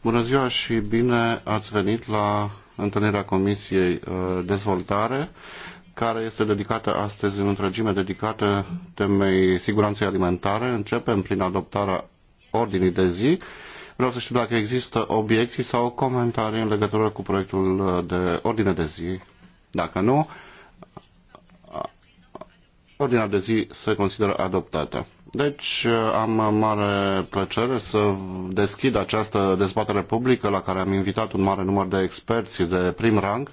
Bună ziua și bine ați venit la întâlnirea Comisiei uh, Dezvoltare, care este dedicată astăzi în întregime, dedicată temei siguranței alimentare. Începem prin adoptarea ordinii de zi. Vreau să știu dacă există obiecții sau comentarii în legătură cu proiectul uh, de ordine de zi. Dacă nu, uh, ordinea de zi se consideră adoptată. Deci uh, am mare plăcere să deschid această dezbatere publică la care am invitat un mare număr de experți de prim rang.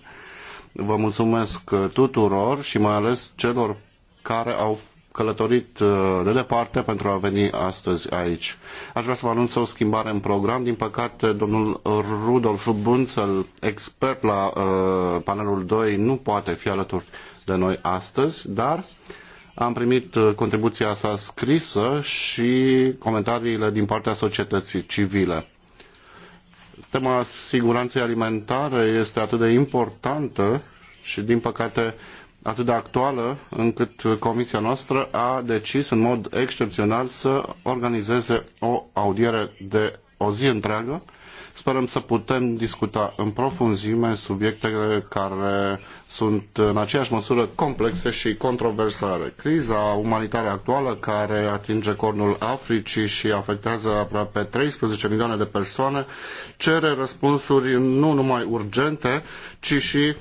Vă mulțumesc uh, tuturor și mai ales celor care au călătorit uh, de departe pentru a veni astăzi aici. Aș vrea să vă anunț o schimbare în program. Din păcate, domnul Rudolf Bunțel, expert la panelul 2, nu poate fi alături de noi astăzi, dar am primit uh, contribuția sa scrisă și comentariile din partea societății civile. Tema siguranței alimentare este atât de importantă și, din păcate, atât de actuală încât comisia noastră a decis în mod excepțional să organizeze o audiere de o zi întreagă Sperăm să putem discuta în profunzime subiectele care sunt în aceeași măsură complexe și controversare. Criza umanitară actuală care atinge cornul Africii și afectează aproape 13 milioane de persoane cere răspunsuri nu numai urgente, ci și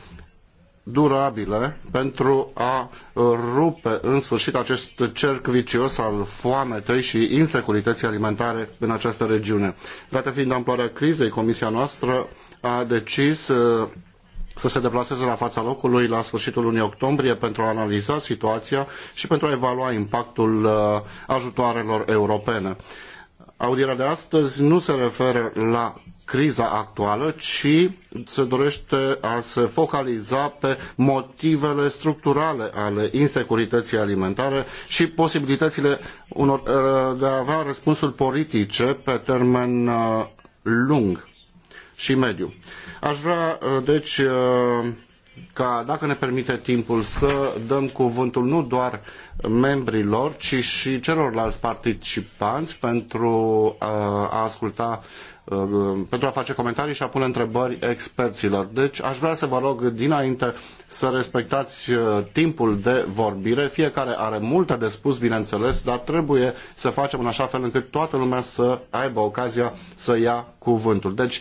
durabile pentru a uh, rupe în sfârșit acest cerc vicios al foametei și insecurității alimentare în această regiune. Date fiind amploarea crizei, comisia noastră a decis uh, să se deplaseze la fața locului la sfârșitul lunii octombrie pentru a analiza situația și pentru a evalua impactul uh, ajutoarelor europene. Audierea de astăzi nu se referă la criza actuală, ci se dorește a se focaliza pe motivele structurale ale insecurității alimentare și posibilitățile unor, uh, de a avea răspunsuri politice pe termen uh, lung și mediu. Aș vrea, uh, deci, ca, dacă ne permite timpul, să dăm cuvântul nu doar membrilor, ci și celorlalți participanți pentru uh, a asculta uh, pentru a face comentarii și a pune întrebări experților. Deci aș vrea să vă rog dinainte să respectați uh, timpul de vorbire. Fiecare are multe de spus, bineînțeles, dar trebuie să facem în așa fel încât toată lumea să aibă ocazia să ia cuvântul. Deci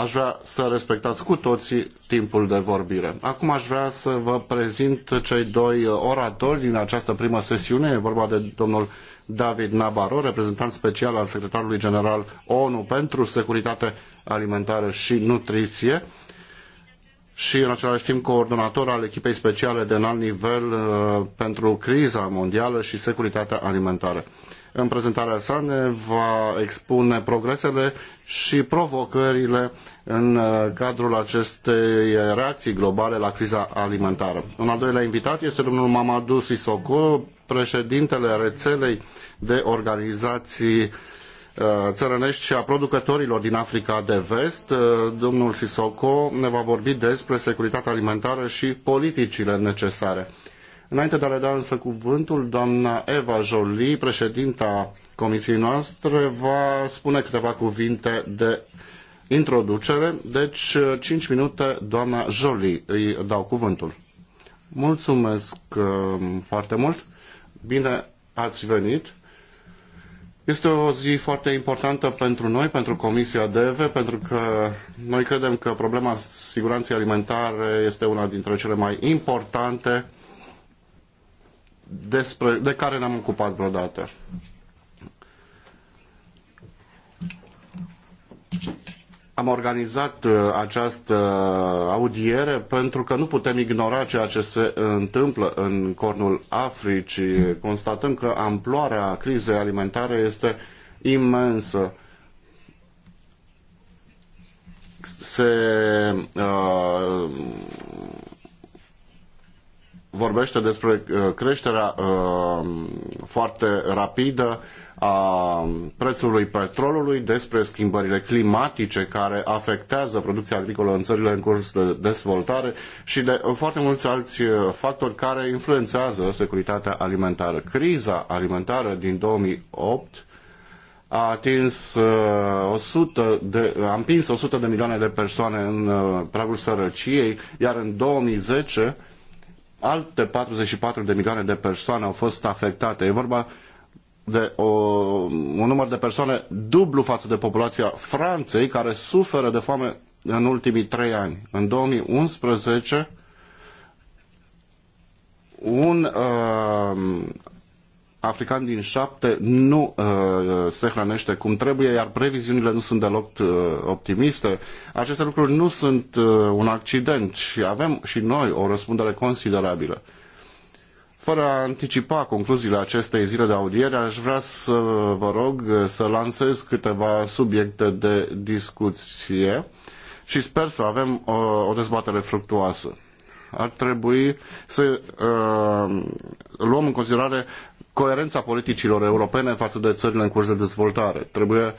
Aș vrea să respectați cu toții timpul de vorbire. Acum aș vrea să vă prezint cei doi oratori din această primă sesiune. E vorba de domnul David Nabarro, reprezentant special al secretarului general ONU pentru securitate alimentară și nutriție și în același timp coordonator al echipei speciale de înalt nivel uh, pentru criza mondială și securitatea alimentară în prezentarea sa ne va expune progresele și provocările în uh, cadrul acestei reacții globale la criza alimentară. Un al doilea invitat este domnul Mamadou Sissoko, președintele rețelei de organizații uh, țărănești și a producătorilor din Africa de Vest. Uh, domnul Sissoko ne va vorbi despre securitatea alimentară și politicile necesare. Înainte de a le da însă cuvântul, doamna Eva Jolie, președinta comisiei noastre, va spune câteva cuvinte de introducere. Deci, 5 minute, doamna Jolie, îi dau cuvântul. Mulțumesc uh, foarte mult. Bine ați venit. Este o zi foarte importantă pentru noi, pentru Comisia DEVE, pentru că noi credem că problema siguranței alimentare este una dintre cele mai importante despre, de care ne-am ocupat vreodată. Am organizat uh, această audiere pentru că nu putem ignora ceea ce se întâmplă în cornul Africii. Constatăm că amploarea crizei alimentare este imensă. Se uh, vorbește despre uh, creșterea uh, foarte rapidă a prețului petrolului, despre schimbările climatice care afectează producția agricolă în țările în curs de dezvoltare și de foarte mulți alți uh, factori care influențează securitatea alimentară. Criza alimentară din 2008 a atins 100 de, a împins 100 de milioane de persoane în pragul sărăciei, iar în 2010 alte 44 de milioane de persoane au fost afectate. E vorba de o, un număr de persoane dublu față de populația Franței care suferă de foame în ultimii trei ani. În 2011 un uh, african din șapte nu uh, se hrănește cum trebuie, iar previziunile nu sunt deloc uh, optimiste. Aceste lucruri nu sunt uh, un accident și avem și noi o răspundere considerabilă. Fără a anticipa concluziile acestei zile de audiere, aș vrea să vă rog să lansez câteva subiecte de discuție și sper să avem o, uh, o dezbatere fructuoasă ar trebui să uh, luăm în considerare coerența politicilor europene față de țările în curs de dezvoltare. Trebuie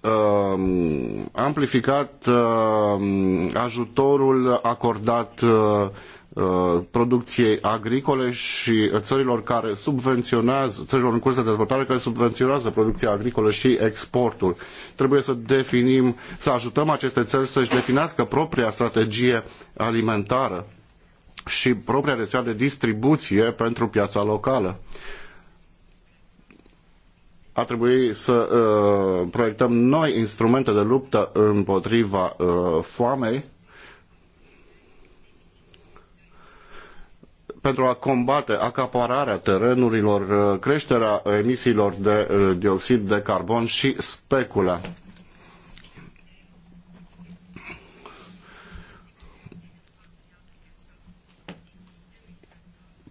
um, amplificat um, ajutorul acordat uh, uh, producției agricole și țărilor care subvenționează, țărilor în curs de dezvoltare care subvenționează producția agricolă și exportul. Trebuie să definim, să ajutăm aceste țări să-și definească propria strategie alimentară și propria rețea de distribuție pentru piața locală. A trebui să uh, proiectăm noi instrumente de luptă împotriva uh, foamei pentru a combate acapararea terenurilor, uh, creșterea emisiilor de uh, dioxid de carbon și specula.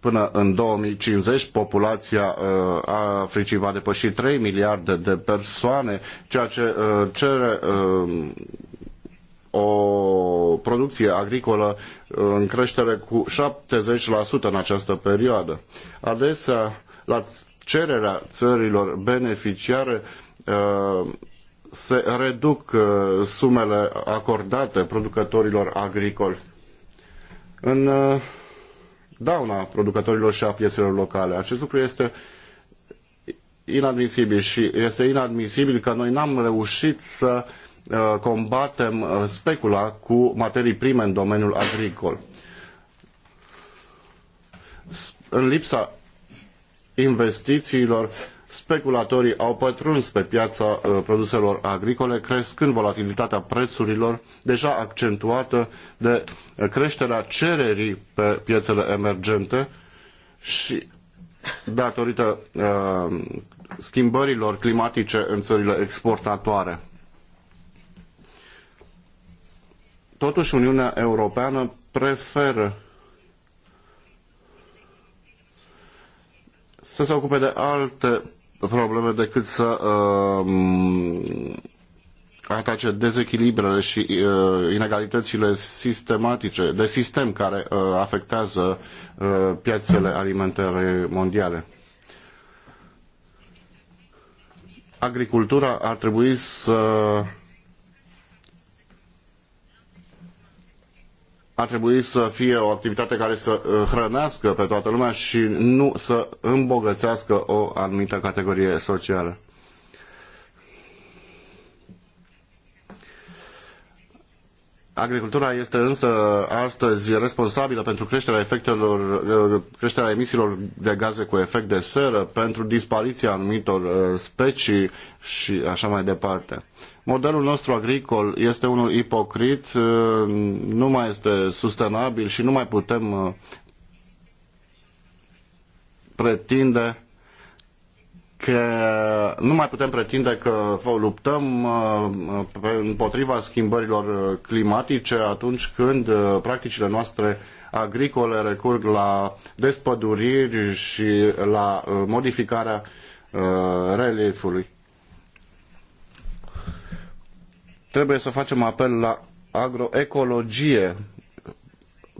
până în 2050 populația uh, Africii va depăși 3 miliarde de persoane, ceea ce uh, cere uh, o producție agricolă în creștere cu 70% în această perioadă. Adesea, la cererea țărilor beneficiare, se reduc sumele acordate producătorilor agricoli. În dauna producătorilor și a piețelor locale. Acest lucru este inadmisibil și este inadmisibil că noi n-am reușit să uh, combatem uh, specula cu materii prime în domeniul agricol. În lipsa investițiilor speculatorii au pătruns pe piața uh, produselor agricole, crescând volatilitatea prețurilor, deja accentuată de uh, creșterea cererii pe piețele emergente și datorită uh, schimbărilor climatice în țările exportatoare. Totuși, Uniunea Europeană preferă să se ocupe de alte probleme decât să uh, atace dezechilibrele și uh, inegalitățile sistematice, de sistem care uh, afectează uh, piațele alimentare mondiale. Agricultura ar trebui să ar trebui să fie o activitate care să uh, hrănească pe toată lumea și nu să îmbogățească o anumită categorie socială. Agricultura este însă astăzi responsabilă pentru creșterea efectelor, eh, creșterea emisiilor de gaze cu efect de seră, pentru dispariția anumitor eh, specii și așa mai departe. Modelul nostru agricol este unul ipocrit, eh, nu mai este sustenabil și nu mai putem pretinde că nu mai putem pretinde că luptăm uh, împotriva schimbărilor uh, climatice atunci când uh, practicile noastre agricole recurg la despăduriri și la modificarea reliefului. Trebuie să facem apel la agroecologie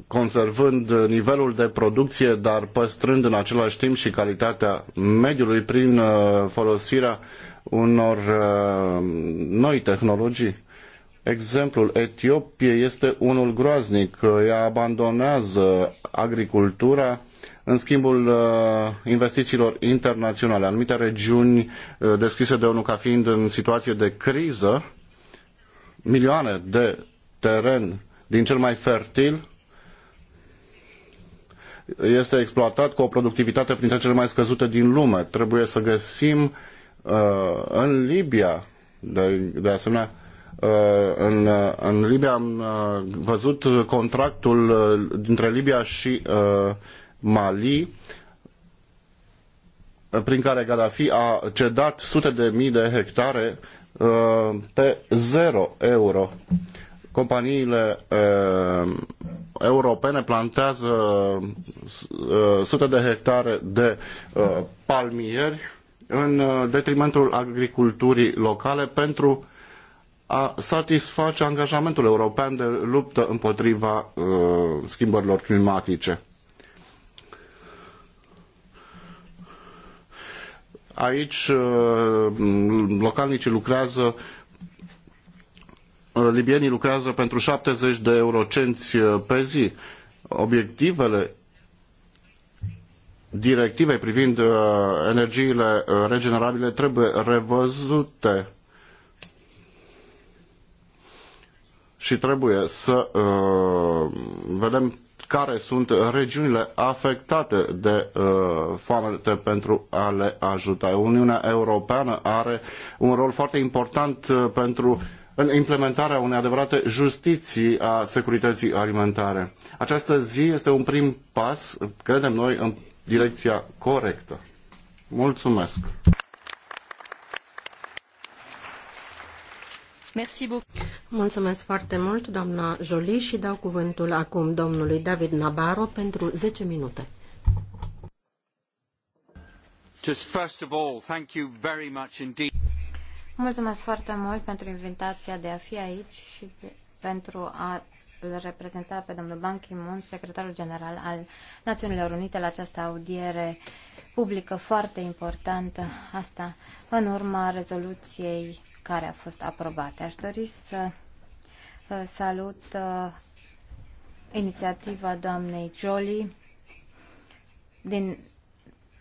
conservând nivelul de producție, dar păstrând în același timp și calitatea mediului prin uh, folosirea unor uh, noi tehnologii. Exemplul Etiopiei este unul groaznic. Ea abandonează agricultura în schimbul uh, investițiilor internaționale. Anumite regiuni descrise de ONU ca fiind în situație de criză, milioane de teren din cel mai fertil este exploatat cu o productivitate printre cele mai scăzute din lume. Trebuie să găsim uh, în Libia, de, de asemenea, uh, în, uh, în Libia am văzut contractul dintre Libia și Mali, prin care Gaddafi a cedat sute de mii de hectare pe zero euro. Uh, companiile uh, europene plantează uh, sute de hectare de uh, palmieri în detrimentul agriculturii locale pentru a satisface angajamentul european de luptă împotriva uh, schimbărilor climatice. Aici localnicii lucrează Uh, libienii lucrează pentru 70 de eurocenți uh, pe zi. Obiectivele directivei privind uh, energiile regenerabile trebuie revăzute și trebuie să vedem care sunt regiunile afectate de uh, foamete pentru a le ajuta. Uniunea Europeană are un rol foarte important pentru în implementarea unei adevărate justiții a securității alimentare. Această zi este un prim pas, credem noi, în direcția corectă. Mulțumesc! Mulțumesc foarte mult, doamna Jolie, și dau cuvântul acum domnului David Nabaro pentru zece minute. Just first of all, thank you very much indeed. Mulțumesc foarte mult pentru invitația de a fi aici și pentru a îl reprezenta pe domnul Ban Ki-moon, secretarul general al Națiunilor Unite, la această audiere publică foarte importantă, asta în urma rezoluției care a fost aprobată. Aș dori să uh, salut uh, inițiativa doamnei Jolie, din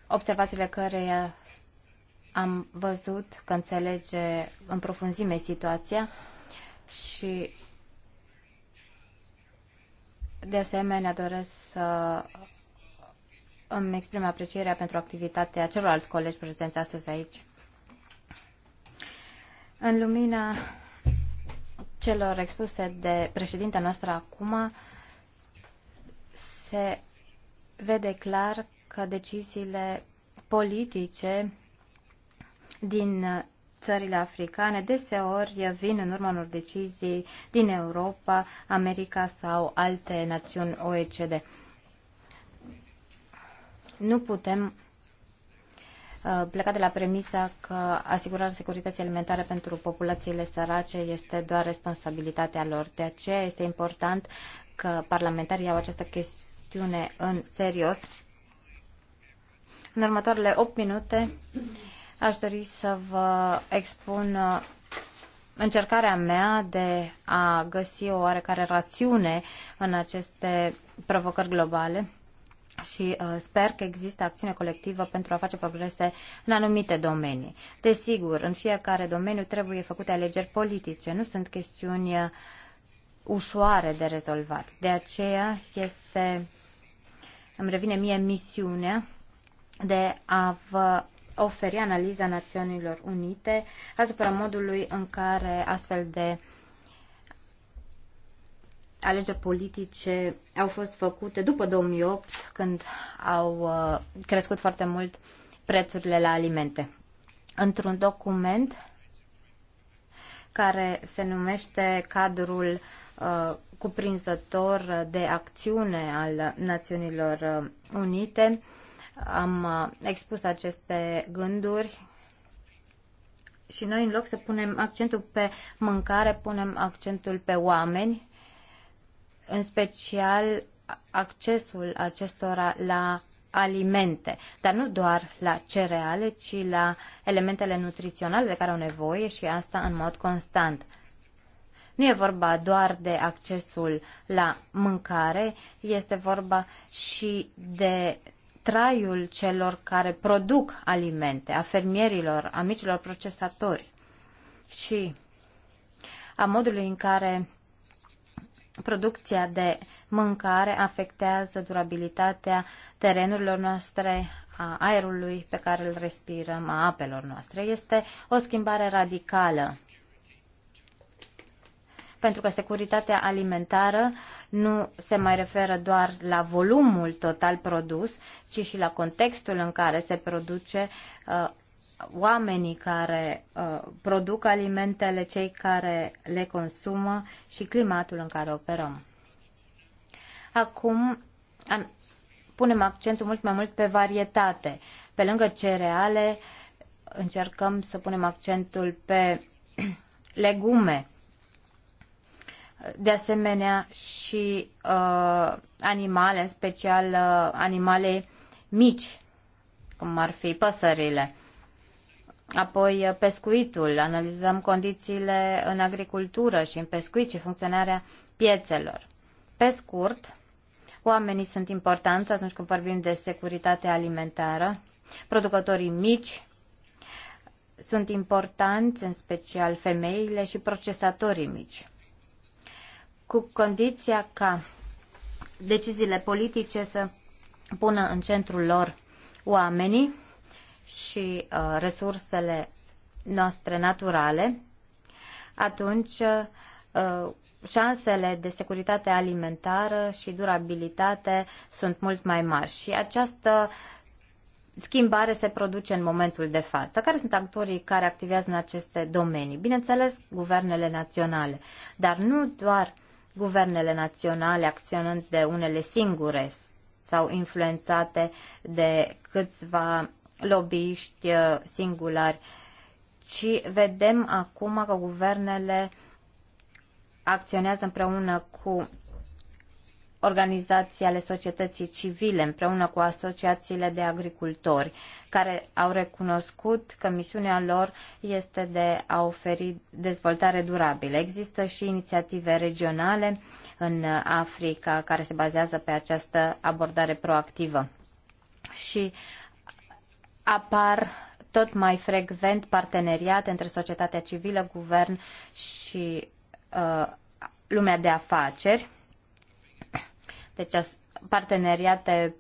observațiile căreia am văzut că înțelege în profunzime situația și de asemenea doresc să îmi exprim aprecierea pentru activitatea celorlalți colegi prezenți astăzi aici. În lumina celor expuse de președinta noastră acum, se vede clar că deciziile politice din uh, țările africane deseori vin în urma unor decizii din Europa, America sau alte națiuni OECD. Nu putem uh, pleca de la premisa că asigurarea securității alimentare pentru populațiile sărace este doar responsabilitatea lor. De aceea este important că parlamentarii iau această chestiune în serios. În următoarele 8 minute Aș dori să vă expun uh, încercarea mea de a găsi o oarecare rațiune în aceste provocări globale și uh, sper că există acțiune colectivă pentru a face progrese în anumite domenii. Desigur, în fiecare domeniu trebuie făcute alegeri politice, nu sunt chestiuni uh, ușoare de rezolvat. De aceea este, îmi revine mie misiunea de a vă oferi analiza Națiunilor Unite asupra modului în care astfel de alegeri politice au fost făcute după 2008, când au uh, crescut foarte mult prețurile la alimente. Într-un document care se numește cadrul uh, cuprinzător de acțiune al Națiunilor uh, Unite, uh, am uh, expus aceste gânduri și noi, în loc să punem accentul pe mâncare, punem accentul pe oameni, în special accesul acestora la alimente, dar nu doar la cereale, ci la elementele nutriționale de care au nevoie și asta în mod constant. Nu e vorba doar de accesul la mâncare, este vorba și de traiul celor care produc alimente, a fermierilor, a micilor procesatori și a modului în care producția de mâncare afectează durabilitatea terenurilor noastre, a aerului pe care îl respirăm, a apelor noastre. Este o schimbare radicală pentru că securitatea alimentară nu se mai referă doar la volumul total produs, ci și la contextul în care se produce uh, oamenii care uh, produc alimentele, cei care le consumă și climatul în care operăm. Acum an, punem accentul mult mai mult pe varietate. Pe lângă cereale, încercăm să punem accentul pe legume, de asemenea și uh, animale, în special uh, animale mici, cum ar fi păsările. Apoi uh, pescuitul, analizăm condițiile în agricultură și în pescuit și funcționarea piețelor. Pe scurt, oamenii sunt importanți atunci când vorbim de securitate alimentară, producătorii mici sunt importanți, în special femeile și procesatorii mici cu condiția ca deciziile politice să pună în centrul lor oamenii și uh, resursele noastre naturale, atunci uh, șansele de securitate alimentară și durabilitate sunt mult mai mari. Și această schimbare se produce în momentul de față. Care sunt actorii care activează în aceste domenii? Bineînțeles, guvernele naționale, dar nu doar guvernele naționale acționând de unele singure sau influențate de câțiva lobbyiști uh, singulari, ci vedem acum că guvernele acționează împreună cu organizații ale societății civile împreună cu asociațiile de agricultori, care au recunoscut că misiunea lor este de a oferi dezvoltare durabilă. Există și inițiative regionale în Africa care se bazează pe această abordare proactivă. Și apar tot mai frecvent parteneriate între societatea civilă, guvern și uh, lumea de afaceri deci parteneriate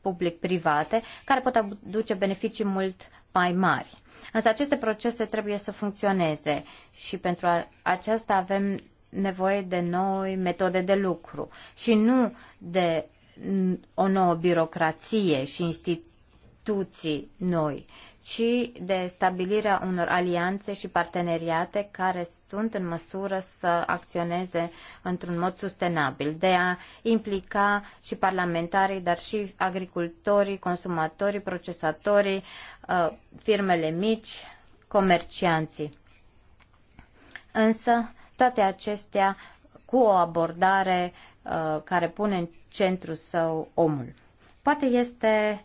public-private, care pot aduce beneficii mult mai mari. Însă aceste procese trebuie să funcționeze și pentru aceasta avem nevoie de noi metode de lucru și nu de o nouă birocrație și instituții instituții noi, ci de stabilirea unor alianțe și parteneriate care sunt în măsură să acționeze într-un mod sustenabil, de a implica și parlamentarii, dar și agricultorii, consumatorii, procesatorii, uh, firmele mici, comercianții. Însă, toate acestea cu o abordare uh, care pune în centru său omul. Poate este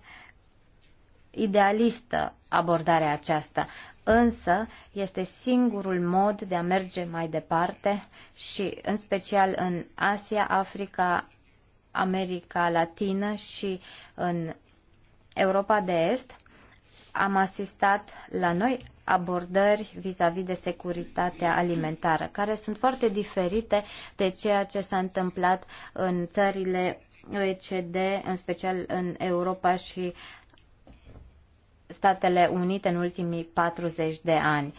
idealistă abordarea aceasta, însă este singurul mod de a merge mai departe și în special în Asia, Africa, America Latină și în Europa de Est am asistat la noi abordări vis-a-vis -vis de securitatea alimentară, care sunt foarte diferite de ceea ce s-a întâmplat în țările OECD, în special în Europa și Statele Unite în ultimii 40 de ani.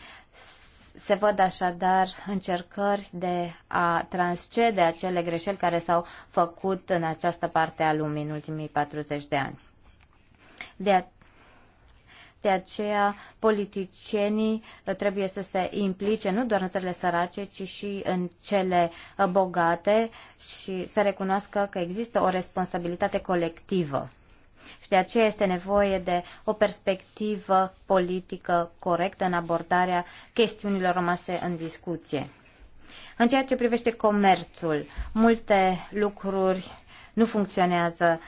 Se văd așadar încercări de a transcede acele greșeli care s-au făcut în această parte a lumii în ultimii 40 de ani. De, a- de aceea, politicienii trebuie să se implice nu doar în țările sărace, ci și în cele bogate și să recunoască că există o responsabilitate colectivă. Și de aceea este nevoie de o perspectivă politică corectă în abordarea chestiunilor rămase în discuție. În ceea ce privește comerțul, multe lucruri nu funcționează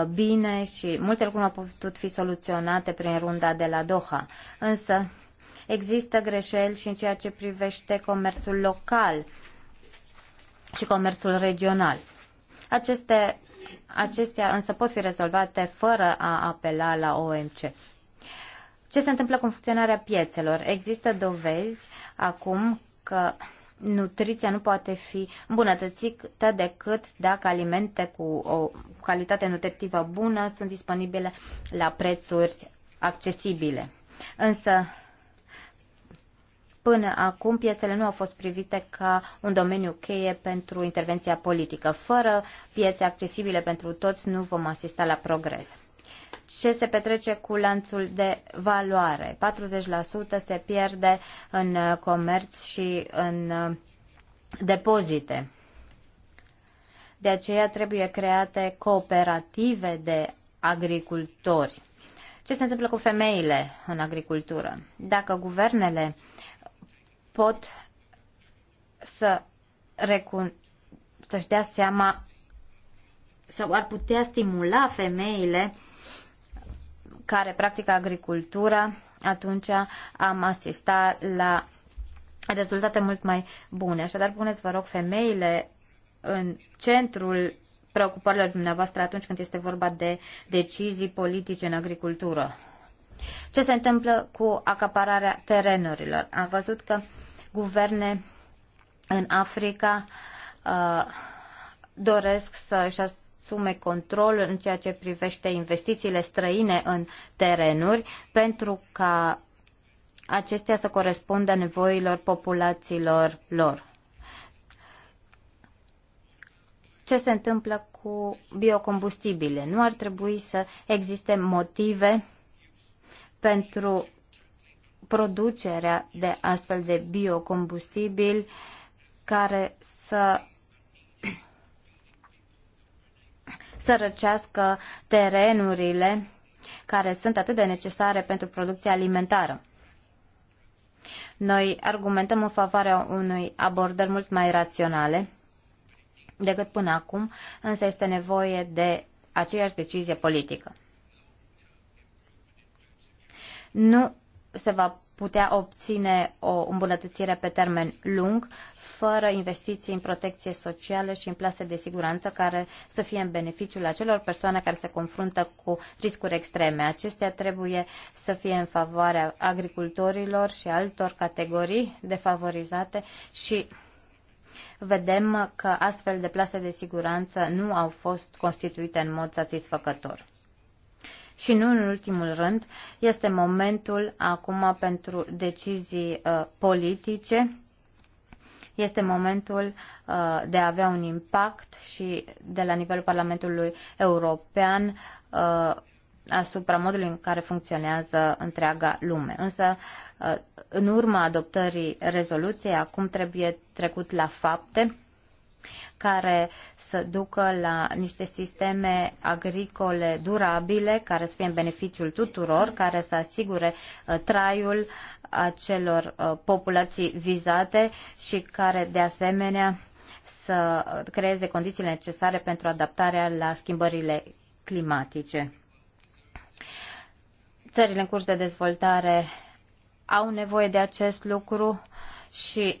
uh, bine și multe lucruri nu au putut fi soluționate prin runda de la Doha. Însă există greșeli și în ceea ce privește comerțul local și comerțul regional. Aceste Acestea însă pot fi rezolvate fără a apela la OMC. Ce se întâmplă cu funcționarea piețelor? Există dovezi acum că nutriția nu poate fi îmbunătățită decât dacă alimente cu o calitate nutritivă bună sunt disponibile la prețuri accesibile. Însă Până acum, piețele nu au fost privite ca un domeniu cheie pentru intervenția politică. Fără piețe accesibile pentru toți, nu vom asista la progres. Ce se petrece cu lanțul de valoare? 40% se pierde în comerț și în uh, depozite. De aceea trebuie create cooperative de agricultori. Ce se întâmplă cu femeile în agricultură? Dacă guvernele pot să recun- să-și dea seama sau ar putea stimula femeile care practică agricultura, atunci am asistat la rezultate mult mai bune. Așadar, puneți, vă rog, femeile în centrul preocupărilor dumneavoastră atunci când este vorba de decizii politice în agricultură. Ce se întâmplă cu acapararea terenurilor? Am văzut că uh, guverne în Africa uh, doresc să-și asume control în ceea ce privește investițiile străine în terenuri pentru ca acestea să corespundă nevoilor populațiilor lor. Ce se întâmplă cu biocombustibile? Nu ar trebui să existe motive pentru producerea de astfel de biocombustibili care să sărăcească terenurile care sunt atât de necesare pentru producția alimentară. Noi argumentăm în favoarea unui abordări mult mai raționale decât până acum, însă este nevoie de aceeași decizie politică. Nu se va putea obține o îmbunătățire pe termen lung, fără investiții în protecție socială și în plase de siguranță care să fie în beneficiul acelor persoane care se confruntă cu riscuri extreme. Acestea trebuie să fie în favoarea agricultorilor și altor categorii defavorizate și vedem că astfel de plase de siguranță nu au fost constituite în mod satisfăcător. Și nu în ultimul rând, este momentul acum pentru decizii uh, politice, este momentul uh, de a avea un impact și de la nivelul Parlamentului European uh, asupra modului în care funcționează întreaga lume. Însă, uh, în urma adoptării rezoluției, acum trebuie trecut la fapte care să ducă la niște sisteme agricole durabile, care să fie în beneficiul tuturor, care să asigure uh, traiul uh, acelor uh, populații vizate și care, de asemenea, să creeze condițiile necesare pentru adaptarea la schimbările climatice. Țările în curs de dezvoltare au nevoie de acest lucru și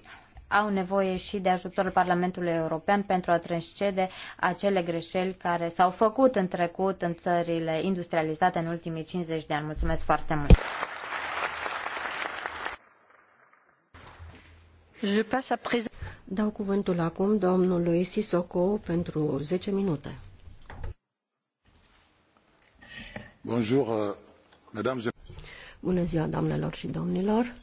au nevoie și de ajutorul Parlamentului European pentru a transcede acele greșeli care s-au făcut în trecut în țările industrializate în ultimii 50 de ani. Mulțumesc foarte mult! Dau cuvântul acum domnului Sisoko pentru 10 minute. Bonjour, euh, Bună ziua, doamnelor și domnilor.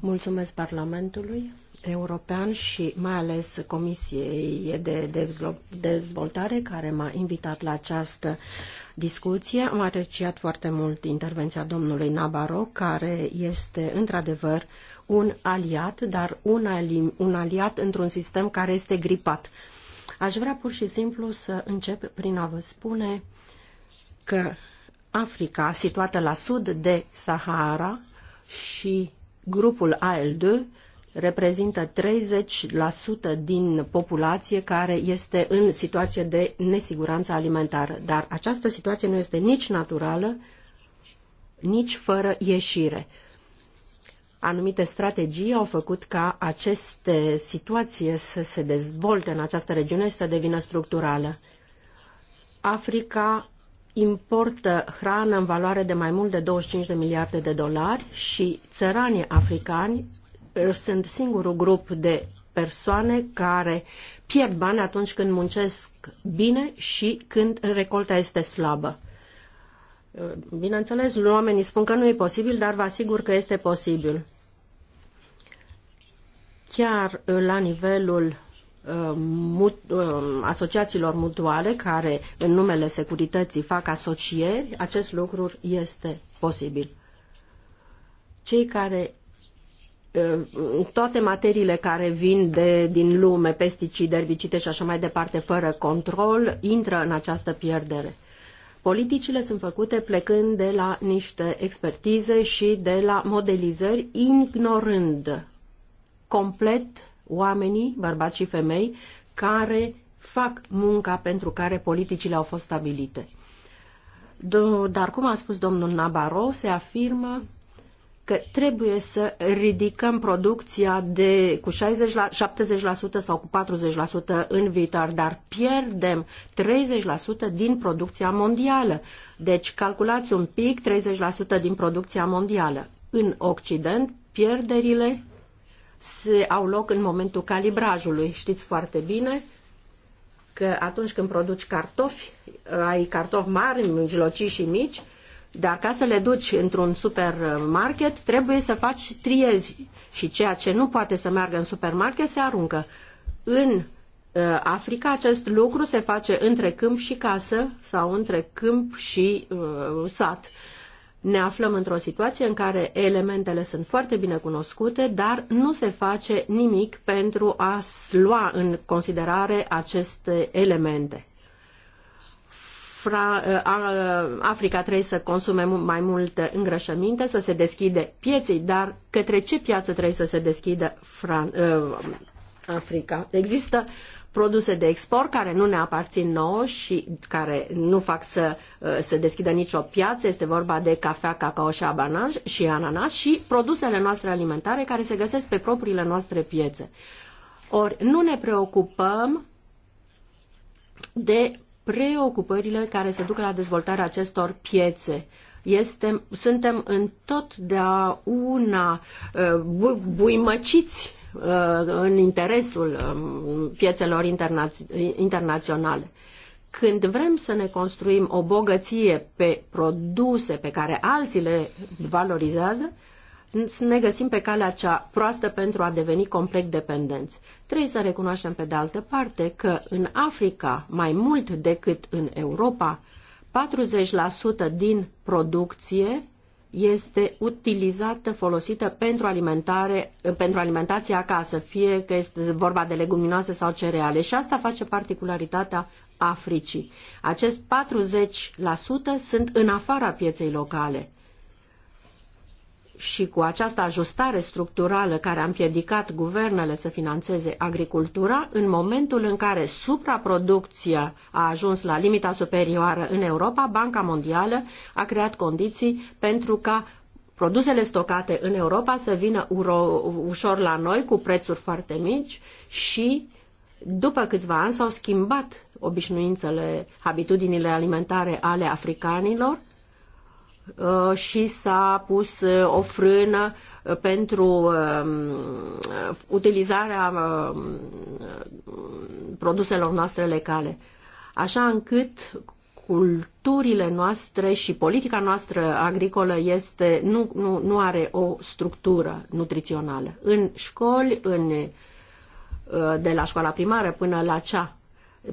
Mulțumesc Parlamentului European și mai ales Comisiei de Dezvoltare care m-a invitat la această discuție. Am apreciat foarte mult intervenția domnului Nabaro, care este într-adevăr un aliat, dar un, ali, un aliat într-un sistem care este gripat. Aș vrea pur și simplu să încep prin a vă spune că Africa, situată la sud de Sahara și grupul AL2, reprezintă 30% din populație care este în situație de nesiguranță alimentară. Dar această situație nu este nici naturală, nici fără ieșire. Anumite strategii au făcut ca aceste situații să se dezvolte în această regiune și să devină structurală. Africa importă hrană în valoare de mai mult de 25 de miliarde de dolari și țăranii africani sunt singurul grup de persoane care pierd bani atunci când muncesc bine și când recolta este slabă. Bineînțeles, oamenii spun că nu e posibil, dar vă asigur că este posibil. Chiar la nivelul uh, uh, asociațiilor mutuale care în numele securității fac asocieri, acest lucru este posibil. Cei care Uh, toate materiile care vin de, din lume, pesticide, erbicide și așa mai departe, fără control, intră în această pierdere. Politicile sunt făcute plecând de la niște expertize și de la modelizări, ignorând complet oamenii, bărbați și femei, care fac munca pentru care politicile au fost stabilite. Dar, cum a spus domnul Nabaro, se afirmă că trebuie să ridicăm producția de cu 60 la, 70% sau cu 40% în viitor, dar pierdem 30% din producția mondială. Deci calculați un pic 30% din producția mondială. În Occident, pierderile se au loc în momentul calibrajului. Știți foarte bine că atunci când produci cartofi, ai cartofi mari, mijlocii și mici, dar ca să le duci într-un supermarket, trebuie să faci triezi și ceea ce nu poate să meargă în supermarket se aruncă. În uh, Africa acest lucru se face între câmp și casă sau între câmp și uh, sat. Ne aflăm într-o situație în care elementele sunt foarte bine cunoscute, dar nu se face nimic pentru a lua în considerare aceste elemente. Fra, uh, Africa trebuie să consume mai mult îngrășăminte, să se deschide pieței, dar către ce piață trebuie să se deschidă Fra, uh, Africa? Există produse de export care nu ne aparțin nouă și care nu fac să uh, se deschidă nicio piață. Este vorba de cafea, cacao și, abanaj, și ananas și produsele noastre alimentare care se găsesc pe propriile noastre piețe. Ori nu ne preocupăm de preocupările care se duc la dezvoltarea acestor piețe. Este, suntem în totdeauna uh, bu, buimăciți uh, în interesul um, piețelor interna internaționale. Când vrem să ne construim o bogăție pe produse pe care alții le valorizează, ne găsim pe calea cea proastă pentru a deveni complet dependenți. Trebuie să recunoaștem pe de altă parte că în Africa, mai mult decât în Europa, 40% din producție este utilizată, folosită pentru, alimentare, pentru alimentație acasă, fie că este vorba de leguminoase sau cereale. Și asta face particularitatea Africii. Acest 40% sunt în afara pieței locale și cu această ajustare structurală care a împiedicat guvernele să financeze agricultura, în momentul în care supraproducția a ajuns la limita superioară în Europa, Banca Mondială a creat condiții pentru ca produsele stocate în Europa să vină ușor la noi cu prețuri foarte mici și după câțiva ani s-au schimbat obișnuințele, abitudinile alimentare ale africanilor Uh, și s-a pus uh, o frână uh, pentru um, utilizarea um, produselor noastre locale. Așa încât culturile noastre și politica noastră agricolă este, nu, nu, nu are o structură nutrițională. În școli, în, de la școala primară până la cea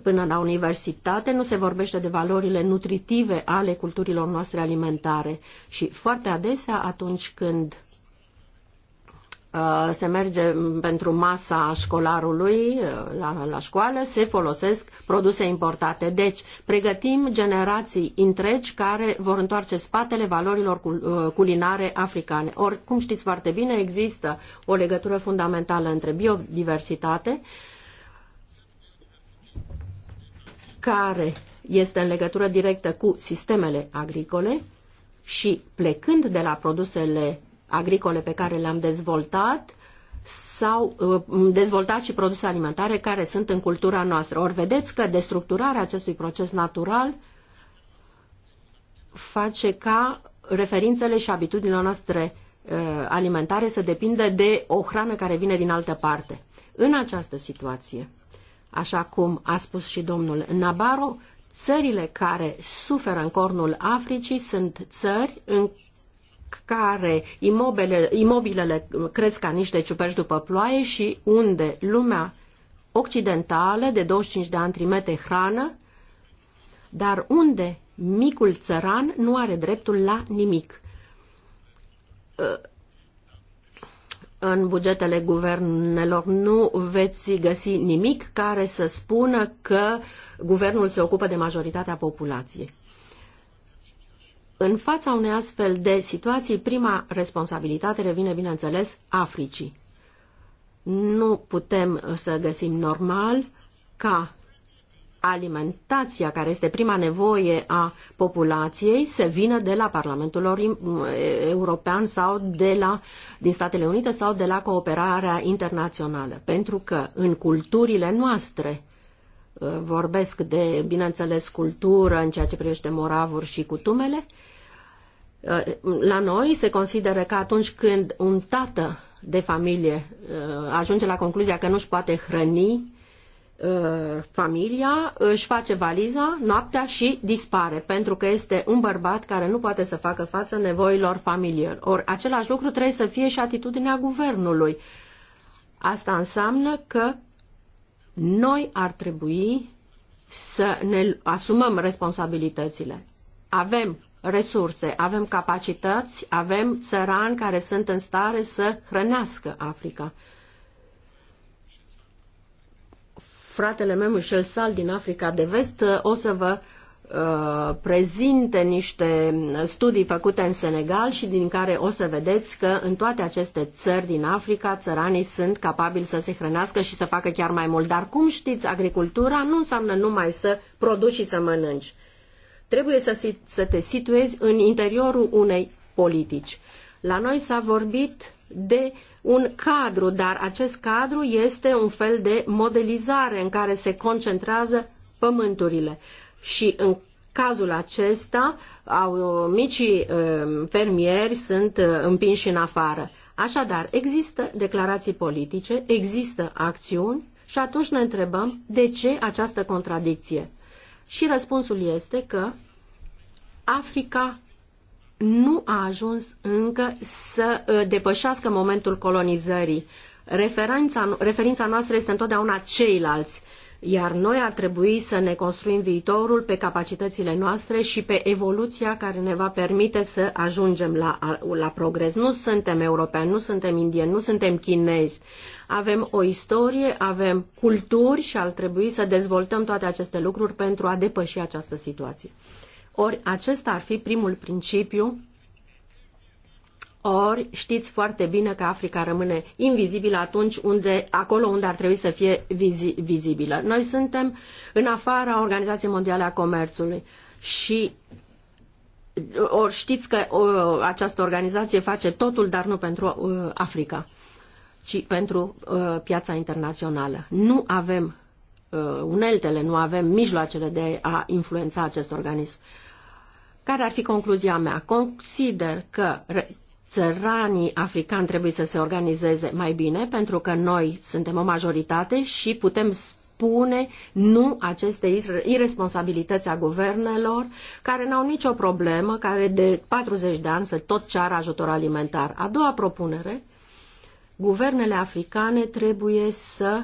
până la universitate, nu se vorbește de valorile nutritive ale culturilor noastre alimentare și foarte adesea atunci când uh, se merge pentru masa școlarului uh, la, la școală, se folosesc produse importate. Deci, pregătim generații întregi care vor întoarce spatele valorilor uh, culinare africane. Ori, cum știți foarte bine, există o legătură fundamentală între biodiversitate, uh, care este în legătură directă cu sistemele agricole și plecând de la produsele agricole pe care le-am dezvoltat, sau uh, dezvoltat și produse alimentare care sunt în cultura noastră. Ori vedeți că destructurarea acestui proces natural face ca referințele și abitudinile noastre uh, alimentare să depindă de o hrană care vine din altă parte. În această situație, Așa cum a spus și domnul Nabaro, țările care suferă în cornul Africii sunt țări în care imobile, imobilele cresc ca niște ciuperci după ploaie și unde lumea occidentală de 25 de ani trimite hrană, dar unde micul țăran nu are dreptul la nimic în bugetele guvernelor nu veți găsi nimic care să spună că guvernul se ocupă de majoritatea populației. În fața unei astfel de situații, prima responsabilitate revine, bineînțeles, Africii. Nu putem să găsim normal ca alimentația, care este prima nevoie a populației, se vină de la Parlamentul European sau de la, din Statele Unite sau de la cooperarea internațională. Pentru că în culturile noastre, uh, vorbesc de, bineînțeles, cultură în ceea ce privește moravuri și cutumele, uh, la noi se consideră că atunci când un tată de familie uh, ajunge la concluzia că nu-și poate hrăni Uh, familia, își face valiza noaptea și dispare, pentru că este un bărbat care nu poate să facă față nevoilor familiei. Ori același lucru trebuie să fie și atitudinea guvernului. Asta înseamnă că noi ar trebui să ne asumăm responsabilitățile. Avem resurse, avem capacități, avem țărani care sunt în stare să hrănească Africa. fratele meu Michel Sal din Africa de Vest uh, o să vă uh, prezinte niște studii făcute în Senegal și din care o să vedeți că în toate aceste țări din Africa țăranii sunt capabili să se hrănească și să facă chiar mai mult. Dar cum știți, agricultura nu înseamnă numai să produci și să mănânci. Trebuie să, să te situezi în interiorul unei politici. La noi s-a vorbit de uh, un cadru, dar acest cadru este un fel de modelizare în care se concentrează pământurile. Și în cazul acesta, au, micii um, fermieri sunt uh, împinși în afară. Așadar, există declarații politice, există acțiuni și atunci ne întrebăm de ce această contradicție. Și răspunsul este că Africa nu a ajuns încă să uh, depășească momentul colonizării. Referința, referința noastră este întotdeauna ceilalți, iar noi ar trebui să ne construim viitorul pe capacitățile noastre și pe evoluția care ne va permite să ajungem la, la progres. Nu suntem europeni, nu suntem indieni, nu suntem chinezi. Avem o istorie, avem culturi și ar trebui să dezvoltăm toate aceste lucruri pentru a depăși această situație. Ori acesta ar fi primul principiu, ori știți foarte bine că Africa rămâne invizibilă atunci unde, acolo unde ar trebui să fie vizi, vizibilă. Noi suntem în afara Organizației Mondiale a Comerțului și ori știți că o, această organizație face totul, dar nu pentru uh, Africa, ci pentru uh, piața internațională. Nu avem uh, uneltele, nu avem mijloacele de a influența acest organism. Care ar fi concluzia mea? Consider că țăranii africani trebuie să se organizeze mai bine, pentru că noi suntem o majoritate și putem spune nu aceste irresponsabilități a guvernelor, care n-au nicio problemă, care de 40 de ani să tot ceară ajutor alimentar. A doua propunere, guvernele africane trebuie să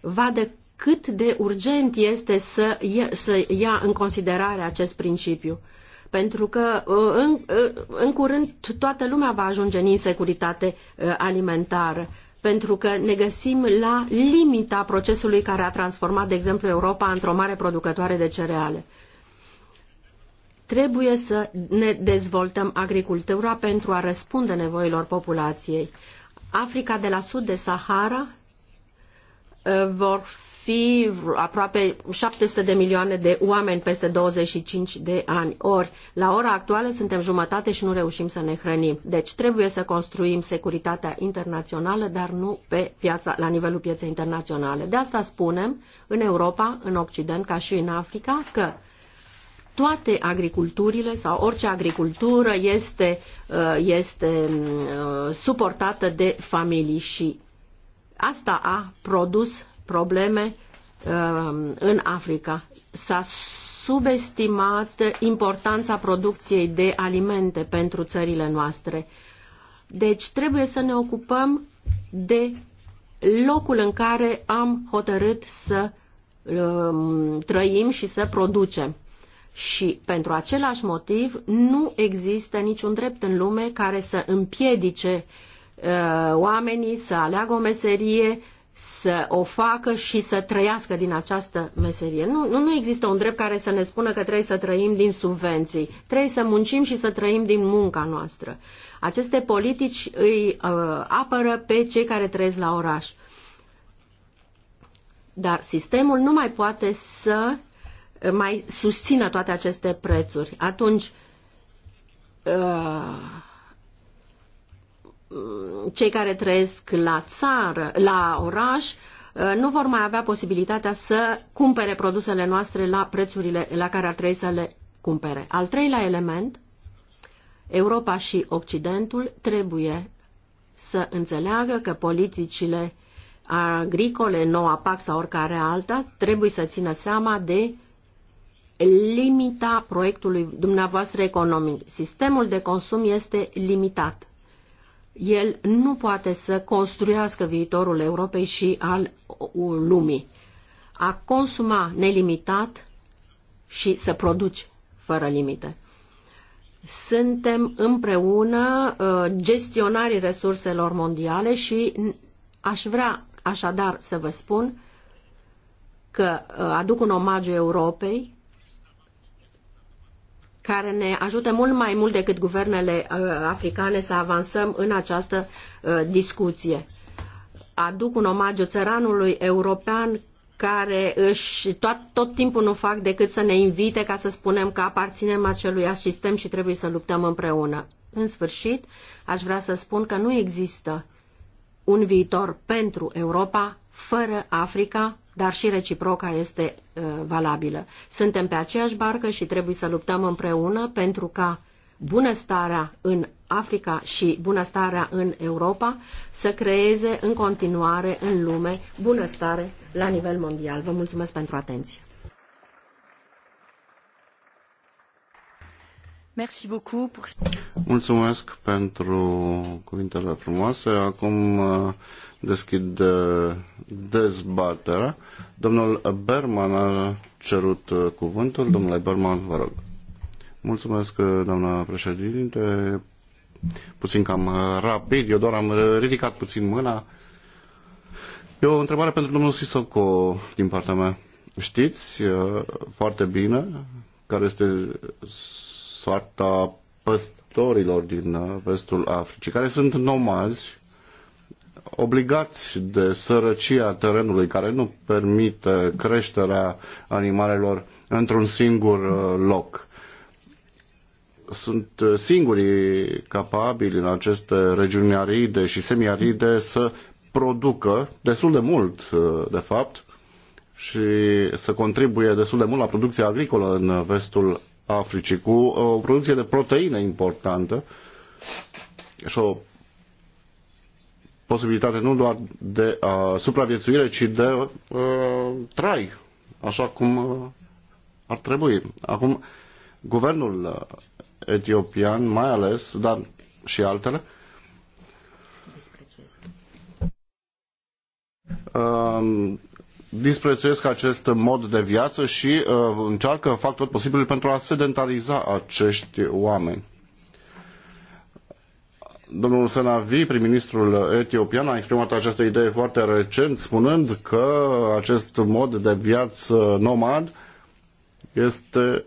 vadă cât de urgent este să, ia, să ia în considerare acest principiu pentru că uh, în, uh, în curând toată lumea va ajunge în insecuritate uh, alimentară pentru că ne găsim la limita procesului care a transformat, de exemplu, Europa într-o mare producătoare de cereale. Trebuie să ne dezvoltăm agricultura pentru a răspunde nevoilor populației. Africa de la sud de Sahara vor fi aproape 700 de milioane de oameni peste 25 de ani. Ori, la ora actuală suntem jumătate și nu reușim să ne hrănim. Deci trebuie să construim securitatea internațională, dar nu pe piața, la nivelul pieței internaționale. De asta spunem în Europa, în Occident, ca și în Africa, că toate agriculturile sau orice agricultură este, uh, este uh, suportată de familii și asta a produs probleme um, în Africa. S-a subestimat importanța producției de alimente pentru țările noastre. Deci trebuie să ne ocupăm de locul în care am hotărât să um, trăim și să producem. Și pentru același motiv nu există niciun drept în lume care să împiedice uh, oamenii să aleagă o meserie să o facă și să trăiască din această meserie. Nu, nu, nu există un drept care să ne spună că trebuie să trăim din subvenții. Trebuie să muncim și să trăim din munca noastră. Aceste politici îi uh, apără pe cei care trăiesc la oraș. Dar sistemul nu mai poate să uh, mai susțină toate aceste prețuri. Atunci, uh, Uh, cei care trăiesc la țară, la oraș, uh, nu vor mai avea posibilitatea să cumpere produsele noastre la prețurile la care ar trebui să le cumpere. Al treilea element, Europa și Occidentul trebuie să înțeleagă că politicile agricole, noua PAC sau oricare alta, trebuie să țină seama de limita proiectului dumneavoastră economic. Sistemul de consum este limitat el nu poate să construiască viitorul Europei și al lumii. A consuma nelimitat și să produci fără limite. Suntem împreună uh, gestionarii resurselor mondiale și aș vrea așadar să vă spun că uh, aduc un omagiu Europei care ne ajută mult mai mult decât guvernele uh, africane să avansăm în această uh, discuție. Aduc un omagiu țăranului european care își, tot, tot timpul nu fac decât să ne invite ca să spunem că aparținem acelui sistem și trebuie să luptăm împreună. În sfârșit, aș vrea să spun că nu există un viitor pentru Europa fără Africa dar și reciproca este uh, valabilă. Suntem pe aceeași barcă și trebuie să luptăm împreună pentru ca bunăstarea în Africa și bunăstarea în Europa să creeze în continuare în lume bunăstare la nivel mondial. Vă mulțumesc pentru atenție. Mulțumesc pentru cuvintele frumoase. Acum uh, deschid uh, dezbaterea. Domnul Berman a cerut uh, cuvântul. Domnule Berman, vă rog. Mulțumesc, uh, doamna președinte. Puțin cam rapid, eu doar am ridicat puțin mâna. E o întrebare pentru domnul Sisoko din partea mea. Știți foarte bine care este soarta păstorilor din vestul Africii, care sunt nomazi obligați de sărăcia terenului care nu permite creșterea animalelor într-un singur uh, loc. Sunt uh, singurii capabili în aceste regiuni aride și semiaride să producă destul de mult, uh, de fapt, și să contribuie destul de mult la producția agricolă în vestul Africii, cu o producție de proteine importantă și o posibilitate nu doar de uh, supraviețuire, ci de uh, trai, așa cum uh, ar trebui. Acum, guvernul uh, etiopian, mai ales, dar și altele, uh, disprețuiesc acest mod de viață și uh, încearcă, fac tot posibil pentru a sedentariza acești oameni. Domnul Senavi, prim-ministrul etiopian, a exprimat această idee foarte recent, spunând că acest mod de viață nomad este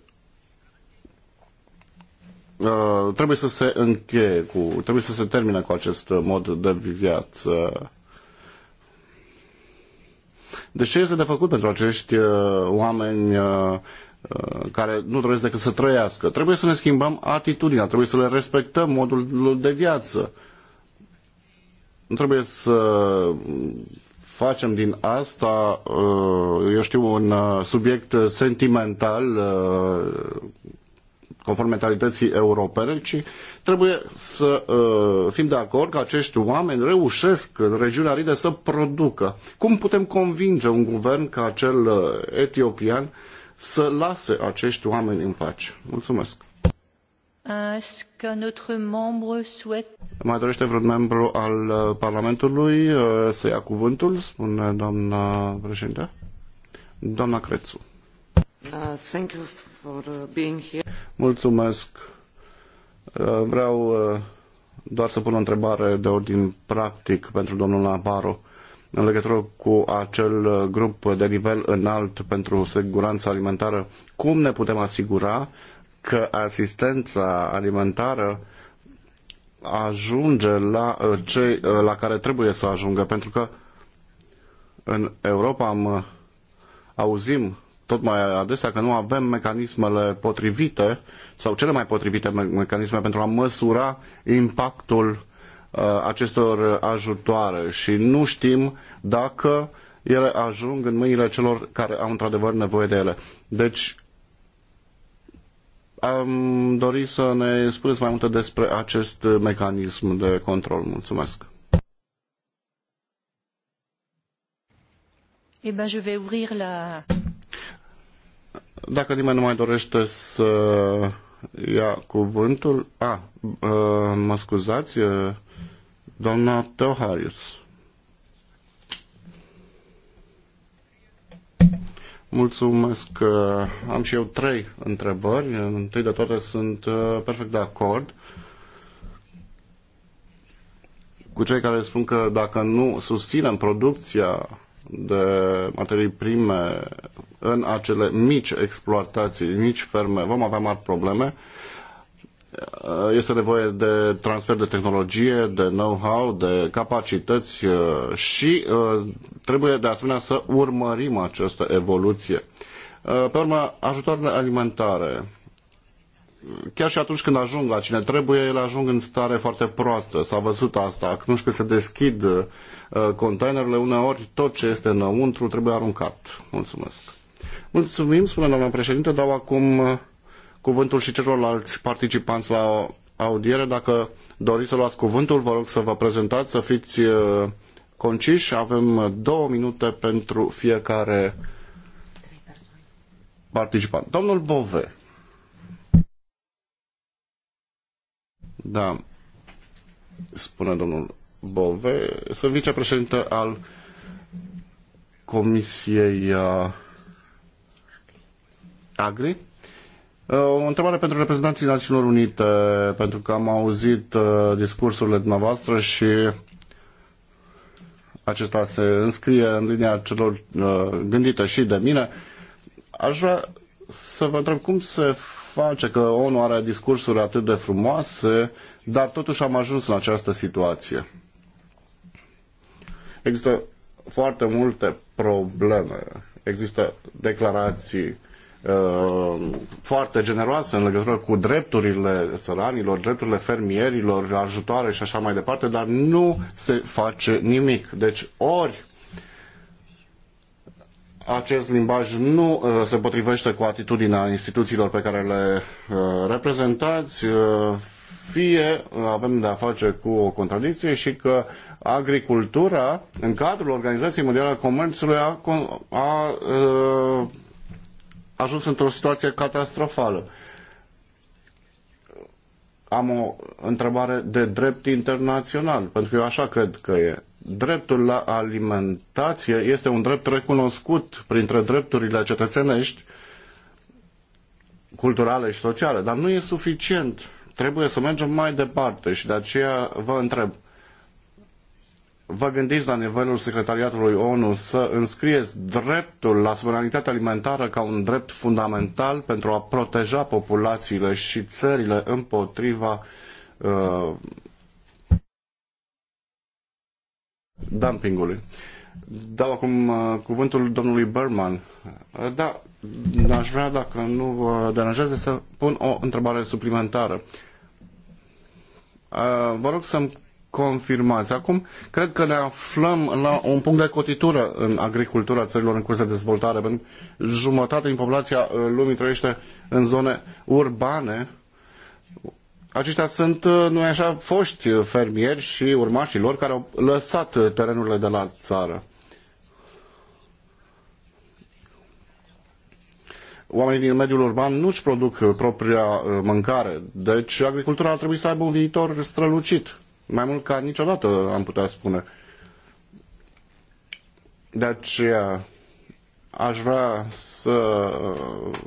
uh, trebuie să se încheie cu, trebuie să se termine cu acest mod de viață. Deci ce este de făcut pentru acești uh, oameni uh, Uh, care nu doresc decât să trăiască. Trebuie să ne schimbăm atitudinea, trebuie să le respectăm modul de viață. Nu trebuie să facem din asta, uh, eu știu, un uh, subiect sentimental conform mentalității europene, ci trebuie să fim de acord că acești oameni reușesc în regiunea Ride să producă. Cum putem convinge un guvern ca cel etiopian să lase acești oameni în pace. Mulțumesc! Mai dorește vreun membru al uh, Parlamentului uh, să ia cuvântul, spune doamna președinte? Doamna Crețu. Uh, thank you for being here. Mulțumesc. Vreau doar să pun o întrebare de ordin practic pentru domnul Navarro în legătură cu acel uh, grup de nivel înalt pentru siguranța alimentară, cum ne putem asigura că asistența alimentară ajunge la uh, cei uh, la care trebuie să ajungă, pentru că în Europa am, auzim tot mai adesea că nu avem mecanismele potrivite sau cele mai potrivite mecanisme pentru a măsura impactul Uh, acestor ajutoare și nu știm dacă ele ajung în mâinile celor care au într-adevăr nevoie de ele. Deci, am dori să ne spuneți mai multe despre acest mecanism de control. Mulțumesc. Eh ben, je vais ouvrir la... Dacă nimeni nu mai dorește să ia cuvântul... A, ah, uh, mă scuzați, uh, Doamna Toharius. Mulțumesc. Uh, am și eu trei întrebări. Întâi de toate sunt uh, perfect de acord cu cei care spun că dacă nu susținem producția de materii prime în acele mici exploatații, mici ferme, vom avea mari probleme. Uh, este nevoie de transfer de tehnologie, de know-how, de capacități uh, și uh, trebuie de asemenea să urmărim această evoluție. Pe urmă, ajutoarele alimentare. Chiar și atunci când ajung la cine trebuie, ele ajung în stare foarte proastă. S-a văzut asta. Atunci când se deschid containerele, uneori tot ce este înăuntru trebuie aruncat. Mulțumesc. Mulțumim, spune doamna președinte, dau acum cuvântul și celorlalți participanți la audiere. Dacă doriți să luați cuvântul, vă rog să vă prezentați, să fiți uh, conciși. Avem două minute pentru fiecare participant. Domnul Bove. Da, spune domnul Bove. Sunt vicepreședinte al Comisiei uh, Agri Uh, o întrebare pentru reprezentanții Națiunilor Unite, pentru că am auzit uh, discursurile dumneavoastră și acesta se înscrie în linia celor uh, gândite și de mine. Aș vrea să vă întreb cum se face că ONU are discursuri atât de frumoase, dar totuși am ajuns în această situație. Există foarte multe probleme. Există declarații Uh, foarte generoasă în legătură cu drepturile săranilor, drepturile fermierilor, ajutoare și așa mai departe, dar nu se face nimic. Deci ori acest limbaj nu uh, se potrivește cu atitudinea instituțiilor pe care le uh, reprezentați, fie avem de-a face cu o contradicție și că agricultura, în cadrul Organizației Mondiale a Comerțului, a, a, a ajuns într-o situație catastrofală. Am o întrebare de drept internațional, pentru că eu așa cred că e. Dreptul la alimentație este un drept recunoscut printre drepturile cetățenești, culturale și sociale, dar nu e suficient. Trebuie să mergem mai departe și de aceea vă întreb vă gândiți la nivelul secretariatului ONU să înscrieți dreptul la suveranitate alimentară ca un drept fundamental pentru a proteja populațiile și țările împotriva uh, dumpingului. Dau acum uh, cuvântul domnului Berman. Uh, da, aș vrea, dacă nu vă deranjează, să pun o întrebare suplimentară. Uh, vă rog să-mi confirmați. Acum, cred că ne aflăm la un punct de cotitură în agricultura țărilor în curs de dezvoltare, pentru că jumătate din populația uh, lumii trăiește în zone urbane. Aceștia sunt, uh, nu așa, foști fermieri și urmașii lor care au lăsat uh, terenurile de la țară. oamenii din mediul urban nu-și produc propria mâncare, deci agricultura ar trebui să aibă un viitor strălucit mai mult ca niciodată, am putea spune. De aceea aș vrea să uh,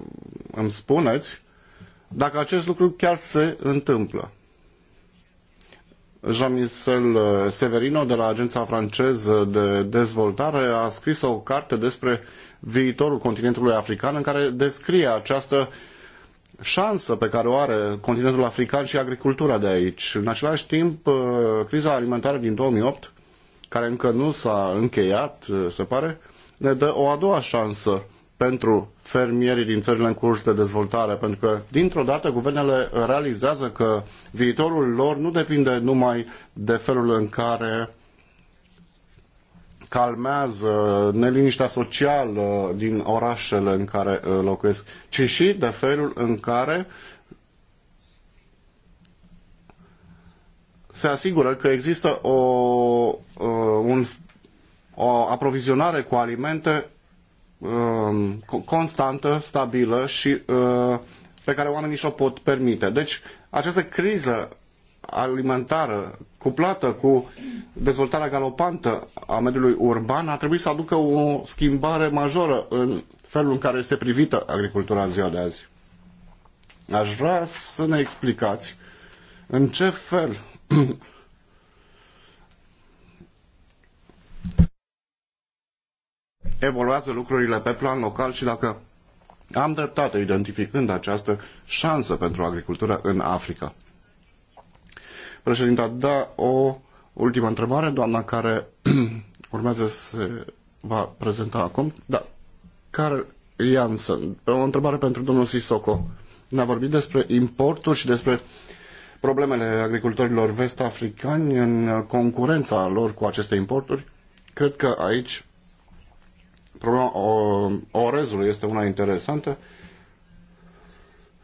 îmi spuneți dacă acest lucru chiar se întâmplă. Jean-Michel uh, Severino de la Agenția franceză de dezvoltare a scris o carte despre viitorul continentului african în care descrie această uh, șansă pe care o are continentul african și agricultura de aici. În același timp, uh, criza alimentară din 2008, care încă nu s-a încheiat, uh, se pare, ne dă o a doua șansă pentru fermierii din țările în curs de dezvoltare, pentru că dintr-o dată guvernele realizează că viitorul lor nu depinde numai de felul în care calmează neliniștea socială din orașele în care uh, locuiesc, ci și de felul în care se asigură că există o, uh, un, o aprovizionare cu alimente um, constantă, stabilă și uh, pe care oamenii și-o pot permite. Deci, această criză alimentară cuplată cu dezvoltarea galopantă a mediului urban, ar trebui să aducă o schimbare majoră în felul în care este privită agricultura în ziua de azi. Aș vrea să ne explicați în ce fel evoluează lucrurile pe plan local și dacă am dreptate identificând această șansă pentru agricultură în Africa. Președinte, da, o ultimă întrebare, doamna care urmează să va prezenta acum. Da, care Janssen, o întrebare pentru domnul Sisoko. Ne-a vorbit despre importuri și despre problemele agricultorilor vest-africani în concurența lor cu aceste importuri. Cred că aici problema orezului este una interesantă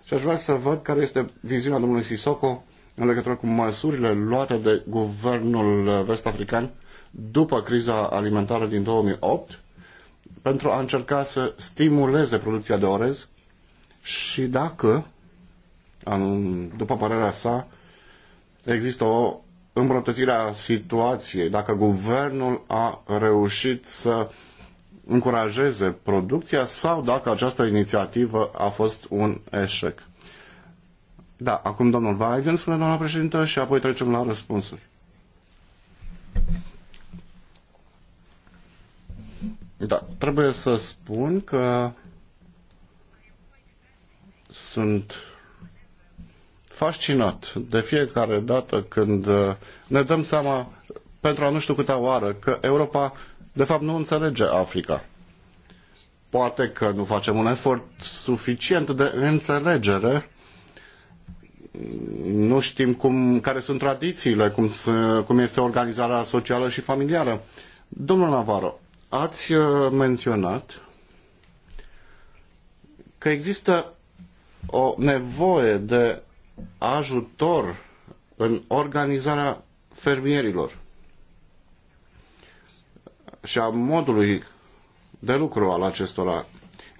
și aș vrea să văd care este viziunea domnului Sisoko în legătură cu măsurile luate de guvernul vest-african după criza alimentară din 2008 pentru a încerca să stimuleze producția de orez și dacă, după părerea sa, există o îmbrătățire a situației, dacă guvernul a reușit să încurajeze producția sau dacă această inițiativă a fost un eșec. Da, acum domnul Weigand, spune doamna președintă, și apoi trecem la răspunsuri. Da, trebuie să spun că sunt fascinat de fiecare dată când uh, ne dăm seama pentru a nu știu câta oară că Europa de fapt nu înțelege Africa. Poate că nu facem un efort suficient de înțelegere nu știm cum, care sunt tradițiile, cum, se, cum este organizarea socială și familială. Domnul Navarro, ați uh, menționat că există o nevoie de ajutor în organizarea fermierilor și a modului de lucru al acestora.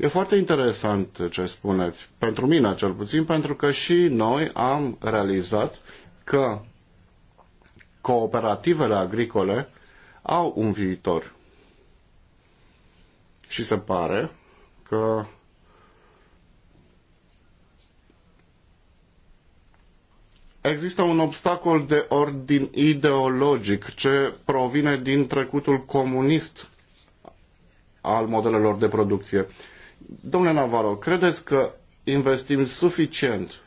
E foarte interesant ce spuneți, pentru mine cel puțin, pentru că și noi am realizat că cooperativele agricole au un viitor. Și se pare că există un obstacol de ordin ideologic ce provine din trecutul comunist al modelelor de producție. Domnule Navarro, credeți că investim suficient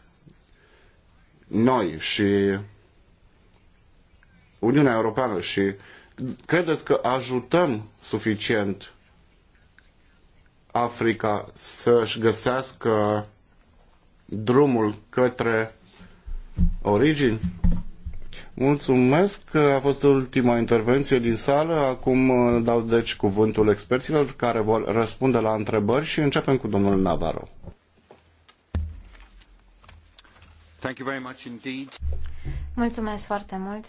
noi și Uniunea Europeană și credeți că ajutăm suficient Africa să-și găsească drumul către origini? Mulțumesc că a fost ultima intervenție din sală. Acum uh, dau deci cuvântul experților care vor răspunde la întrebări și începem cu domnul Navarro. Thank you very much indeed. Mulțumesc foarte mult.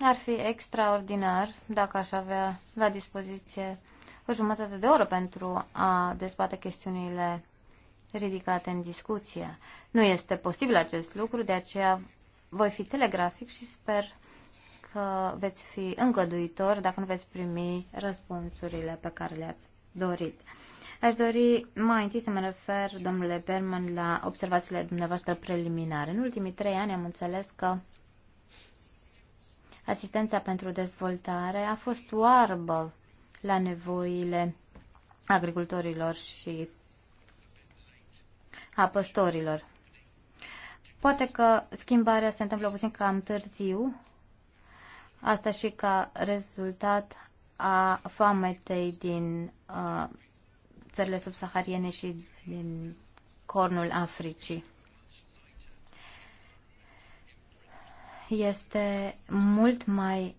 Ar fi extraordinar dacă aș avea la dispoziție o jumătate de oră pentru a dezbate chestiunile ridicate în discuție. Nu este posibil acest lucru, de aceea voi fi telegrafic și sper că veți fi îngăduitor dacă nu veți primi răspunsurile pe care le-ați dorit. Aș dori mai întâi să mă refer, domnule Berman, la observațiile dumneavoastră preliminare. În ultimii trei ani am înțeles că asistența pentru dezvoltare a fost oarbă la nevoile agricultorilor și a păstorilor. Poate că schimbarea se întâmplă puțin cam târziu, asta și ca rezultat a foametei din uh, țările subsahariene și din cornul Africii. Este mult mai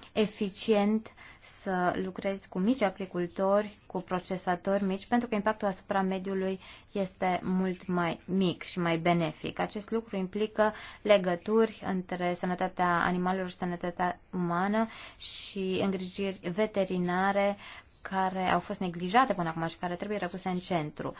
eficient să lucrezi cu mici agricultori, cu procesatori mici, pentru că impactul asupra mediului este mult mai mic și mai benefic. Acest lucru implică legături între sănătatea animalelor și sănătatea umană și îngrijiri veterinare care au fost neglijate până acum și care trebuie repuse în centru.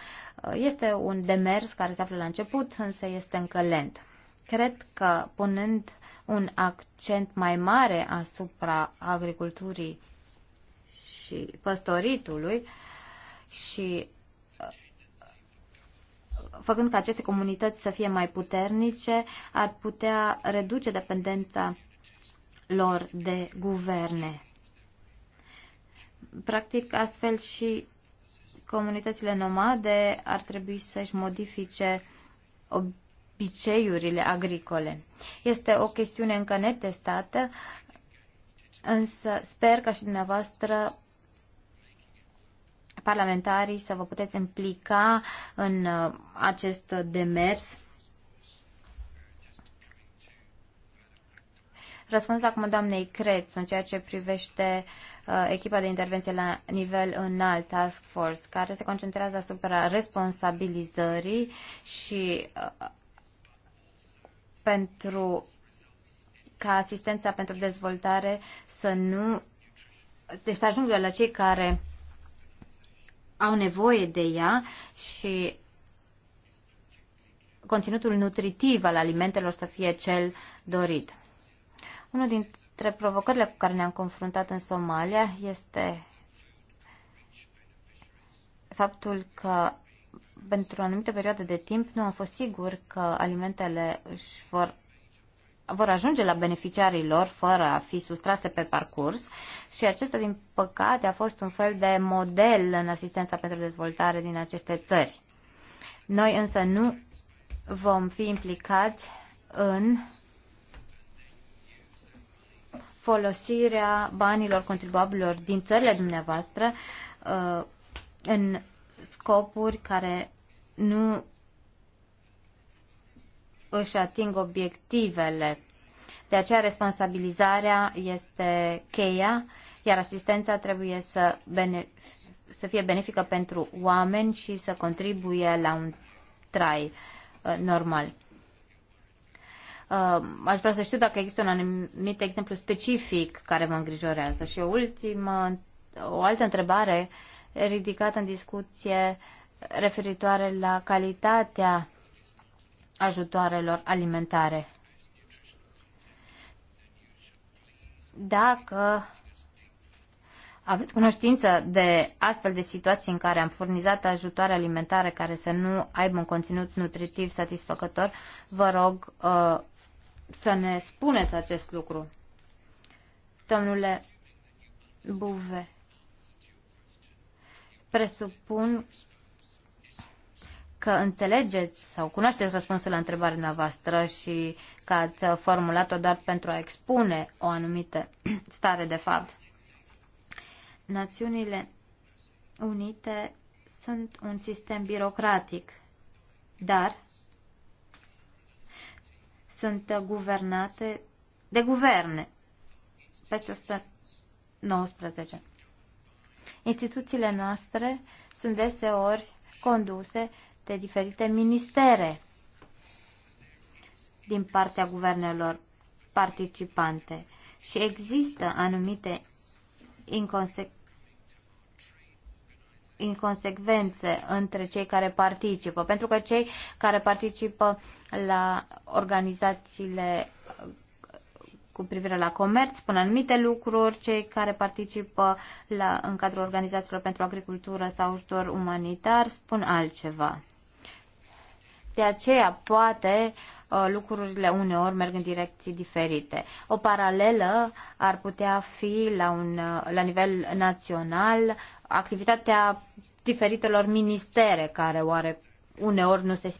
Este un demers care se află la început, însă este încă lent cred că punând un accent mai mare asupra agriculturii și păstoritului și uh, făcând ca aceste comunități să fie mai puternice, ar putea reduce dependența lor de guverne. Practic, astfel și comunitățile nomade ar trebui să-și modifice obiceiurile agricole. Este o chestiune încă netestată, însă sper ca și dumneavoastră parlamentarii să vă puteți implica în uh, acest demers. Răspuns acum doamnei Creț în ceea ce privește uh, echipa de intervenție la nivel înalt, Task Force, care se concentrează asupra responsabilizării și uh, pentru ca asistența pentru dezvoltare să nu deci să ajungă la cei care au nevoie de ea și conținutul nutritiv al alimentelor să fie cel dorit. Unul dintre provocările cu care ne-am confruntat în Somalia este faptul că pentru o anumită perioadă de timp nu am fost sigur că alimentele își vor vor ajunge la beneficiarii lor fără a fi sustrase pe parcurs și acesta, din păcate, a fost un fel de model în asistența pentru dezvoltare din aceste țări. Noi însă nu vom fi implicați în folosirea banilor contribuabililor din țările dumneavoastră uh, în scopuri care nu își ating obiectivele. De aceea responsabilizarea este cheia, iar asistența trebuie să, bene- să fie benefică pentru oameni și să contribuie la un trai uh, normal. Uh, aș vrea să știu dacă există un anumit exemplu specific care mă îngrijorează. Și o ultimă, o altă întrebare ridicată în discuție referitoare la calitatea ajutoarelor alimentare. Dacă aveți cunoștință de astfel de situații în care am furnizat ajutoare alimentare care să nu aibă un conținut nutritiv satisfăcător, vă rog uh, să ne spuneți acest lucru. Domnule Buve, presupun că înțelegeți sau cunoașteți răspunsul la întrebarea noastră și că ați formulat-o doar pentru a expune o anumită stare de fapt. Națiunile Unite sunt un sistem birocratic, dar sunt guvernate de guverne peste 119. Instituțiile noastre sunt deseori conduse de diferite ministere din partea guvernelor participante și există anumite inconse- inconsecvențe între cei care participă, pentru că cei care participă la organizațiile uh, cu privire la comerț spun anumite lucruri, cei care participă la, în cadrul organizațiilor pentru agricultură sau ajutor umanitar spun altceva. De aceea, poate, uh, lucrurile uneori merg în direcții diferite. O paralelă ar putea fi, la, un, uh, la nivel național, activitatea diferitelor ministere care oare uneori nu se.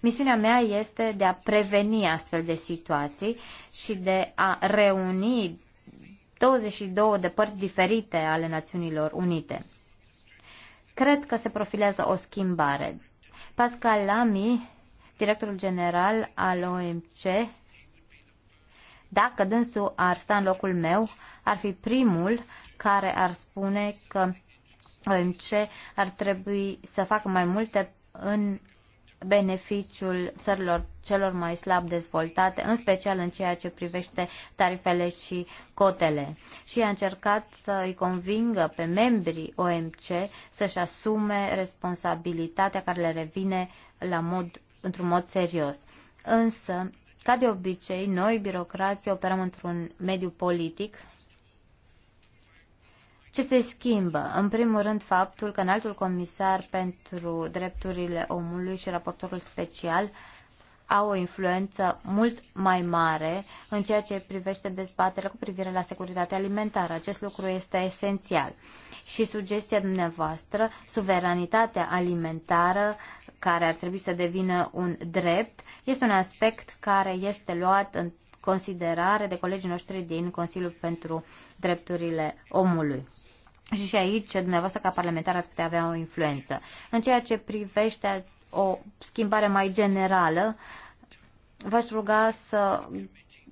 Misiunea mea este de a preveni astfel de situații și de a reuni 22 de părți diferite ale Națiunilor Unite. Cred că se profilează o schimbare Pascal Lamy, directorul general al OMC, dacă dânsul ar sta în locul meu, ar fi primul care ar spune că OMC ar trebui să facă mai multe în beneficiul țărilor celor mai slab dezvoltate, în special în ceea ce privește tarifele și cotele. Și a încercat să îi convingă pe membrii OMC să-și asume responsabilitatea care le revine la mod, într-un mod serios. Însă, ca de obicei, noi, birocrații, operăm într-un mediu politic ce se schimbă? În primul rând faptul că înaltul comisar pentru drepturile omului și raportorul special au o influență mult mai mare în ceea ce privește dezbaterea cu privire la securitatea alimentară. Acest lucru este esențial. Și sugestia dumneavoastră, suveranitatea alimentară, care ar trebui să devină un drept, este un aspect care este luat în considerare de colegii noștri din Consiliul pentru Drepturile Omului. Și aici, dumneavoastră, ca parlamentar, ați putea avea o influență. În ceea ce privește o schimbare mai generală, v-aș ruga să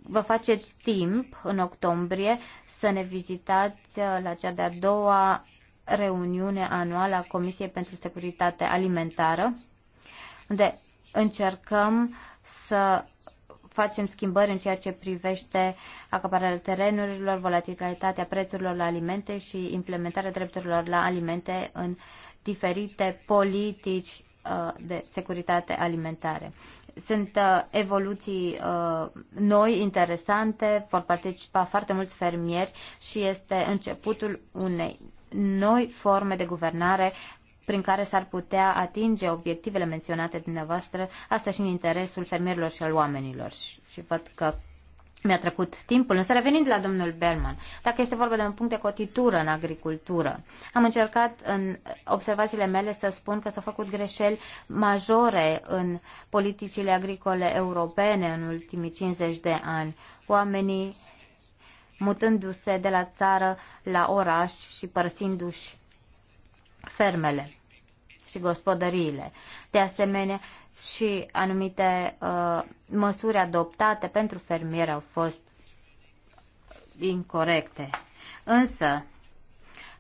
vă faceți timp în octombrie să ne vizitați uh, la cea de-a doua reuniune anuală a Comisiei pentru Securitate Alimentară, unde încercăm să facem schimbări în ceea ce privește acapararea terenurilor, volatilitatea prețurilor la alimente și implementarea drepturilor la alimente în diferite politici uh, de securitate alimentare. Sunt uh, evoluții uh, noi, interesante, vor participa foarte mulți fermieri și este începutul unei noi forme de guvernare prin care s-ar putea atinge obiectivele menționate dumneavoastră, asta și în interesul fermierilor și al oamenilor. Și, și văd că mi-a trecut timpul, însă revenind la domnul Berman, dacă este vorba de un punct de cotitură în agricultură, am încercat în observațiile mele să spun că s-au făcut greșeli majore în politicile agricole europene în ultimii 50 de ani. Oamenii mutându-se de la țară la oraș și părăsindu-și fermele și gospodăriile. De asemenea, și anumite uh, măsuri adoptate pentru fermieri au fost incorrecte. Însă,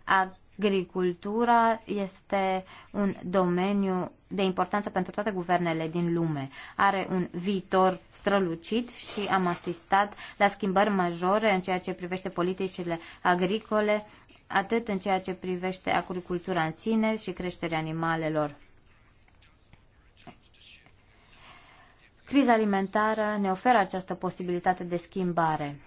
agricultura este un domeniu de importanță pentru toate guvernele din lume. Are un viitor strălucit și am asistat la schimbări majore în ceea ce privește politicile agricole atât în ceea ce privește agricultura în sine și creșterea animalelor. Criza alimentară ne oferă această posibilitate de schimbare.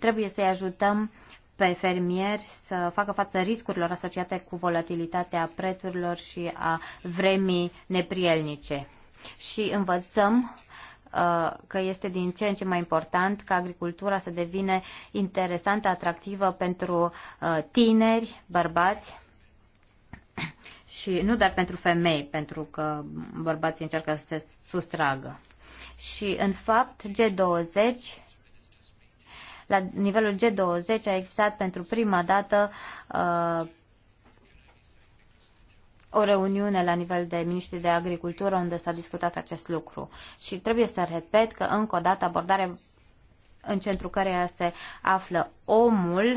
Trebuie să-i ajutăm pe fermieri să facă față riscurilor asociate cu volatilitatea prețurilor și a vremii neprielnice. Și învățăm Uh, că este din ce în ce mai important ca agricultura să devine interesantă, atractivă pentru uh, tineri, bărbați și nu doar pentru femei, pentru că bărbații încearcă să se sustragă. Și, în fapt, G20 la nivelul G20 a existat pentru prima dată uh, o reuniune la nivel de miniștri de agricultură unde s-a discutat acest lucru. Și trebuie să repet că, încă o dată, abordarea în centrul căreia se află omul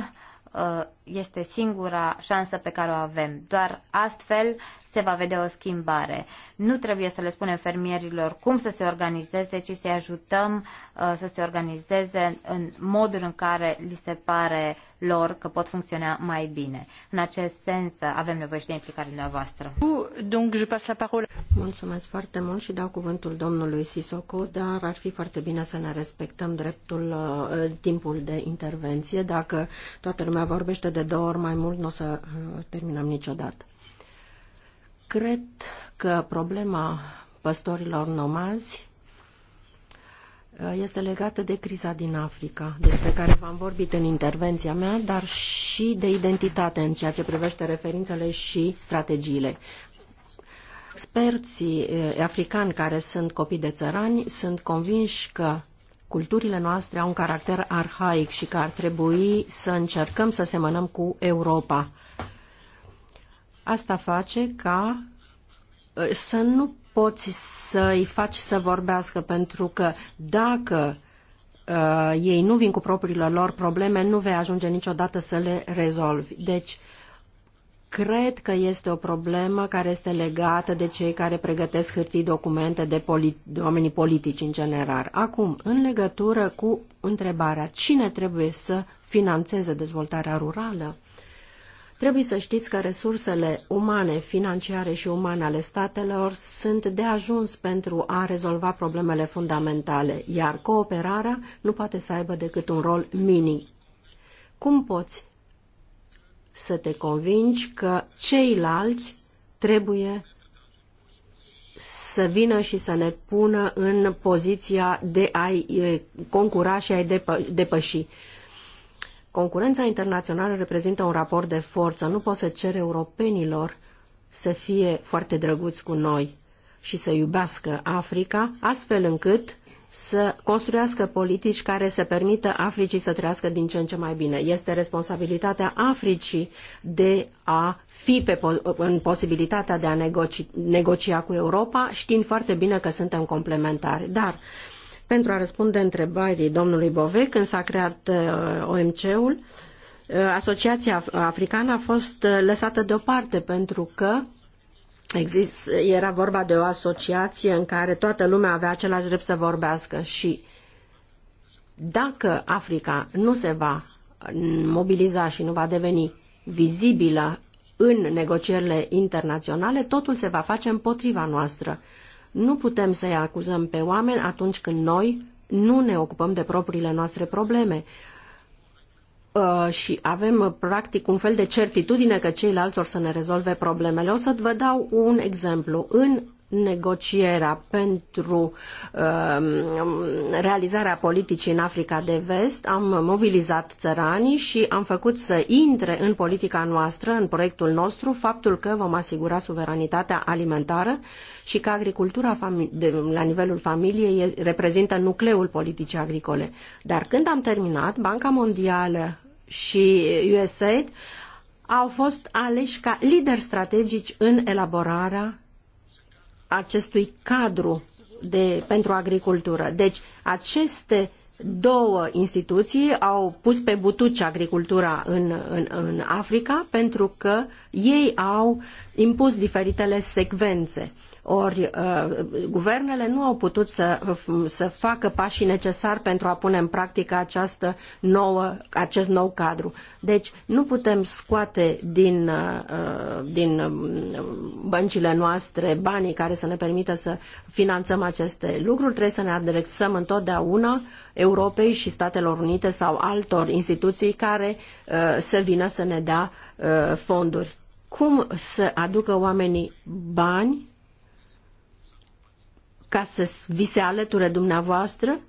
uh, este singura șansă pe care o avem. Doar astfel se va vedea o schimbare. Nu trebuie să le spunem fermierilor cum să se organizeze, ci să-i ajutăm uh, să se organizeze în modul în care li se pare lor că pot funcționa mai bine. În acest sens uh, avem nevoie și de implicarea dumneavoastră. la Mulțumesc foarte mult și dau cuvântul domnului Sisoko, dar ar fi foarte bine să ne respectăm dreptul, uh, timpul de intervenție. Dacă toată lumea vorbește de două ori mai mult nu o să uh, terminăm niciodată. Cred că problema păstorilor nomazi uh, este legată de criza din Africa, despre care v-am vorbit în intervenția mea, dar și de identitate în ceea ce privește referințele și strategiile. Experții uh, africani care sunt copii de țărani sunt convinși că culturile noastre au un caracter arhaic și că ar trebui să încercăm să semănăm cu Europa. Asta face ca uh, să nu poți să-i faci să vorbească, pentru că dacă uh, ei nu vin cu propriile lor probleme, nu vei ajunge niciodată să le rezolvi. Deci, uh, Cred că este o problemă care este legată de cei care pregătesc hârtii documente de, politi- de oamenii politici în general. Acum, în legătură cu întrebarea cine trebuie să financeze dezvoltarea rurală, Trebuie să știți că resursele umane, financiare și umane ale statelor sunt de ajuns pentru a rezolva problemele fundamentale, iar cooperarea nu poate să aibă decât un rol minim. Cum poți să te convingi că ceilalți trebuie să vină și să ne pună în poziția de a-i concura și a-i depăși. Concurența internațională reprezintă un raport de forță. Nu poți să ceri europenilor să fie foarte drăguți cu noi și să iubească Africa, astfel încât să construiască politici care să permită Africii să trăiască din ce în ce mai bine. Este responsabilitatea Africii de a fi pe, în posibilitatea de a negoci, negocia cu Europa, știind foarte bine că suntem complementari. Dar pentru a răspunde întrebării domnului Bove, când s-a creat uh, OMC-ul, uh, Asociația Africană a fost uh, lăsată deoparte pentru că Exist, era vorba de o asociație în care toată lumea avea același drept să vorbească și dacă Africa nu se va mobiliza și nu va deveni vizibilă în negocierile internaționale, totul se va face împotriva noastră. Nu putem să-i acuzăm pe oameni atunci când noi nu ne ocupăm de propriile noastre probleme. Uh, și avem uh, practic un fel de certitudine că ceilalți or să ne rezolve problemele. O să vă dau un exemplu. În negocierea pentru um, realizarea politicii în Africa de Vest, am mobilizat țăranii și am făcut să intre în politica noastră, în proiectul nostru, faptul că vom asigura suveranitatea alimentară și că agricultura de, la nivelul familiei e, reprezintă nucleul politicii agricole. Dar când am terminat, Banca Mondială și USAID au fost aleși ca lideri strategici în elaborarea acestui cadru de, pentru agricultură. Deci aceste două instituții au pus pe butuci agricultura în, în, în Africa pentru că ei au impus diferitele secvențe. Ori uh, guvernele nu au putut să, să facă pașii necesari pentru a pune în practică această nouă, acest nou cadru. Deci nu putem scoate din, uh, uh, din um, băncile noastre banii care să ne permită să finanțăm aceste lucruri. Trebuie să ne adresăm întotdeauna Europei și Statelor Unite sau altor instituții care să vină să ne dea fonduri. Cum să aducă oamenii bani ca să vi se alăture dumneavoastră,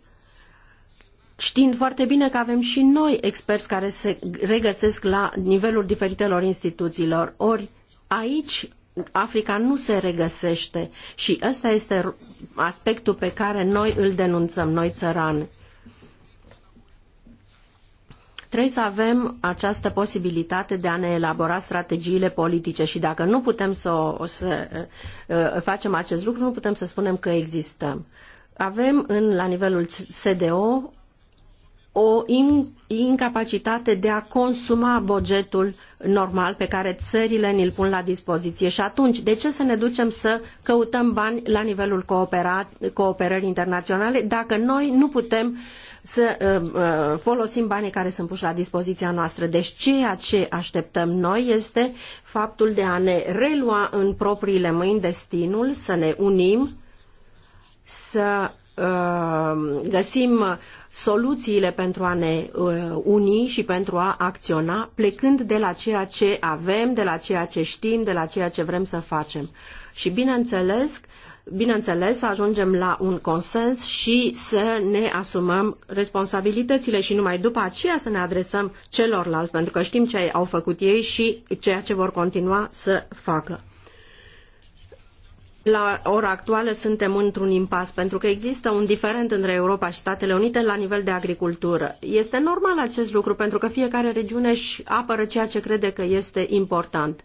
știind foarte bine că avem și noi experți care se regăsesc la nivelul diferitelor instituțiilor. Ori aici Africa nu se regăsește și ăsta este aspectul pe care noi îl denunțăm, noi țărani. Trebuie să avem această posibilitate de a ne elabora strategiile politice și dacă nu putem să, să ă, ă, facem acest lucru, nu putem să spunem că existăm. Avem în, la nivelul SDO o incapacitate de a consuma bugetul normal pe care țările ni-l pun la dispoziție. Și atunci, de ce să ne ducem să căutăm bani la nivelul cooperării internaționale dacă noi nu putem să uh, uh, folosim banii care sunt puși la dispoziția noastră. Deci ceea ce așteptăm noi este faptul de a ne relua în propriile mâini destinul, să ne unim, să uh, găsim soluțiile pentru a ne uni și pentru a acționa, plecând de la ceea ce avem, de la ceea ce știm, de la ceea ce vrem să facem. Și bineînțeles, bineînțeles, să ajungem la un consens și să ne asumăm responsabilitățile și numai după aceea să ne adresăm celorlalți, pentru că știm ce au făcut ei și ceea ce vor continua să facă. La ora actuală suntem într-un impas pentru că există un diferent între Europa și Statele Unite la nivel de agricultură. Este normal acest lucru pentru că fiecare regiune își apără ceea ce crede că este important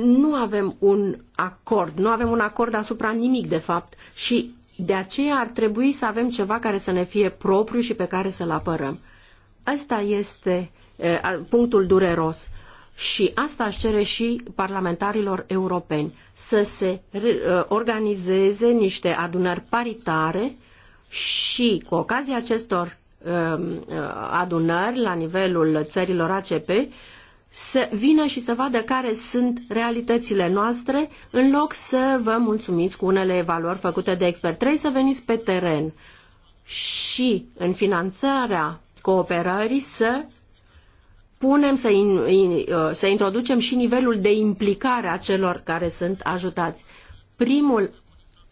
nu avem un acord, nu avem un acord asupra nimic de fapt și de aceea ar trebui să avem ceva care să ne fie propriu și pe care să-l apărăm. Asta este e, punctul dureros și asta își cere și parlamentarilor europeni să se organizeze niște adunări paritare și cu ocazia acestor adunări la nivelul țărilor ACP să vină și să vadă care sunt realitățile noastre, în loc să vă mulțumiți cu unele evaluări făcute de expert. Trebuie să veniți pe teren și în finanțarea cooperării să punem, să, in, in, uh, să introducem și nivelul de implicare a celor care sunt ajutați. Primul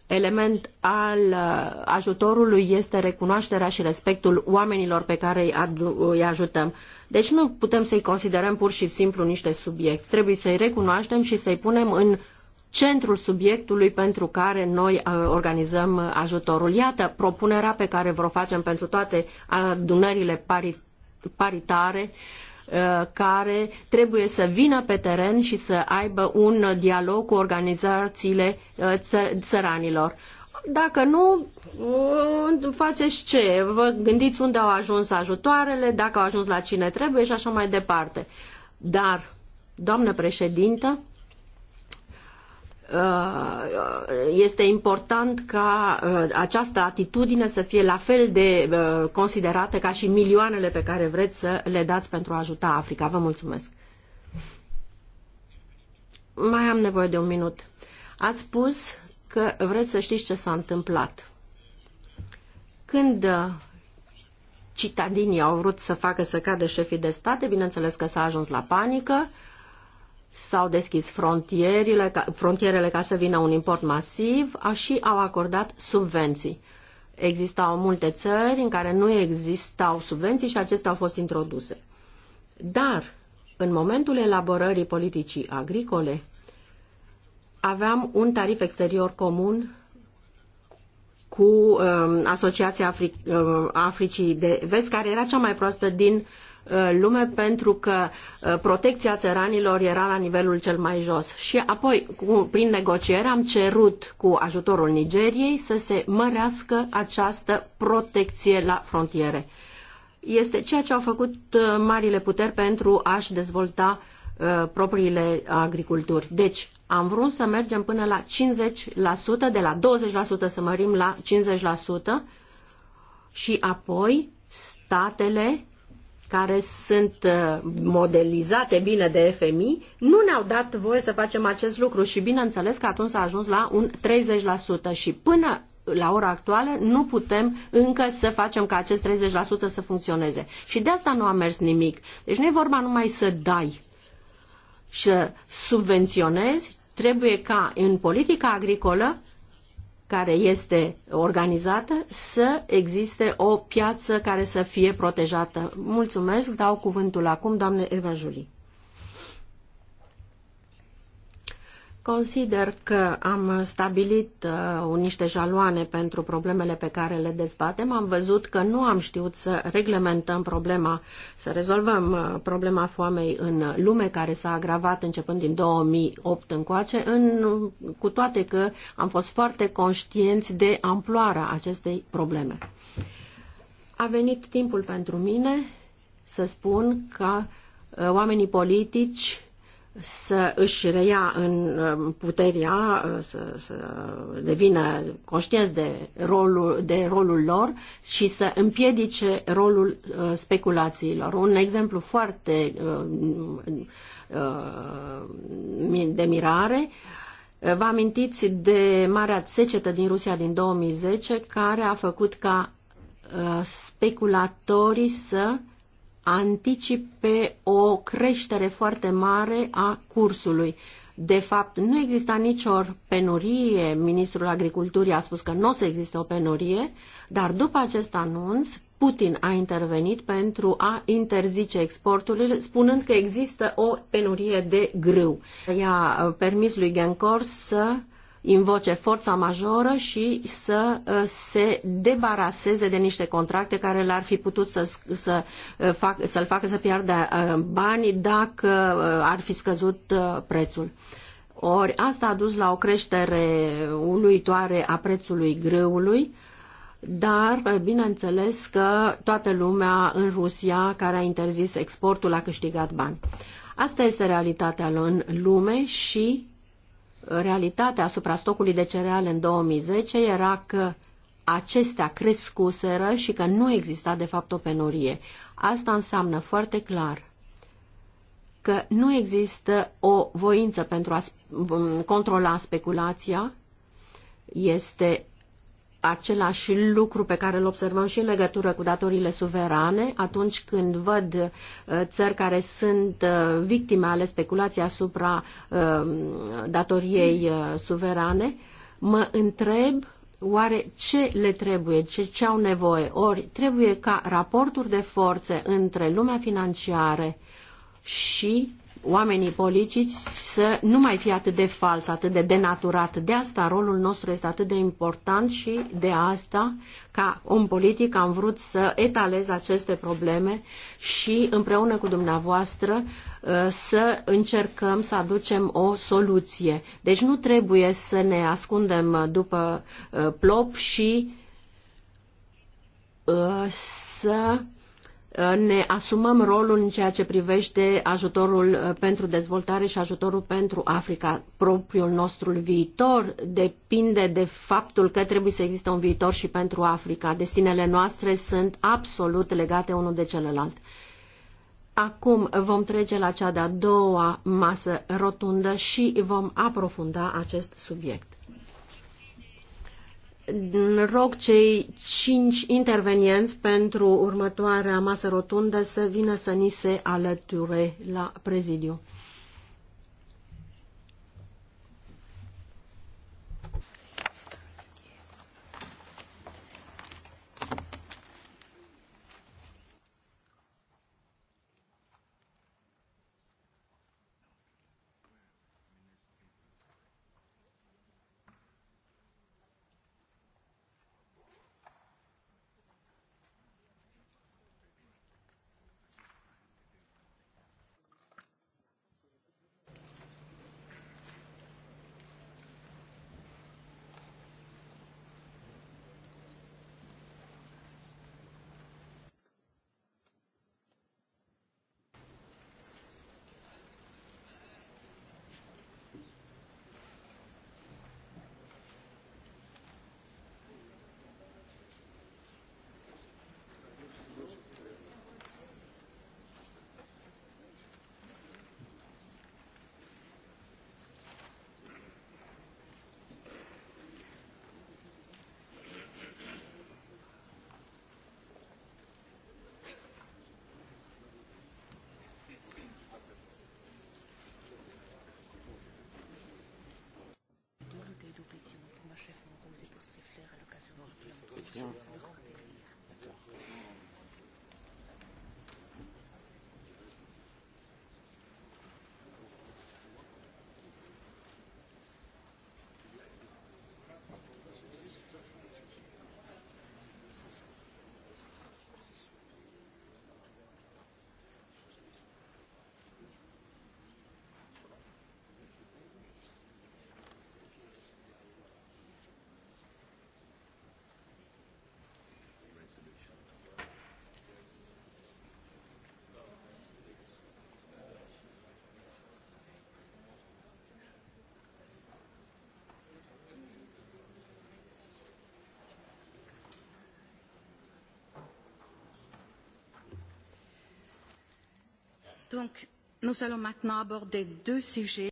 element al uh, ajutorului este recunoașterea și respectul oamenilor pe care îi, îi ajutăm. Deci nu putem să-i considerăm pur și simplu niște subiecti. Trebuie să-i recunoaștem și să-i punem în centrul subiectului pentru care noi uh, organizăm ajutorul. Iată propunerea pe care vă facem pentru toate adunările paritare uh, care trebuie să vină pe teren și să aibă un dialog cu organizațiile uh, țăranilor. Dacă nu, uh, faceți ce? Vă gândiți unde au ajuns ajutoarele, dacă au ajuns la cine trebuie și așa mai departe. Dar, doamnă președintă, uh, este important ca uh, această atitudine să fie la fel de considerată ca și milioanele pe care vreți să le dați pentru a ajuta Africa. Vă mulțumesc. Mai am nevoie de un minut. Ați spus că vreți să știți ce s-a întâmplat. Când uh, citadinii au vrut să facă să cadă șefii de state, bineînțeles că s-a ajuns la panică, s-au deschis frontierele, frontierele ca să vină un import masiv și au acordat subvenții. Existau multe țări în care nu existau subvenții și acestea au fost introduse. Dar, în momentul elaborării politicii agricole, aveam un tarif exterior comun cu um, Asociația Afri- um, Africii de Vest, care era cea mai proastă din uh, lume pentru că uh, protecția țăranilor era la nivelul cel mai jos. Și apoi, cu, prin negociere, am cerut cu ajutorul Nigeriei să se mărească această protecție la frontiere. Este ceea ce au făcut uh, marile puteri pentru a-și dezvolta Uh, propriile agriculturi. Deci, am vrut să mergem până la 50%, de la 20% să mărim la 50% și apoi statele care sunt uh, modelizate bine de FMI, nu ne-au dat voie să facem acest lucru și bineînțeles că atunci s-a ajuns la un 30% și până la ora actuală nu putem încă să facem ca acest 30% să funcționeze. Și de asta nu a mers nimic. Deci nu e vorba numai să dai să subvenționezi, trebuie ca în politica agricolă care este organizată să existe o piață care să fie protejată. Mulțumesc, dau cuvântul acum doamne Eva Julie. Consider că am stabilit uh, niște jaloane pentru problemele pe care le dezbatem. Am văzut că nu am știut să reglementăm problema, să rezolvăm uh, problema foamei în lume care s-a agravat începând din 2008 încoace, în, cu toate că am fost foarte conștienți de amploarea acestei probleme. A venit timpul pentru mine să spun că uh, oamenii politici să își reia în uh, puterea, uh, să, să devină conștienți de rolul, de rolul lor și să împiedice rolul uh, speculațiilor. Un exemplu foarte de mirare Vă amintiți de marea secetă din Rusia din 2010 care a făcut ca speculatorii să anticipe o creștere foarte mare a cursului. De fapt, nu exista nicio penurie. Ministrul Agriculturii a spus că nu o să existe o penurie, dar după acest anunț, Putin a intervenit pentru a interzice exporturile, spunând că există o penurie de grâu. I-a permis lui Gencor să invoce forța majoră și să uh, se debaraseze de niște contracte care l-ar fi putut să, să uh, fac, să-l facă să piardă uh, bani dacă ar fi scăzut prețul. Ori asta a dus la o creștere uluitoare a prețului grâului, dar bineînțeles că toată lumea în Rusia care a interzis exportul a câștigat bani. Asta este realitatea în lume și realitatea asupra stocului de cereale în 2010 era că acestea crescuseră și că nu exista de fapt o penurie. Asta înseamnă foarte clar că nu există o voință pentru a controla speculația, este același lucru pe care îl observăm și în legătură cu datorile suverane, atunci când văd uh, țări care sunt uh, victime ale speculației asupra uh, datoriei suverane, mă întreb oare ce le trebuie, ce, ce au nevoie. Ori trebuie ca raporturi de forțe între lumea financiară și oamenii politici să nu mai fie atât de fals, atât de denaturat. De asta rolul nostru este atât de important și de asta, ca om politic, am vrut să etalez aceste probleme și împreună cu dumneavoastră uh, să încercăm să aducem o soluție. Deci nu trebuie să ne ascundem după uh, plop și uh, să Uh, ne asumăm rolul în ceea ce privește ajutorul uh, pentru dezvoltare și ajutorul pentru Africa. Propriul nostru viitor depinde de faptul că trebuie să existe un viitor și pentru Africa. Destinele noastre sunt absolut legate unul de celălalt. Acum vom trece la cea de-a doua masă rotundă și vom aprofunda acest subiect rog cei cinci intervenienți pentru următoarea masă rotundă să vină să ni se alăture la prezidiu. Donc, nous allons maintenant aborder deux sujets.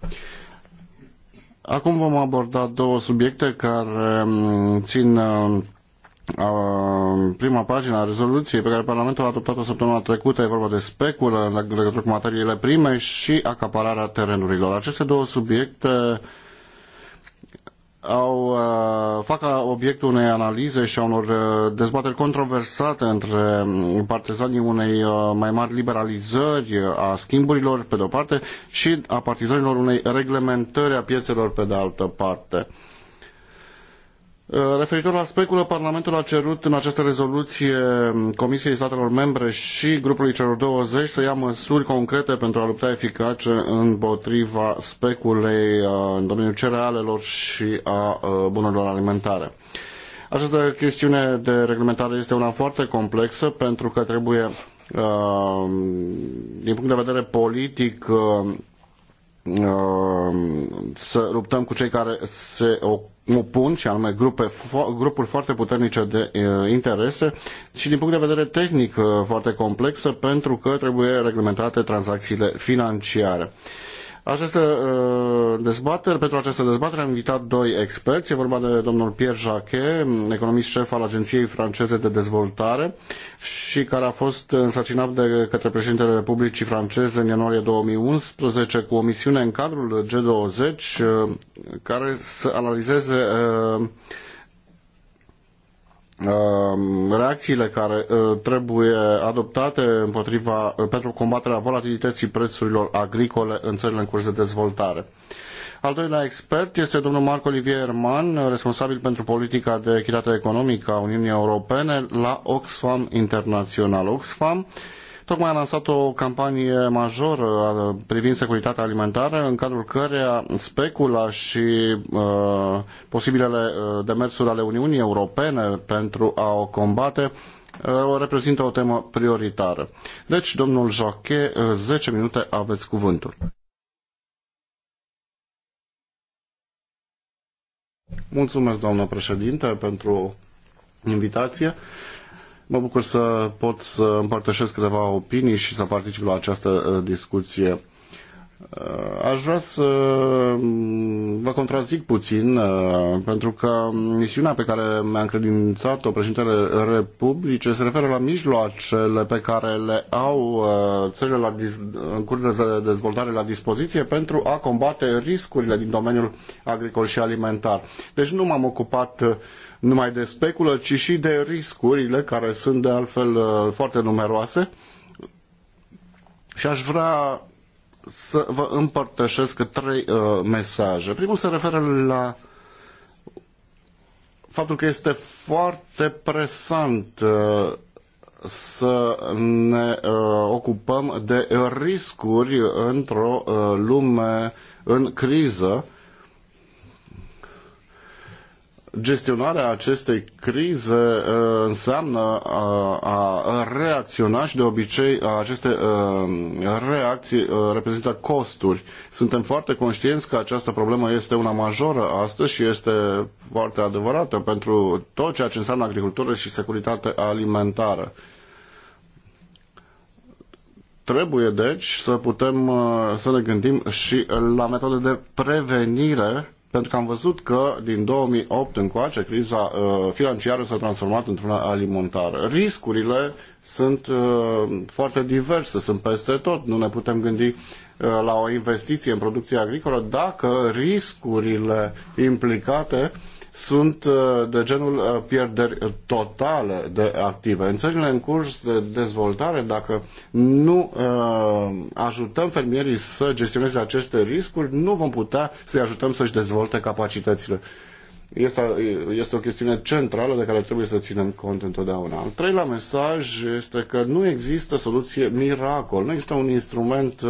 Acum vom aborda două subiecte care um, țin um, prima pagină a rezoluției pe care Parlamentul a adoptat-o săptămâna trecută, e vorba de speculă în legătură cu materiile prime și acapararea terenurilor. Aceste două subiecte fac obiectul unei analize și a unor uh, dezbateri controversate între mm, partizanii unei uh, mai mari liberalizări a schimburilor pe de o parte și a partizanilor unei reglementări a piețelor pe de altă parte. Uh, Uh, referitor la speculă, Parlamentul a cerut în această rezoluție um, Comisiei Statelor Membre și grupului celor 20 să ia măsuri concrete pentru a lupta eficace împotriva speculei uh, în domeniul cerealelor și a uh, bunurilor alimentare. Această chestiune de reglementare este una foarte complexă pentru că trebuie, din punct de vedere politic, să luptăm cu cei care se ocupă opun, și anume grupe, fo, grupuri foarte puternice de uh, interese și din punct de vedere tehnic uh, foarte complexă, pentru că trebuie reglementate tranzacțiile financiare. Uh, uh, dezbatere, pentru această dezbatere am invitat doi experți. E vorba de domnul Pierre Jacquet, mm, economist șef al Agenției franceze de dezvoltare și care a fost însărcinat de către președintele Republicii franceze în ianuarie 2011 cu o misiune în cadrul G20 uh, care să analizeze uh, reacțiile care ă, trebuie adoptate împotriva, pentru combaterea volatilității prețurilor agricole în țările în curs de dezvoltare. Al doilea expert este domnul Marco Olivier Herman, responsabil pentru politica de echitate economică a Uniunii Europene la Oxfam International Oxfam uh, tocmai a lansat o campanie majoră uh, privind securitatea alimentară, în cadrul căreia specula și uh, posibilele uh, demersuri ale Uniunii Europene pentru a o combate uh, reprezintă o temă prioritară. Deci, domnul Jacquet, 10 minute aveți cuvântul. Mulțumesc, doamnă președinte, pentru invitație. Mă bucur să pot să împărtășesc câteva opinii și să particip la această uh, discuție. Uh, aș vrea să uh, vă contrazic puțin, pentru că misiunea pe care mi-a încredințat-o președintele Republicii se referă la mijloacele pe care le au țările la în curs de dezvoltare la dispoziție pentru a combate riscurile din domeniul agricol și alimentar. Deci nu m-am ocupat numai de speculă, ci și de riscurile care sunt de altfel uh, foarte numeroase. Și aș vrea să vă împărtășesc trei uh, mesaje. Primul se referă la faptul că este foarte presant uh, să ne uh, ocupăm de riscuri într-o uh, lume în criză gestionarea acestei crize uh, înseamnă uh, a reacționa și de obicei uh, aceste reacții reprezintă costuri. Suntem foarte conștienți că această problemă este una majoră astăzi și este foarte adevărată pentru tot ceea ce înseamnă agricultură și securitate alimentară. Trebuie deci să putem să ne gândim și la metode de prevenire pentru că am văzut că din 2008 încoace criza uh, financiară s-a transformat într-una alimentară. Riscurile sunt uh, foarte diverse, sunt peste tot. Nu ne putem gândi uh, la o investiție în producție agricolă dacă riscurile implicate uh, sunt uh, de genul uh, pierderi totale de active. În țările în curs de dezvoltare, dacă nu uh, ajutăm fermierii să gestioneze aceste riscuri, nu vom putea să-i ajutăm să-și dezvolte capacitățile. Este, este o chestiune centrală de care trebuie să ținem cont întotdeauna. Al treilea mesaj este că nu există soluție miracol, nu există un instrument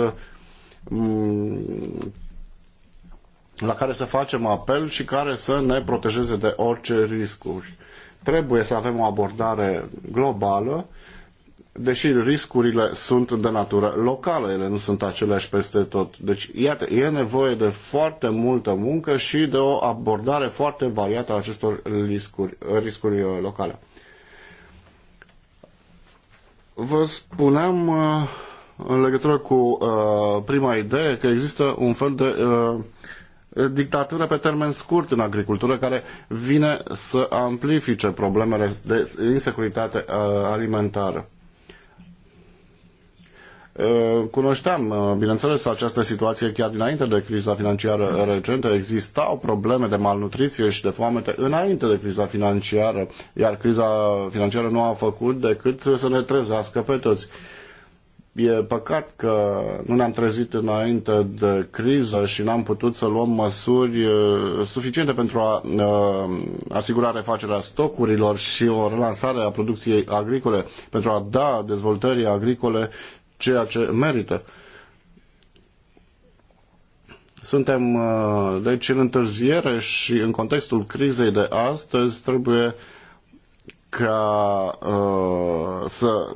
la care să facem apel și care să ne protejeze de orice riscuri. Trebuie să avem o abordare globală, deși riscurile sunt de natură locală, ele nu sunt aceleași peste tot. Deci, iată, e nevoie de foarte multă muncă și de o abordare foarte variată a acestor riscuri, riscuri uh, locale. Vă spuneam uh, în legătură cu uh, prima idee că există un fel de dictatură pe termen scurt în agricultură care vine să amplifice problemele de insecuritate alimentară. Cunoșteam, bineînțeles, această situație chiar dinainte de criza financiară recentă. Existau probleme de malnutriție și de foamete înainte de criza financiară, iar criza financiară nu a făcut decât să ne trezească pe toți. Uh, E păcat că nu ne-am trezit înainte de criză și n-am putut să luăm măsuri suficiente pentru a asigura refacerea stocurilor și o relansare a producției agricole, pentru a da dezvoltării agricole ceea ce merită. Suntem deci în întârziere și în contextul crizei de astăzi trebuie ca uh, să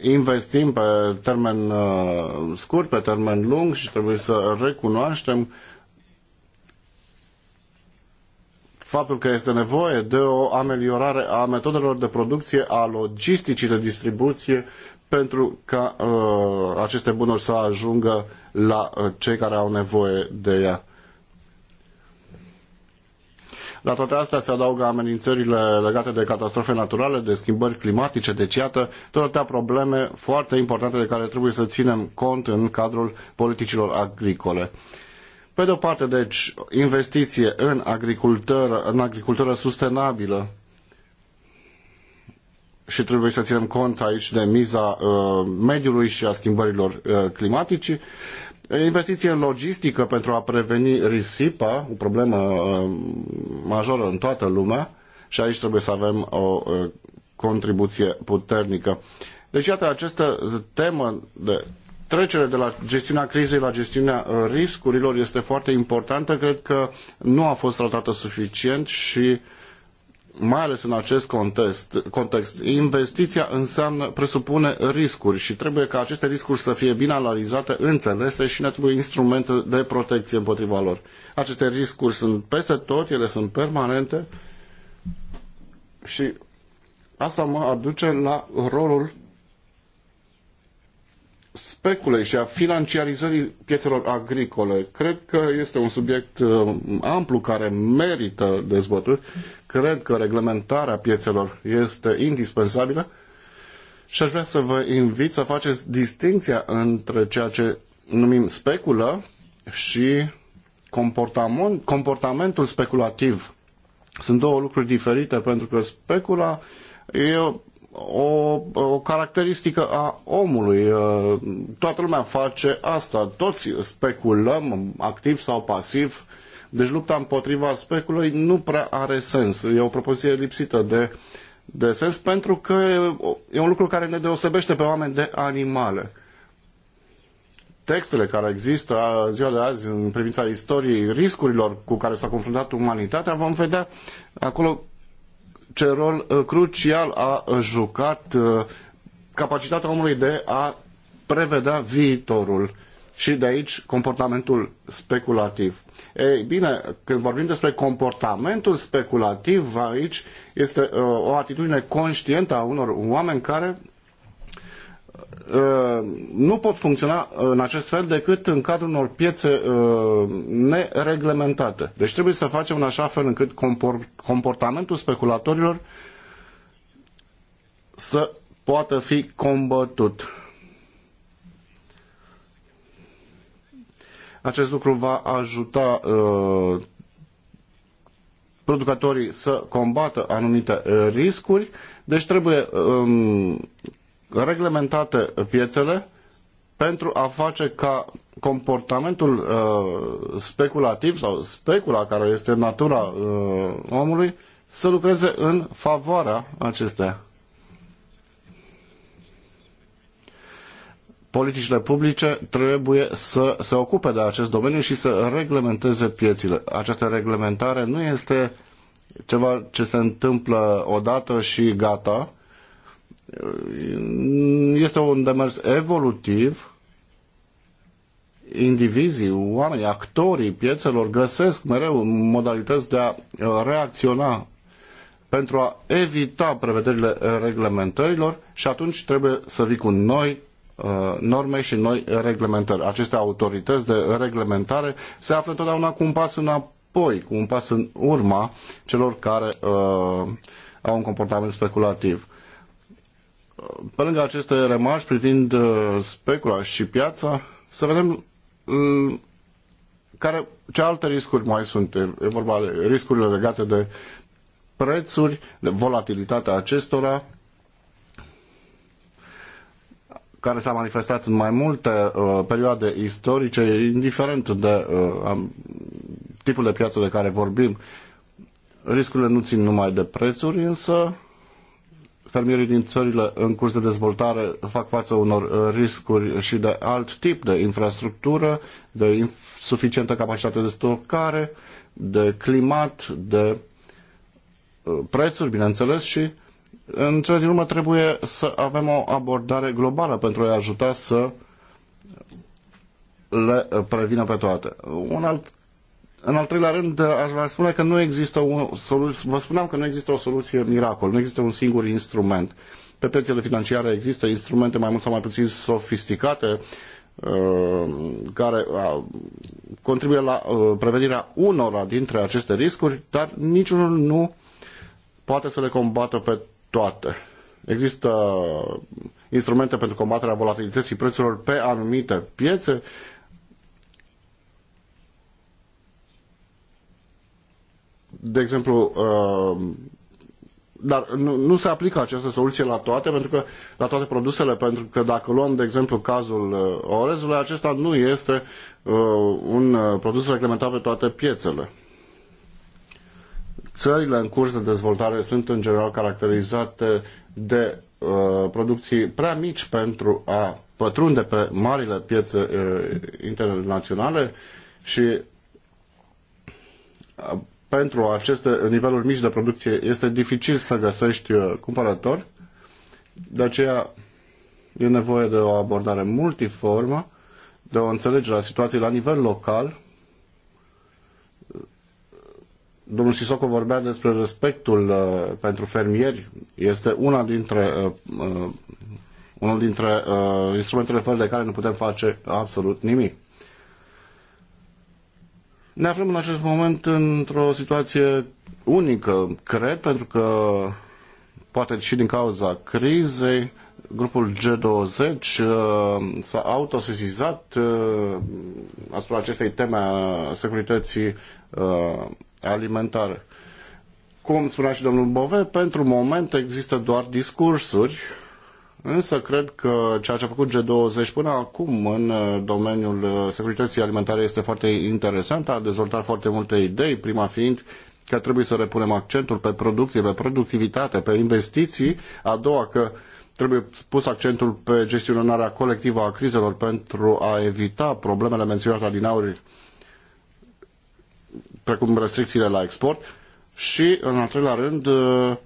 investim pe termen uh, scurt, pe termen lung și trebuie să recunoaștem faptul că este nevoie de o ameliorare a metodelor de producție, a logisticii de distribuție pentru ca uh, aceste bunuri să ajungă la uh, cei care au nevoie de ea. La toate astea se adaugă amenințările legate de catastrofe naturale, de schimbări climatice, deci iată toate probleme foarte importante de care trebuie să ținem cont în cadrul politicilor agricole. Pe de o parte, deci, investiție în agricultură, în agricultură sustenabilă, și trebuie să ținem cont aici de miza uh, mediului și a schimbărilor uh, climatice. Investiții în logistică pentru a preveni risipa, o problemă uh, majoră în toată lumea și aici trebuie să avem o uh, contribuție puternică. Deci, iată, această temă de trecere de la gestiunea crizei la gestiunea uh, riscurilor este foarte importantă. Cred că nu a fost tratată suficient și uh, mai ales în acest context, context, investiția înseamnă, presupune riscuri și trebuie ca aceste riscuri să fie bine analizate, înțelese și ne trebuie instrumente de protecție împotriva lor. Aceste riscuri sunt peste tot, ele sunt permanente și asta mă aduce la rolul speculei și a financiarizării piețelor agricole. Cred că este un subiect uh, amplu care merită dezbătut. Cred că reglementarea piețelor este indispensabilă și aș vrea să vă invit să faceți distinția între ceea ce numim speculă și comportament, comportamentul speculativ. Sunt două lucruri diferite pentru că specula e o, o caracteristică a omului. Toată lumea face asta, toți speculăm activ sau pasiv deci lupta împotriva speculării, nu prea are sens. E o propoziție lipsită de, de sens pentru că e un lucru care ne deosebește pe oameni de animale. Textele care există ziua de azi în privința istoriei riscurilor cu care s-a confruntat umanitatea, vom vedea acolo ce rol crucial a jucat capacitatea omului de a prevedea viitorul și de aici comportamentul speculativ. Ei bine, când vorbim despre comportamentul speculativ, aici este uh, o atitudine conștientă a unor oameni care uh, nu pot funcționa în acest fel decât în cadrul unor piețe uh, nereglementate. Deci trebuie să facem în așa fel încât comportamentul speculatorilor să poată fi combătut. Acest lucru va ajuta uh, producătorii să combată anumite uh, riscuri, deci trebuie um, reglementate piețele pentru a face ca comportamentul uh, speculativ sau specula care este natura uh, omului să lucreze în favoarea acestea. politicile publice trebuie să se ocupe de acest domeniu și să reglementeze piețile. Această reglementare nu este ceva ce se întâmplă odată și gata. Este un demers evolutiv. Indivizii, oamenii, actorii piețelor găsesc mereu modalități de a uh, reacționa pentru a evita prevederile reglementărilor și atunci trebuie să vii cu noi Uh, norme și noi reglementări. Aceste autorități de reglementare se află întotdeauna cu un pas înapoi, cu un pas în urma celor care uh, au un comportament speculativ. Pe lângă aceste remarci privind uh, specula și piața, să vedem uh, care, ce alte riscuri mai sunt. E vorba de riscurile legate de prețuri, de volatilitatea acestora, care s-a manifestat în mai multe uh, perioade istorice, indiferent de uh, tipul de piață de care vorbim. Riscurile nu țin numai de prețuri, însă fermierii din țările în curs de dezvoltare fac față unor uh, riscuri și de alt tip de infrastructură, de insuficientă capacitate de stocare, de climat, de uh, prețuri, bineînțeles, și în cele din urmă trebuie să avem o abordare globală pentru a-i ajuta să le uh, prevină pe toate. Un alt, în al treilea rând, uh, aș vrea spune că nu există o soluție, vă spuneam că nu există o soluție miracol, nu există un singur instrument. Pe piețele financiare există instrumente mai mult sau mai puțin sofisticate uh, care contribuie la prevenirea unora dintre aceste riscuri, dar niciunul nu poate să le combată pe toate. Există instrumente pentru combaterea volatilității prețurilor pe anumite piețe. De exemplu, uh, dar nu, se aplică această soluție la toate, pentru că, la toate produsele, pentru că dacă luăm, de exemplu, cazul uh, orezului, acesta nu este uh, un produs reglementat pe toate piețele. Țările în curs de dezvoltare sunt în general caracterizate de uh, producții prea mici pentru a pătrunde pe marile piețe uh, internaționale și uh, pentru aceste niveluri mici de producție este dificil să găsești uh, cumpărători. De aceea e nevoie de o abordare multiformă, de o înțelegere a situației la nivel local Domnul Sisoco vorbea despre respectul uh, pentru fermieri. Este una dintre, uh, uh unul dintre uh, instrumentele fără de care nu putem face absolut nimic. Ne aflăm în acest moment într-o situație unică, cred, pentru că poate și din cauza crizei, grupul G20 uh, s-a autosesizat uh, asupra acestei teme a securității alimentară. Cum spunea și domnul Bove, pentru moment există doar discursuri, însă cred că ceea ce a făcut G20 până acum în uh, domeniul uh, securității alimentare este foarte interesant, a dezvoltat foarte multe idei, prima fiind că trebuie să repunem accentul pe producție, pe productivitate, pe investiții, a doua că trebuie pus accentul pe gestionarea colectivă a crizelor pentru a evita problemele menționate din aur precum restricțiile la export și, în al treilea rând, uh,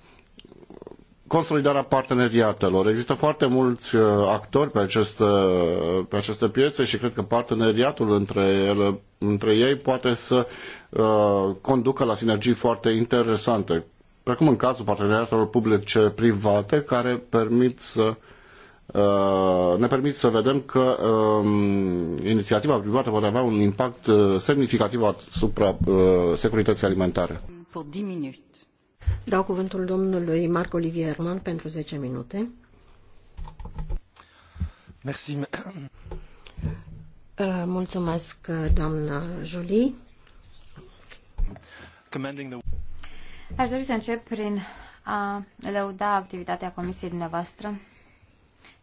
consolidarea parteneriatelor. Există foarte mulți uh, actori pe aceste, uh, pe aceste piețe și cred că parteneriatul între, ele, între ei poate să conducă la sinergii foarte interesante, precum în cazul parteneriatelor publice-private, care permit să uh, Uh, ne permit să vedem că um, inițiativa privată poate avea un impact uh, semnificativ asupra uh, securității alimentare. Dau cuvântul domnului Marco Livierman pentru 10 minute. Merci. Mulțumesc, doamna Jolie. Aș dori să încep prin a lăuda activitatea comisiei dumneavoastră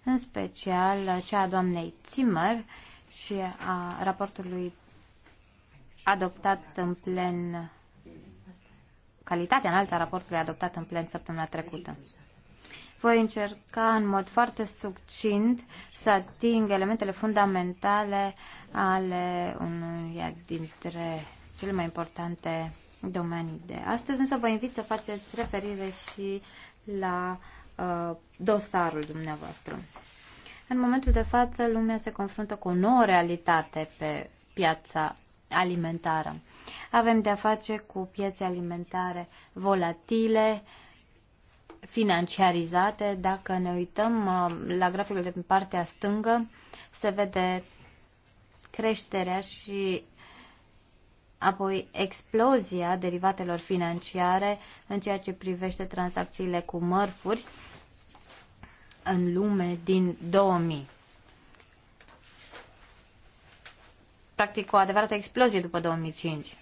în special cea a doamnei Zimmer și a raportului adoptat în plen calitatea în a raportului adoptat în plen săptămâna trecută. Voi încerca în mod foarte succint să ating elementele fundamentale ale unuia dintre cele mai importante domenii de astăzi, însă vă invit să faceți referire și la Uh, dosarul dumneavoastră. În momentul de față, lumea se confruntă cu o nouă realitate pe piața alimentară. Avem de-a face cu piețe alimentare volatile, financiarizate. Dacă ne uităm uh, la graficul de partea stângă, se vede creșterea și apoi explozia derivatelor financiare în ceea ce privește tranzacțiile cu mărfuri în lume din 2000. Practic o adevărată explozie după 2005.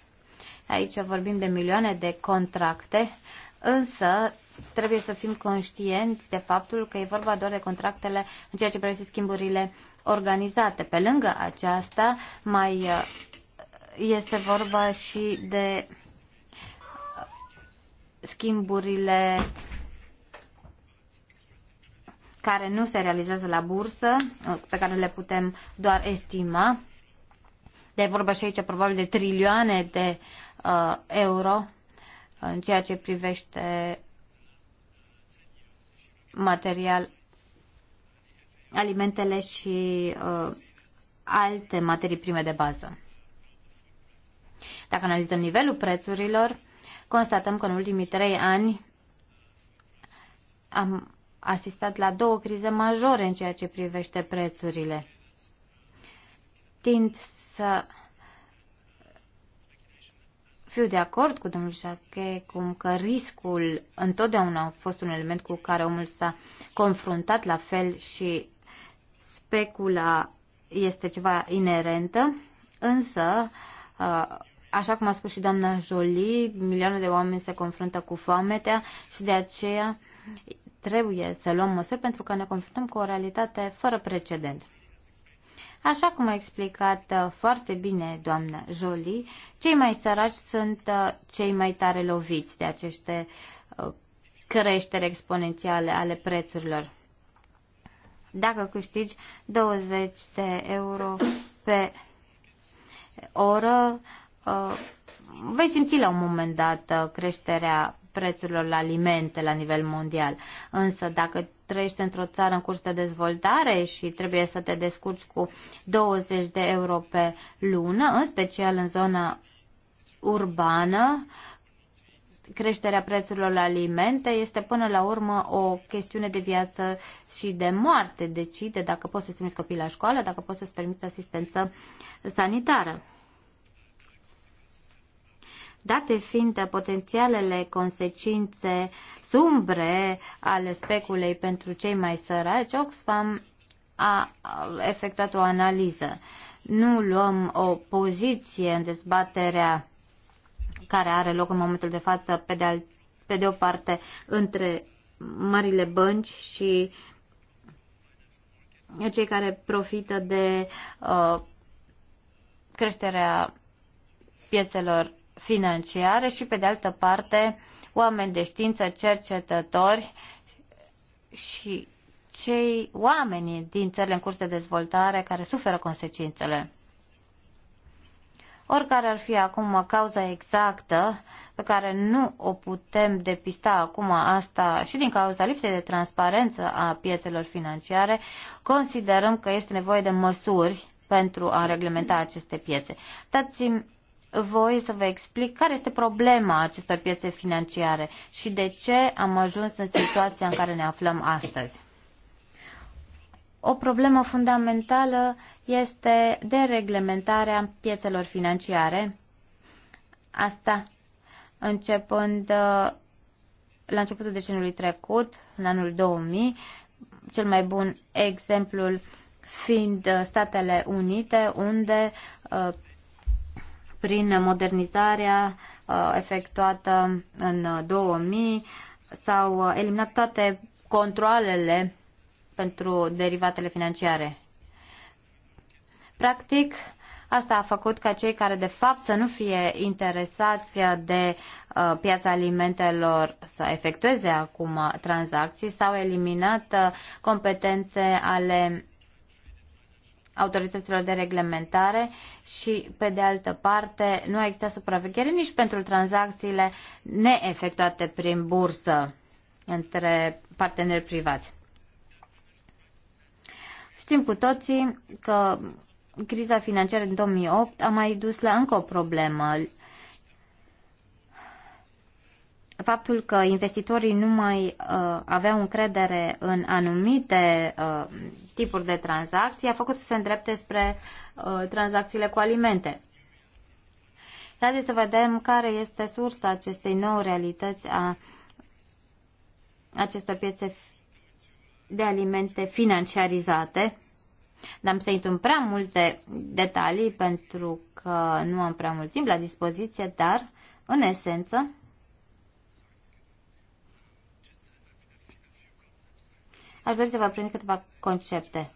Aici vorbim de milioane de contracte, însă trebuie să fim conștienți de faptul că e vorba doar de contractele în ceea ce privește schimburile organizate. Pe lângă aceasta, mai este vorba și de schimburile care nu se realizează la bursă, pe care le putem doar estima. De vorba și aici probabil de trilioane de uh, euro în ceea ce privește material, alimentele și uh, alte materii prime de bază. Dacă analizăm nivelul prețurilor, constatăm că în ultimii trei ani am asistat la două crize majore în ceea ce privește prețurile. Tind să fiu de acord cu domnul Jacquet cum că riscul întotdeauna a fost un element cu care omul s-a confruntat la fel și specula este ceva inerentă, însă uh, Așa cum a spus și doamna Jolie, milioane de oameni se confruntă cu foametea și de aceea trebuie să luăm măsuri pentru că ne confruntăm cu o realitate fără precedent. Așa cum a explicat uh, foarte bine doamna Jolie, cei mai săraci sunt uh, cei mai tare loviți de aceste uh, creșteri exponențiale ale prețurilor. Dacă câștigi 20 de euro pe oră, Uh, vei simți la un moment dat uh, creșterea prețurilor la alimente la nivel mondial. Însă dacă trăiești într-o țară în curs de dezvoltare și trebuie să te descurci cu 20 de euro pe lună, în special în zona urbană, creșterea prețurilor la alimente este până la urmă o chestiune de viață și de moarte. Decide dacă poți să-ți trimiți copii la școală, dacă poți să-ți permiți asistență sanitară date fiind potențialele consecințe sumbre ale speculei pentru cei mai săraci, Oxfam a efectuat o analiză. Nu luăm o poziție în dezbaterea care are loc în momentul de față, pe de, al, pe de o parte, între marile bănci și cei care profită de uh, creșterea piețelor financiare și, pe de altă parte, oameni de știință, cercetători și cei oameni din țările în curs de dezvoltare care suferă consecințele. Oricare ar fi acum cauza exactă pe care nu o putem depista acum asta și din cauza lipsei de transparență a piețelor financiare, considerăm că este nevoie de măsuri pentru a reglementa aceste piețe. Dați-mi voi să vă explic care este problema acestor piețe financiare și de ce am ajuns în situația în care ne aflăm astăzi. O problemă fundamentală este dereglementarea piețelor financiare. Asta începând uh, la începutul decenului trecut, în anul 2000, cel mai bun exemplu fiind uh, Statele Unite, unde uh, prin modernizarea uh, efectuată în 2000 s-au uh, eliminat toate controlele pentru derivatele financiare. Practic, asta a făcut ca cei care de fapt să nu fie interesați de uh, piața alimentelor să efectueze acum tranzacții, s-au eliminat uh, competențe ale autorităților de reglementare și, pe de altă parte, nu a existat supraveghere nici pentru tranzacțiile neefectuate prin bursă între parteneri privați. Știm cu toții că criza financiară din 2008 a mai dus la încă o problemă. Faptul că investitorii nu mai uh, aveau încredere în anumite uh, tipuri de tranzacții a făcut să se îndrepte spre uh, tranzacțiile cu alimente. Haideți să vedem care este sursa acestei noi realități a acestor piețe de alimente financiarizate. Dar am să intru în prea multe detalii pentru că nu am prea mult timp la dispoziție, dar, în esență, aș dori să vă prind câteva concepte.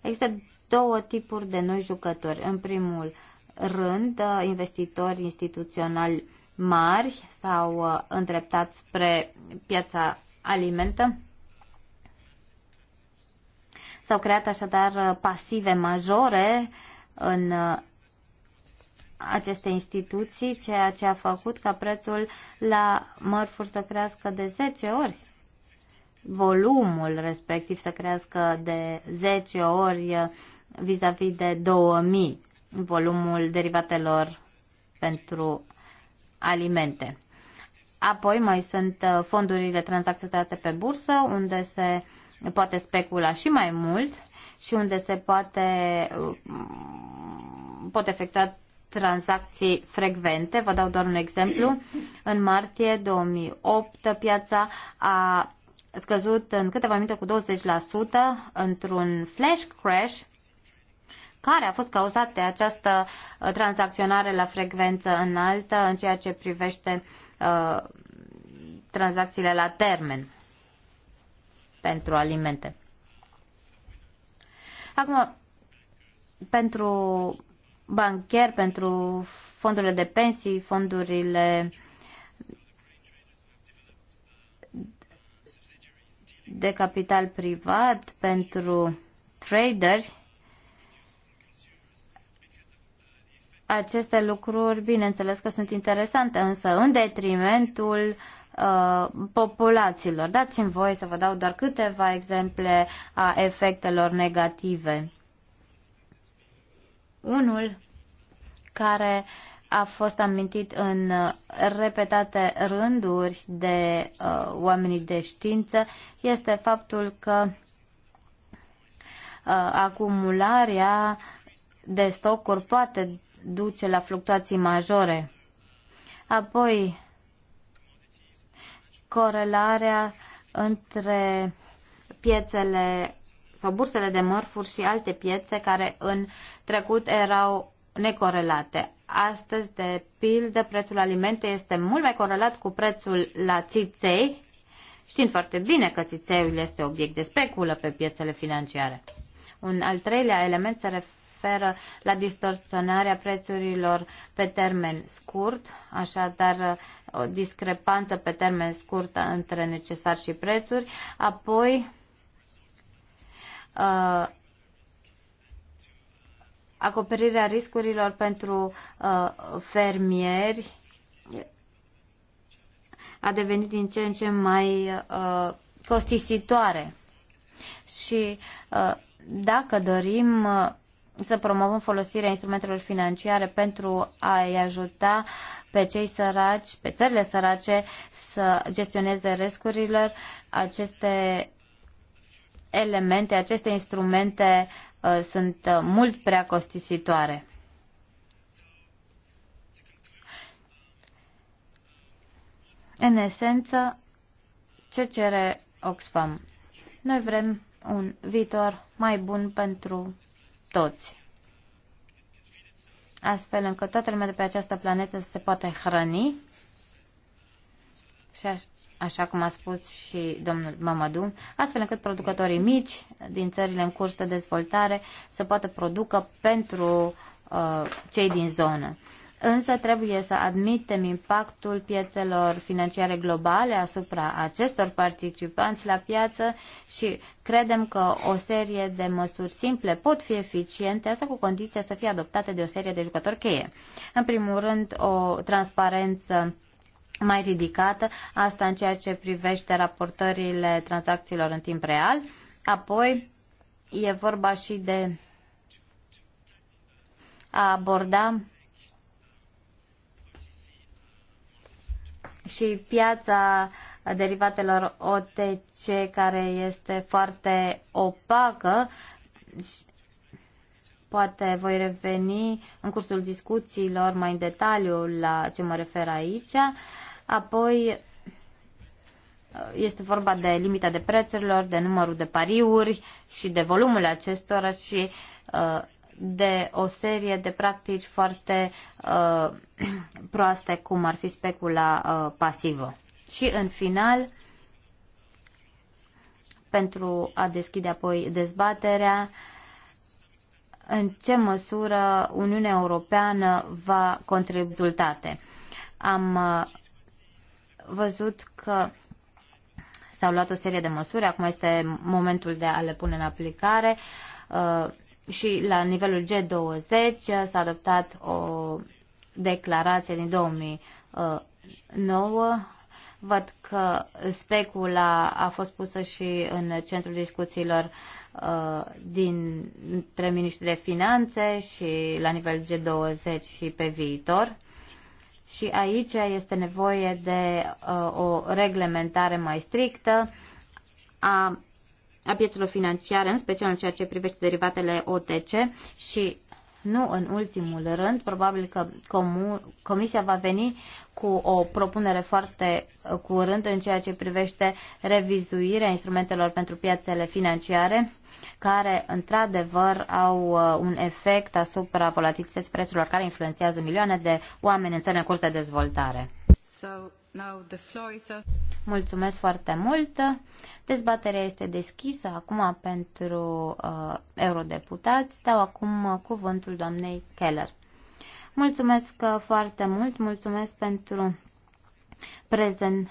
Există două tipuri de noi jucători. În primul rând, uh, investitori instituționali mari sau uh, îndreptați spre piața alimentă. S-au creat așadar uh, pasive majore în aceste instituții, ceea ce a făcut ca prețul la mărfuri să crească de 10 ori volumul respectiv să crească de 10 ori vis-a-vis -vis de 2000 volumul derivatelor pentru alimente. Apoi mai sunt fondurile tranzacționate pe bursă, unde se poate specula și mai mult și unde se poate pot efectua tranzacții frecvente. Vă dau doar un exemplu. În martie 2008, piața a scăzut în câteva minute cu 20% într-un flash crash care a fost cauzat de această uh, tranzacționare la frecvență înaltă în ceea ce privește uh, tranzacțiile la termen pentru alimente. Acum, pentru bancher, pentru fondurile de pensii, fondurile de capital privat pentru traderi, aceste lucruri, bineînțeles că sunt interesante, însă în detrimentul uh, populațiilor. Dați-mi voie să vă dau doar câteva exemple a efectelor negative. Unul care uh, a fost amintit în uh, repetate rânduri de uh, oamenii de știință este faptul că uh, acumularea de stocuri poate duce la fluctuații majore. Apoi, corelarea între piețele sau bursele de mărfuri și alte piețe care în trecut erau necorelate. Astăzi, de pildă, prețul alimente este mult mai corelat cu prețul la țiței, știind foarte bine că țițeiul este obiect de speculă pe piețele financiare. Un al treilea element se referă la distorsionarea prețurilor pe termen scurt, așadar o discrepanță pe termen scurt între necesar și prețuri, apoi uh, acoperirea riscurilor pentru uh, fermieri a devenit din ce în ce mai uh, costisitoare. Și uh, dacă dorim uh, să promovăm folosirea instrumentelor financiare pentru a-i ajuta pe cei săraci, pe țările sărace să gestioneze riscurile, aceste elemente, aceste instrumente uh, sunt uh, mult prea costisitoare. În esență, ce cere Oxfam? Noi vrem un viitor mai bun pentru toți, astfel încât toată lumea de pe această planetă să se poate hrăni și așa cum a spus și domnul Mamadou, astfel încât producătorii mici din țările în curs de dezvoltare să poată producă pentru uh, cei din zonă. Însă trebuie să admitem impactul piețelor financiare globale asupra acestor participanți la piață și credem că o serie de măsuri simple pot fi eficiente, asta cu condiția să fie adoptate de o serie de jucători cheie. În primul rând, o transparență mai ridicată, asta în ceea ce privește raportările tranzacțiilor în timp real. Apoi e vorba și de a aborda și piața derivatelor OTC care este foarte opacă Poate voi reveni în cursul discuțiilor mai în detaliu la ce mă refer aici. Apoi este vorba de limita de prețurilor, de numărul de pariuri și de volumul acestora și uh, de o serie de practici foarte uh, proaste, cum ar fi specula uh, pasivă. Și în final, pentru a deschide apoi dezbaterea, uh, în ce măsură Uniunea Europeană va contribui rezultate. Am uh, văzut că s-au luat o serie de măsuri, acum este momentul de a le pune în aplicare uh, și la nivelul G20 s-a adoptat o declarație din 2009. Uh, Văd că specula a fost pusă și în centrul discuțiilor uh, Uh, din, între miniștri de finanțe și la nivel G20 și pe viitor. Și aici este nevoie de uh, o reglementare mai strictă a, a piețelor financiare, în special în ceea ce privește derivatele OTC și nu în ultimul rând, probabil că Comisia va veni cu o propunere foarte uh, curând în ceea ce privește revizuirea instrumentelor pentru piațele financiare, care într-adevăr au uh, un efect asupra volatilității prețurilor care influențează milioane de oameni în țări în curs de dezvoltare. So, Mulțumesc foarte mult. Dezbaterea este deschisă acum pentru uh, eurodeputați. Dau acum uh, cuvântul doamnei Keller. Mulțumesc uh, foarte mult, mulțumesc pentru prezentarea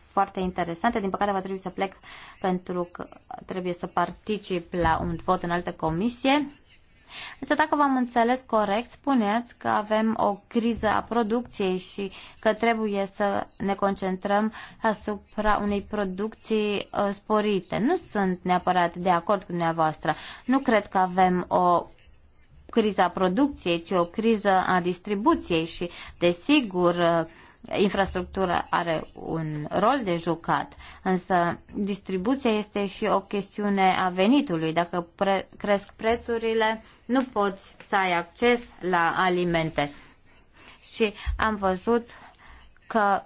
foarte interesantă. Din păcate va trebui să plec pentru că trebuie să particip la un vot în altă comisie. Însă dacă v-am înțeles corect, spuneți că avem o criză a producției și că trebuie să ne concentrăm asupra unei producții uh, sporite. Nu sunt neapărat de acord cu dumneavoastră. Nu cred că avem o criză a producției, ci o criză a distribuției și, desigur, uh, infrastructura are un rol de jucat, însă distribuția este și o chestiune a venitului. Dacă pre- cresc prețurile, nu poți să ai acces la alimente. Și am văzut că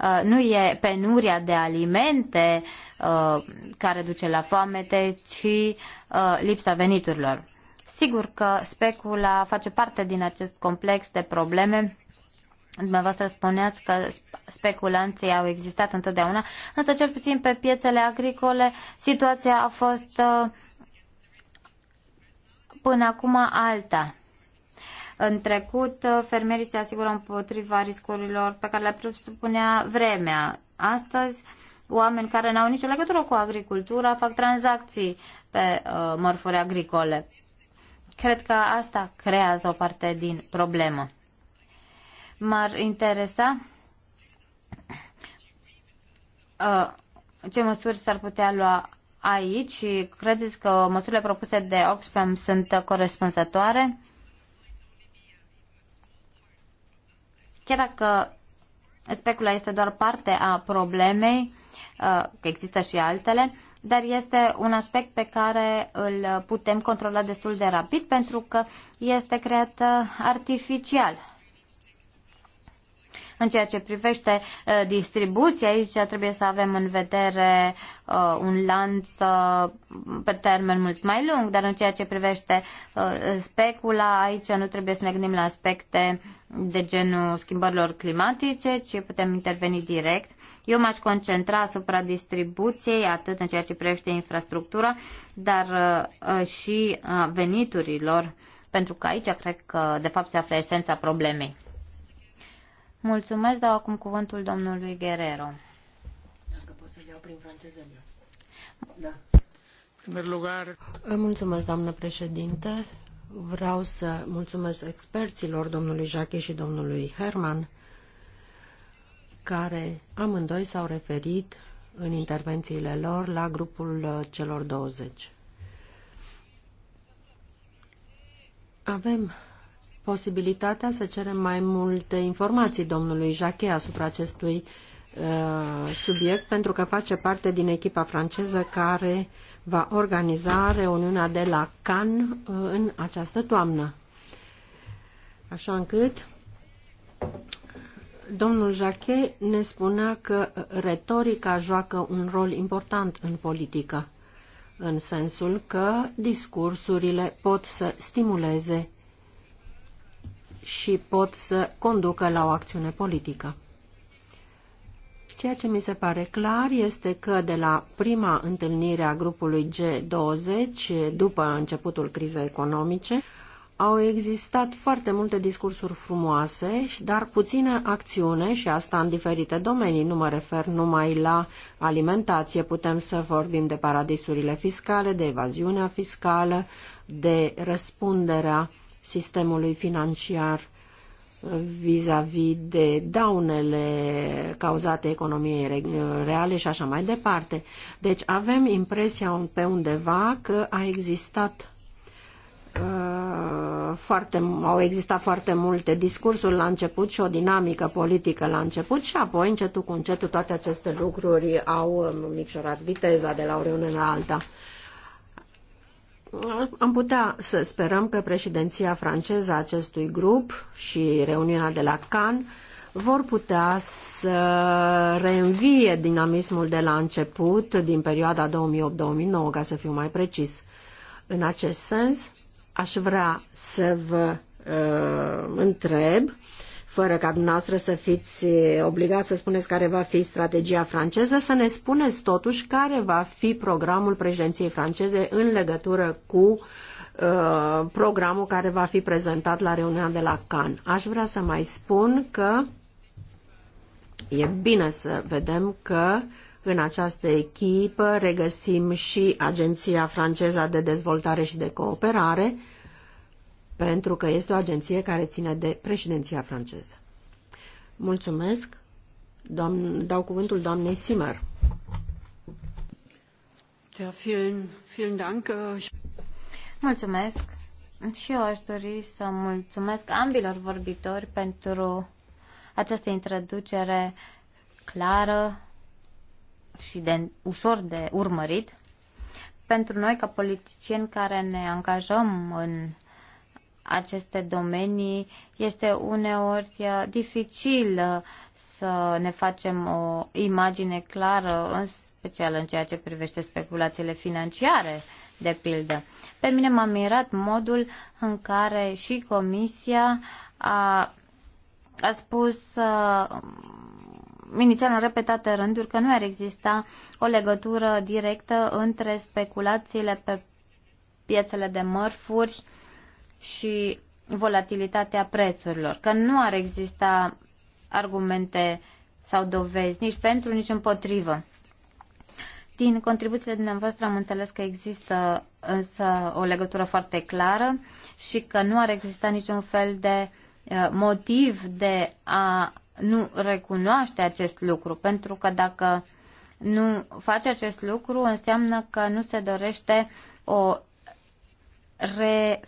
uh, nu e penuria de alimente uh, care duce la foamete, ci uh, lipsa veniturilor. Sigur că specula face parte din acest complex de probleme Dumneavoastră spuneați că speculanții au existat întotdeauna, însă cel puțin pe piețele agricole situația a fost uh, până acum alta. În trecut, uh, fermierii se asigură împotriva riscurilor pe care le presupunea vremea. Astăzi, oameni care n-au nicio legătură cu agricultura fac tranzacții pe uh, mărfuri agricole. Cred că asta creează o parte din problemă. M-ar interesa uh, ce măsuri s-ar putea lua aici și credeți că măsurile propuse de Oxfam sunt corespunzătoare? Chiar dacă specula este doar parte a problemei, uh, că există și altele, dar este un aspect pe care îl putem controla destul de rapid pentru că este creat uh, artificial. În ceea ce privește uh, distribuția, aici trebuie să avem în vedere uh, un lanț uh, pe termen mult mai lung, dar în ceea ce privește specula, aici nu trebuie să ne gândim la aspecte de genul schimbărilor climatice, ci putem interveni direct. Eu m-aș concentra asupra distribuției, atât în ceea ce privește infrastructura, dar și veniturilor, pentru că aici cred că, de fapt, se află esența problemei. Mulțumesc, dau acum cuvântul domnului Guerrero. Dacă pot să iau prin franceză, da. Mulțumesc, doamnă președinte. Vreau să mulțumesc experților, domnului Jacques și domnului Herman, care amândoi s-au referit în intervențiile lor la grupul celor 20. Avem posibilitatea să cerem mai multe informații domnului Jacquet asupra acestui uh, subiect, pentru că face parte din echipa franceză care va organiza reuniunea de la Cannes uh, în această toamnă. Așa încât domnul Jacquet ne spunea că retorica joacă un rol important în politică, în sensul că discursurile pot să stimuleze și pot să conducă la o acțiune politică. Ceea ce mi se pare clar este că de la prima întâlnire a grupului G20, după începutul crizei economice, au existat foarte multe discursuri frumoase, dar puțină acțiune și asta în diferite domenii. Nu mă refer numai la alimentație, putem să vorbim de paradisurile fiscale, de evaziunea fiscală, de răspunderea sistemului financiar vis-a-vis -vis de daunele cauzate economiei reale și așa mai departe. Deci avem impresia pe undeva că a existat uh, foarte, au existat foarte multe discursuri la început și o dinamică politică la început și apoi încetul cu încetul toate aceste lucruri au um, micșorat viteza de la o reuniune la alta. Am putea să sperăm că președinția franceză a acestui grup și reuniunea de la Cannes vor putea să reînvie dinamismul de la început, din perioada 2008-2009, ca să fiu mai precis. În acest sens, aș vrea să vă uh, întreb fără ca dumneavoastră să fiți obligați să spuneți care va fi strategia franceză, să ne spuneți totuși care va fi programul președinției franceze în legătură cu programul care va fi prezentat la reuniunea de la Cannes. Aș vrea să mai spun că e bine să vedem că în această echipă regăsim și Agenția franceză de Dezvoltare și de Cooperare, pentru că este o agenție care ține de președinția franceză. Mulțumesc. Doamn, dau cuvântul doamnei Simmer. Ja, vielen, vielen Dank. Mulțumesc. Și eu aș dori să mulțumesc ambilor vorbitori pentru această introducere clară și de, ușor de urmărit. Pentru noi, ca politicieni care ne angajăm în aceste domenii, este uneori dificil să ne facem o imagine clară, în special în ceea ce privește speculațiile financiare, de pildă. Pe mine m-a mirat modul în care și Comisia a, a spus uh, inițial în repetate rânduri că nu ar exista o legătură directă între speculațiile pe piețele de mărfuri uh, și volatilitatea prețurilor, că nu ar exista argumente sau dovezi nici pentru, nici împotrivă. Din contribuțiile dumneavoastră am înțeles că există însă o legătură foarte clară și că nu ar exista niciun fel de uh, motiv de a nu recunoaște acest lucru, pentru că dacă nu face acest lucru, înseamnă că nu se dorește o re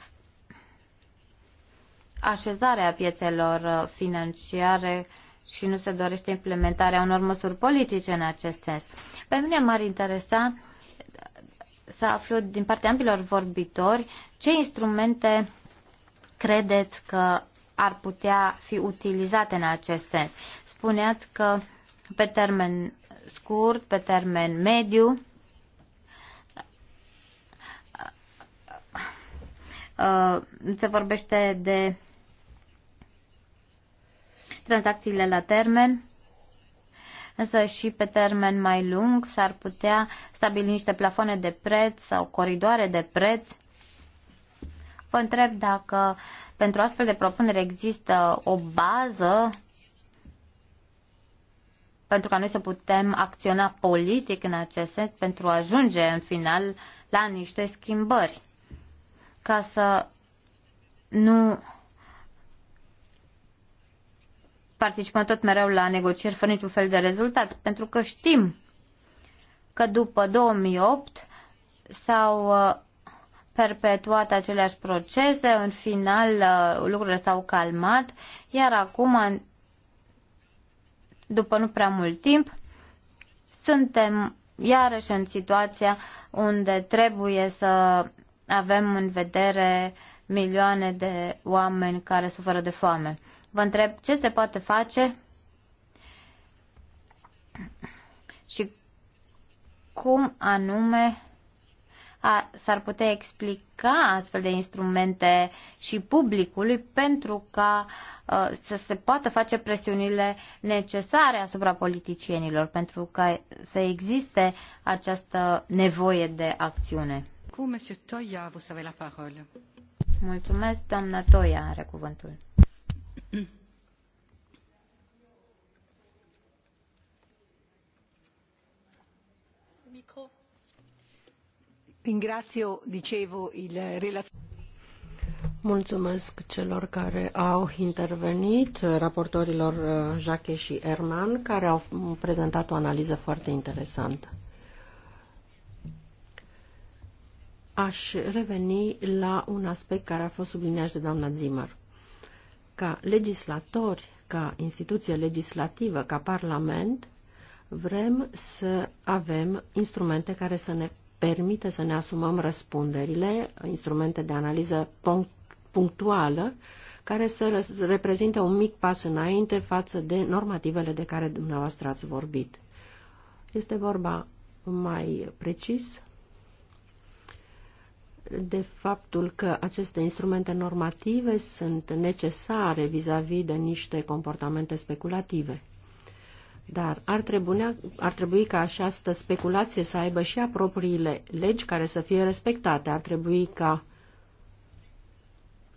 așezare a piețelor uh, financiare și nu se dorește implementarea unor măsuri politice în acest sens. Pe mine m-ar interesa să aflu din partea ambilor vorbitori ce instrumente credeți că ar putea fi utilizate în acest sens. Spuneați că pe termen scurt, pe termen mediu, uh, se vorbește de tranzacțiile la termen, însă și pe termen mai lung s-ar putea stabili niște plafoane de preț sau coridoare de preț. Vă întreb dacă pentru astfel de propunere există o bază pentru ca noi să putem acționa politic în acest sens pentru a ajunge în final la niște schimbări ca să nu participăm tot mereu la negocieri fără niciun fel de rezultat, pentru că știm că după 2008 s-au uh, perpetuat aceleași procese, în final uh, lucrurile s-au calmat, iar acum, după nu prea mult timp, suntem iarăși în situația unde trebuie să avem în vedere milioane de oameni care suferă de foame. Vă întreb ce se poate face și cum anume s-ar putea explica astfel de instrumente și publicului pentru ca uh, să se poată face presiunile necesare asupra politicienilor, pentru ca să existe această nevoie de acțiune. Cu Toia, vă avez la parole. Mulțumesc, doamna Toia are cuvântul. Mm. Ringrazio, dicevo, il relatore. Mulțumesc celor care au intervenit, raportorilor uh, Jacques și Herman, care au prezentat o analiză foarte interesantă. Aș reveni la un aspect care a fost subliniat de doamna Zimmer ca legislatori, ca instituție legislativă, ca Parlament, vrem să avem instrumente care să ne permită să ne asumăm răspunderile, instrumente de analiză punctuală, care să reprezinte un mic pas înainte față de normativele de care dumneavoastră ați vorbit. Este vorba mai precis de faptul că aceste instrumente normative sunt necesare vis-a-vis -vis de niște comportamente speculative. Dar ar trebui, ar trebui ca această speculație să aibă și a propriile legi care să fie respectate. Ar trebui ca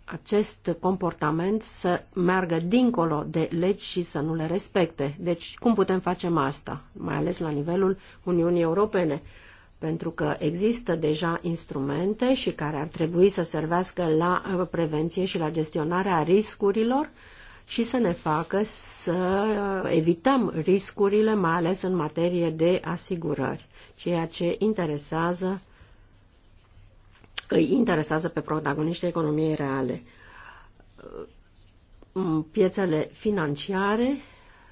acest comportament să meargă dincolo de legi și să nu le respecte. Deci, cum putem face asta? Mai ales la nivelul Uniunii Europene pentru că există deja instrumente și care ar trebui să servească la prevenție și la gestionarea riscurilor și să ne facă să evităm riscurile, mai ales în materie de asigurări, ceea ce interesează, îi interesează pe protagoniștii economiei reale. Piețele financiare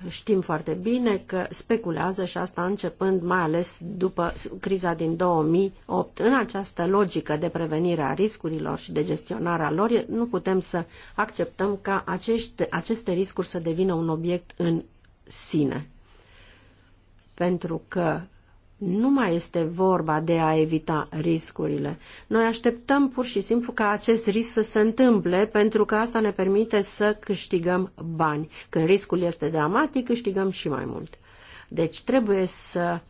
Știm foarte bine că speculează și asta începând mai ales după criza din 2008. În această logică de prevenire a riscurilor și de gestionarea lor, nu putem să acceptăm ca acești, aceste riscuri să devină un obiect în sine. Pentru că nu mai este vorba de a evita riscurile. Noi așteptăm pur și simplu ca acest risc să se întâmple, pentru că asta ne permite să câștigăm bani. Când riscul este dramatic, câștigăm și mai mult. Deci trebuie să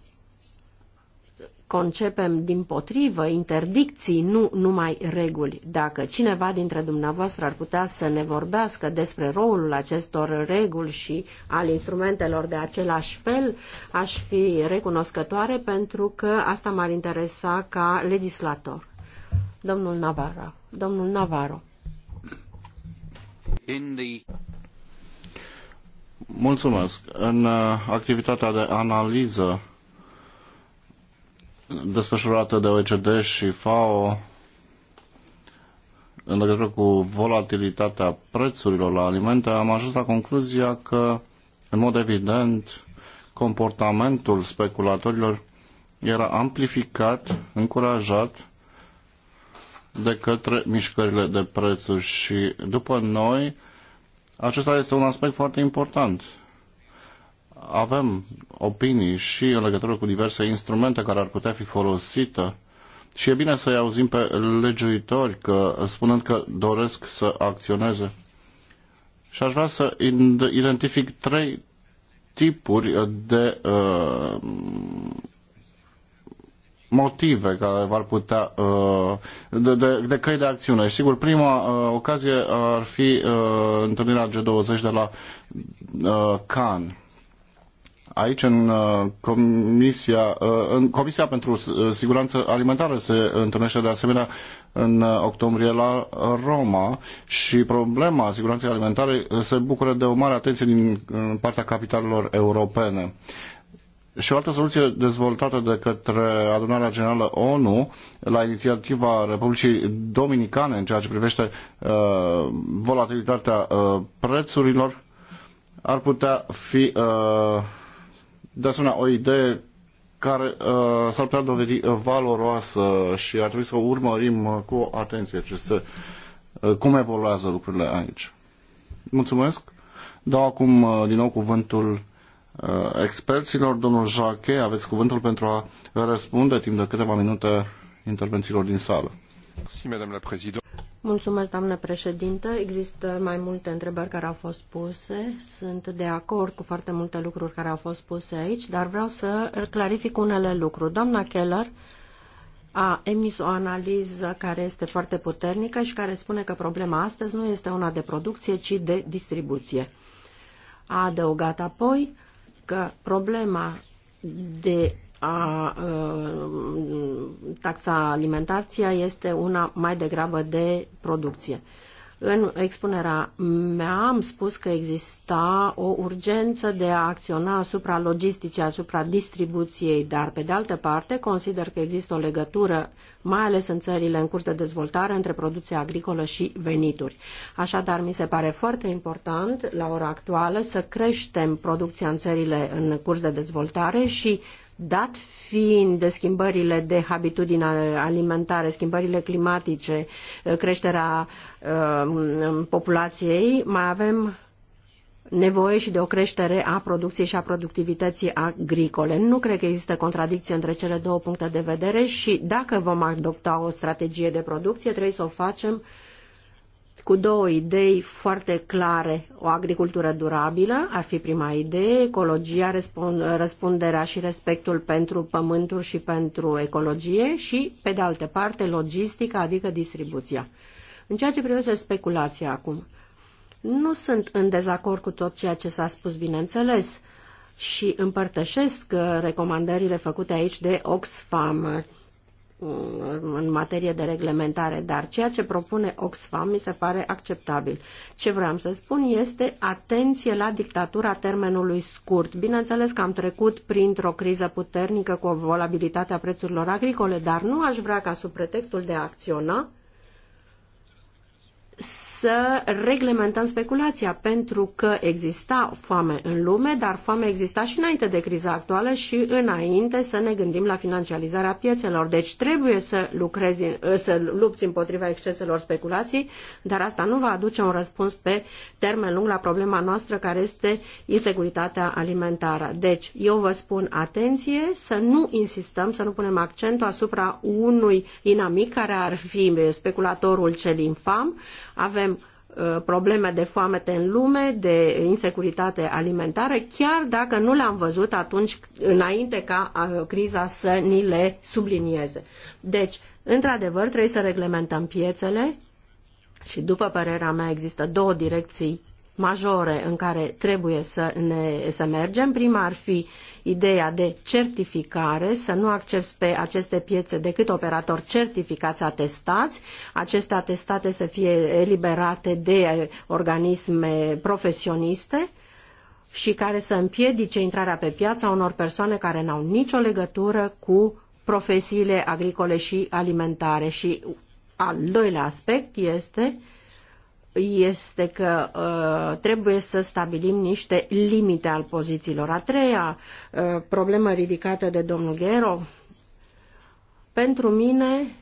concepem din potrivă interdicții, nu numai reguli. Dacă cineva dintre dumneavoastră ar putea să ne vorbească despre rolul acestor reguli și al instrumentelor de același fel, aș fi recunoscătoare pentru că asta m-ar interesa ca legislator. Domnul Navarro. Domnul Navarro. Mulțumesc. În uh, activitatea de analiză desfășurată de OECD și FAO în legătură cu volatilitatea prețurilor la alimente, am ajuns la concluzia că, în mod evident, comportamentul speculatorilor era amplificat, încurajat de către mișcările de prețuri și, după noi, acesta este un aspect foarte important avem opinii și în legătură cu diverse instrumente care ar putea fi folosite și e bine să-i auzim pe legiuitori că, spunând că doresc să acționeze. Și aș vrea să identific trei tipuri de uh, motive care v-ar putea uh, de, de, de căi de acțiune. Și sigur, prima uh, ocazie ar fi uh, întâlnirea G20 de la uh, Cannes aici în uh, Comisia, uh, în Comisia pentru uh, Siguranță Alimentară se întâlnește de asemenea în octombrie la Roma și problema siguranței alimentare se bucură de o mare atenție din partea capitalelor europene. Și o altă soluție dezvoltată de către adunarea generală ONU la inițiativa Republicii Dominicane în ceea ce privește uh, volatilitatea uh, prețurilor ar putea fi uh, de asemenea o idee care uh, s-ar putea dovedi uh, valoroasă și ar trebui să urmărim uh, cu atenție aceste, uh, cum evoluează lucrurile aici. Mulțumesc. Dau acum uh, din nou cuvântul uh, experților. Domnul Jache, aveți cuvântul pentru a răspunde timp de câteva minute intervențiilor din sală. Merci, Mulțumesc, doamnă președintă. Există mai multe întrebări care au fost puse. Sunt de acord cu foarte multe lucruri care au fost puse aici, dar vreau să clarific unele lucruri. Doamna Keller a emis o analiză care este foarte puternică și care spune că problema astăzi nu este una de producție, ci de distribuție. A adăugat apoi că problema de a taxa alimentația este una mai degrabă de producție. În expunerea mea am spus că exista o urgență de a acționa asupra logisticii, asupra distribuției, dar pe de altă parte consider că există o legătură, mai ales în țările în curs de dezvoltare, între producția agricolă și venituri. Așadar, mi se pare foarte important la ora actuală să creștem producția în țările în curs de dezvoltare și Dat fiind de schimbările de habitudini alimentare, schimbările climatice, uh, creșterea uh, populației, mai avem nevoie și de o creștere a producției și a productivității agricole. Nu cred că există contradicție între cele două puncte de vedere și dacă vom adopta o strategie de producție, trebuie să o facem uh, cu două idei foarte clare. O agricultură durabilă ar fi prima idee, ecologia, răspunderea și respectul pentru pământuri și pentru ecologie și, pe de altă parte, logistica, adică distribuția. În ceea ce privește speculația acum, nu sunt în dezacord cu tot ceea ce s-a spus, bineînțeles, și împărtășesc uh, recomandările făcute aici de Oxfam Uh, în materie de reglementare, dar ceea ce propune Oxfam mi se pare acceptabil. Ce vreau să spun este atenție la dictatura termenului scurt. Bineînțeles că am trecut printr-o criză puternică cu o volabilitate a prețurilor agricole, dar nu aș vrea ca sub pretextul de a acționa să reglementăm speculația, pentru că exista foame în lume, dar foame exista și înainte de criza actuală și înainte să ne gândim la financializarea piețelor. Deci trebuie să, lucrezi, să lupți împotriva exceselor speculației, dar asta nu va aduce un răspuns pe termen lung la problema noastră care este insecuritatea alimentară. Deci eu vă spun atenție să nu insistăm, să nu punem accentul asupra unui inamic care ar fi speculatorul cel infam, avem uh, probleme de foamete în lume, de insecuritate alimentară, chiar dacă nu le-am văzut atunci înainte ca uh, criza să ni le sublinieze. Deci, într-adevăr, trebuie să reglementăm piețele și, după părerea mea, există două direcții majore în care trebuie să, ne, să mergem. Prima ar fi ideea de certificare, să nu accepți pe aceste piețe decât operatori certificați, atestați, aceste atestate să fie eliberate de organisme profesioniste și care să împiedice intrarea pe piață a unor persoane care n-au nicio legătură cu profesiile agricole și alimentare. Și al doilea aspect este uh, este că uh, trebuie să stabilim niște limite al pozițiilor. A treia uh, problemă ridicată de domnul Gero. pentru mine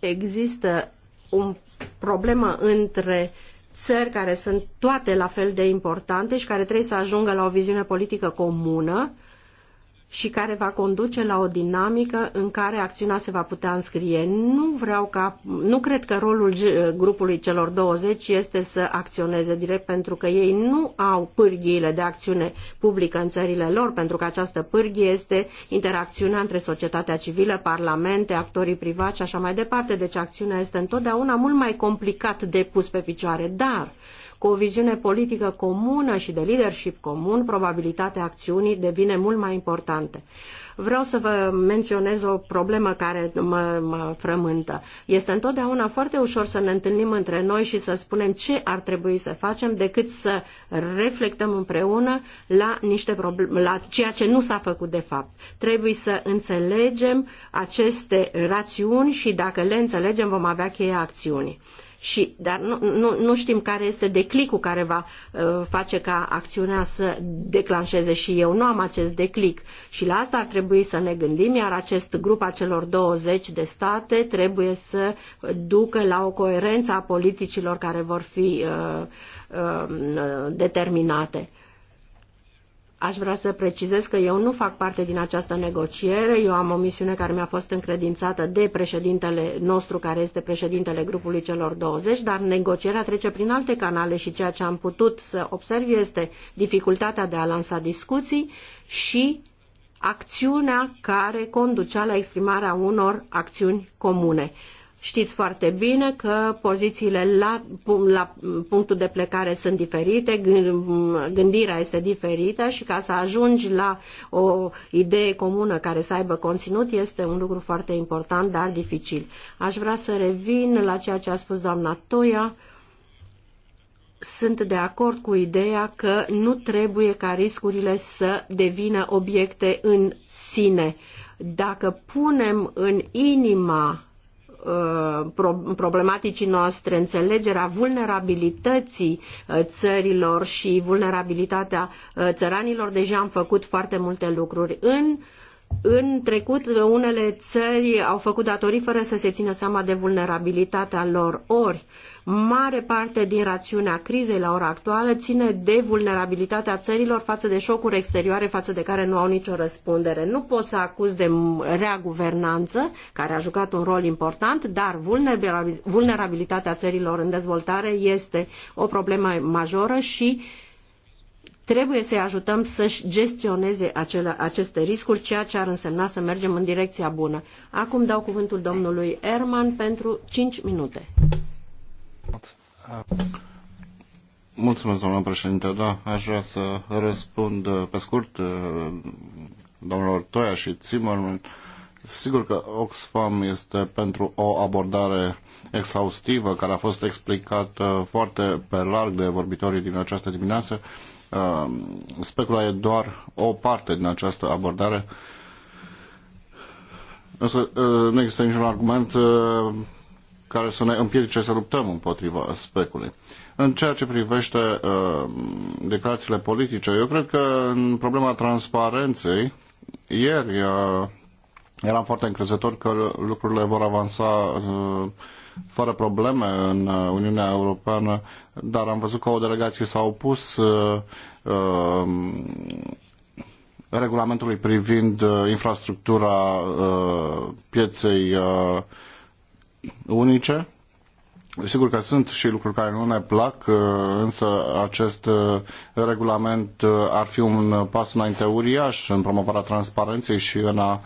există o problemă între țări care sunt toate la fel de importante și care trebuie să ajungă la o viziune politică comună și care va conduce la o dinamică în care acțiunea se va putea înscrie. Nu vreau ca, nu cred că rolul grupului celor 20 este să acționeze direct pentru că ei nu au pârghiile de acțiune publică în țările lor, pentru că această pârghie este interacțiunea între societatea civilă, parlamente, actorii privați și așa mai departe. Deci acțiunea este întotdeauna mult mai complicat de pus pe picioare, dar cu o viziune politică comună și de leadership comun, probabilitatea acțiunii devine mult mai importantă. Vreau să vă menționez o problemă care mă, mă frământă. Este întotdeauna foarte ușor să ne întâlnim între noi și să spunem ce ar trebui să facem decât să reflectăm împreună la, niște probleme, la ceea ce nu s-a făcut de fapt. Trebuie să înțelegem aceste rațiuni și dacă le înțelegem vom avea cheia acțiunii și, dar nu, nu, nu știm care este declicul care va uh, face ca acțiunea să declanșeze și eu nu am acest declic și la asta ar trebui să ne gândim, iar acest grup a celor 20 de state trebuie să ducă la o coerență a politicilor care vor fi uh, uh, determinate. Aș vrea să precizez că eu nu fac parte din această negociere, eu am o misiune care mi-a fost încredințată de președintele nostru, care este președintele grupului celor 20, dar negocierea trece prin alte canale și ceea ce am putut să observ este dificultatea de a lansa discuții și acțiunea care conducea la exprimarea unor acțiuni comune. Știți foarte bine că pozițiile la, la punctul de plecare sunt diferite, gândirea este diferită și ca să ajungi la o idee comună care să aibă conținut este un lucru foarte important, dar dificil. Aș vrea să revin la ceea ce a spus doamna Toia sunt de acord cu ideea că nu trebuie ca riscurile să devină obiecte în sine. Dacă punem în inima Uh, problematicii noastre, înțelegerea vulnerabilității uh, țărilor și vulnerabilitatea uh, țăranilor, deja am făcut foarte multe lucruri. În în trecut, unele țări au făcut datorii fără să se țină seama de vulnerabilitatea lor. Ori, Mare parte din rațiunea crizei la ora actuală ține de vulnerabilitatea țărilor față de șocuri exterioare față de care nu au nicio răspundere. Nu pot să acuz de rea guvernanță, care a jucat un rol important, dar vulnerabilitatea țărilor în dezvoltare este o problemă majoră și trebuie să-i ajutăm să-și gestioneze acele, aceste riscuri, ceea ce ar însemna să mergem în direcția bună. Acum dau cuvântul domnului Erman pentru 5 minute. Mulțumesc, doamna președinte. Da, aș vrea să răspund uh, pe scurt uh, domnilor Toia și Zimmerman. Sigur că Oxfam este pentru o abordare exhaustivă care a fost explicată foarte pe larg de vorbitorii din această dimineață. Uh, specula e doar o parte din această abordare. Însă nu există niciun argument care să ne împiedice să luptăm împotriva specului. În ceea ce privește uh, declarațiile politice, eu cred că în problema transparenței, ieri uh, eram foarte încrezător că lucrurile vor avansa uh, fără probleme în uh, Uniunea Europeană, dar am văzut că o delegație s-a opus uh, uh, regulamentului privind uh, infrastructura uh, pieței uh, unice. Sigur că sunt și lucruri care nu ne plac, uh, însă acest uh, regulament uh, ar fi un pas înainte uriaș în promovarea transparenței și în a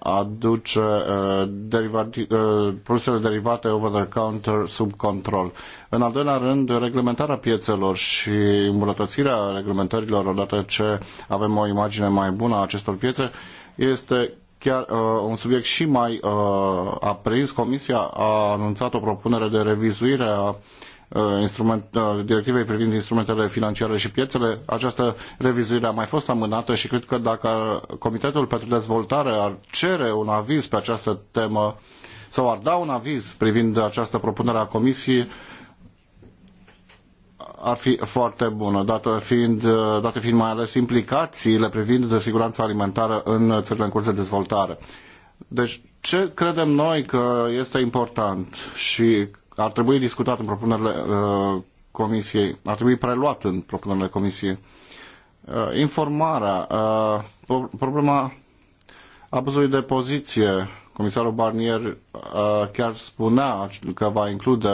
aduce produsele derivate over the counter sub control. În al doilea rând, reglementarea piețelor și îmbunătățirea reglementărilor odată ce avem o imagine mai bună a acestor piețe este chiar uh, un subiect și mai uh, aprins. Comisia a anunțat o propunere de revizuire a uh, instrument, uh, directivei privind instrumentele financiare și piețele. Această revizuire a mai fost amânată și cred că dacă Comitetul pentru Dezvoltare ar cere un aviz pe această temă sau ar da un aviz privind această propunere a Comisiei, ar fi foarte bună, dată fiind, uh, dată fiind mai ales implicațiile privind de siguranța alimentară în țările în curs de dezvoltare. Deci, ce credem noi că este important și ar trebui discutat în propunerile uh, Comisiei, ar trebui preluat în propunerile Comisiei? Uh, informarea, uh, problema abuzului de poziție, Comisarul Barnier chiar spunea că va include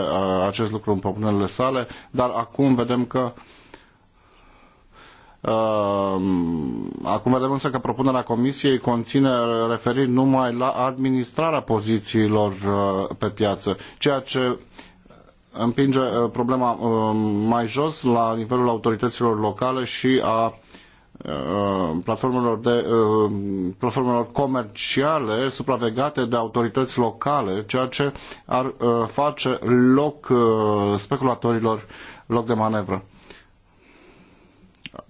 acest lucru în propunerile sale, dar acum vedem că Acum vedem însă că propunerea Comisiei conține referiri numai la administrarea pozițiilor pe piață, ceea ce împinge problema mai jos la nivelul autorităților locale și a Uh, platformelor, de, uh, platformelor comerciale supravegate de autorități locale, ceea ce ar uh, face loc speculatorilor, loc de manevră.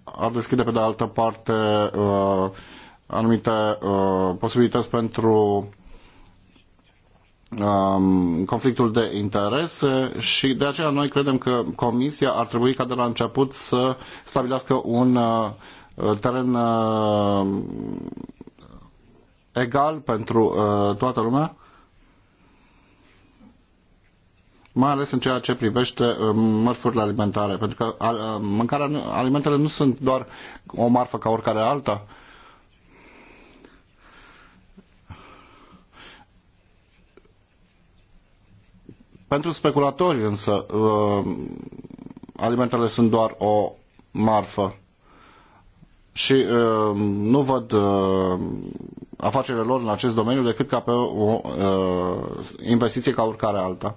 Ar deschide pe de altă parte anumite posibilități pentru um, conflictul de interese și de aceea noi credem că Comisia ar trebui ca de la început să stabilească un teren uh, egal pentru uh, toată lumea, mai ales în ceea ce privește uh, mărfurile alimentare, pentru că mâncarea, alimentele nu sunt doar o marfă ca oricare alta. Pentru speculatori însă, alimentele sunt doar o marfă și uh, nu văd uh, afacerile lor în acest domeniu decât ca pe o uh, investiție ca oricare alta.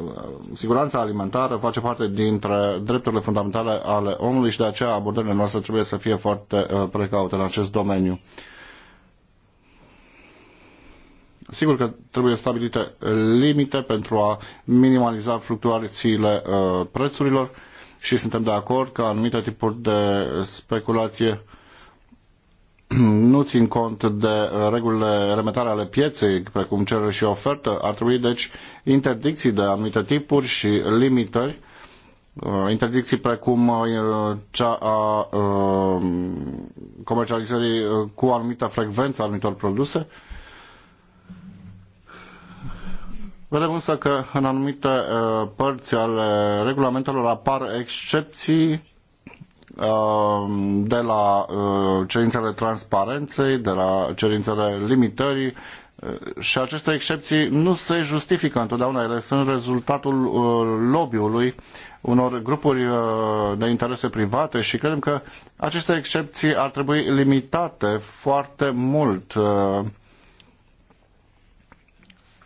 Uh, siguranța alimentară face parte dintre drepturile fundamentale ale omului și de aceea abordările noastre trebuie să fie foarte uh, precaute în acest domeniu. Sigur că trebuie stabilite limite pentru a minimaliza fluctuațiile uh, prețurilor și suntem de acord că anumite tipuri de speculație nu țin cont de regulile elementare ale pieței, precum cerere și ofertă. Ar trebui, deci, interdicții de anumite tipuri și limitări, uh, interdicții precum uh, cea a uh, comercializării cu anumită frecvență a anumitor produse, Vedem însă că în anumite uh, părți ale regulamentelor apar excepții uh, de la uh, cerințele transparenței, de la cerințele limitării și aceste excepții nu se justifică întotdeauna, ele sunt rezultatul lobby-ului unor grupuri de interese private și credem că aceste excepții ar trebui limitate foarte mult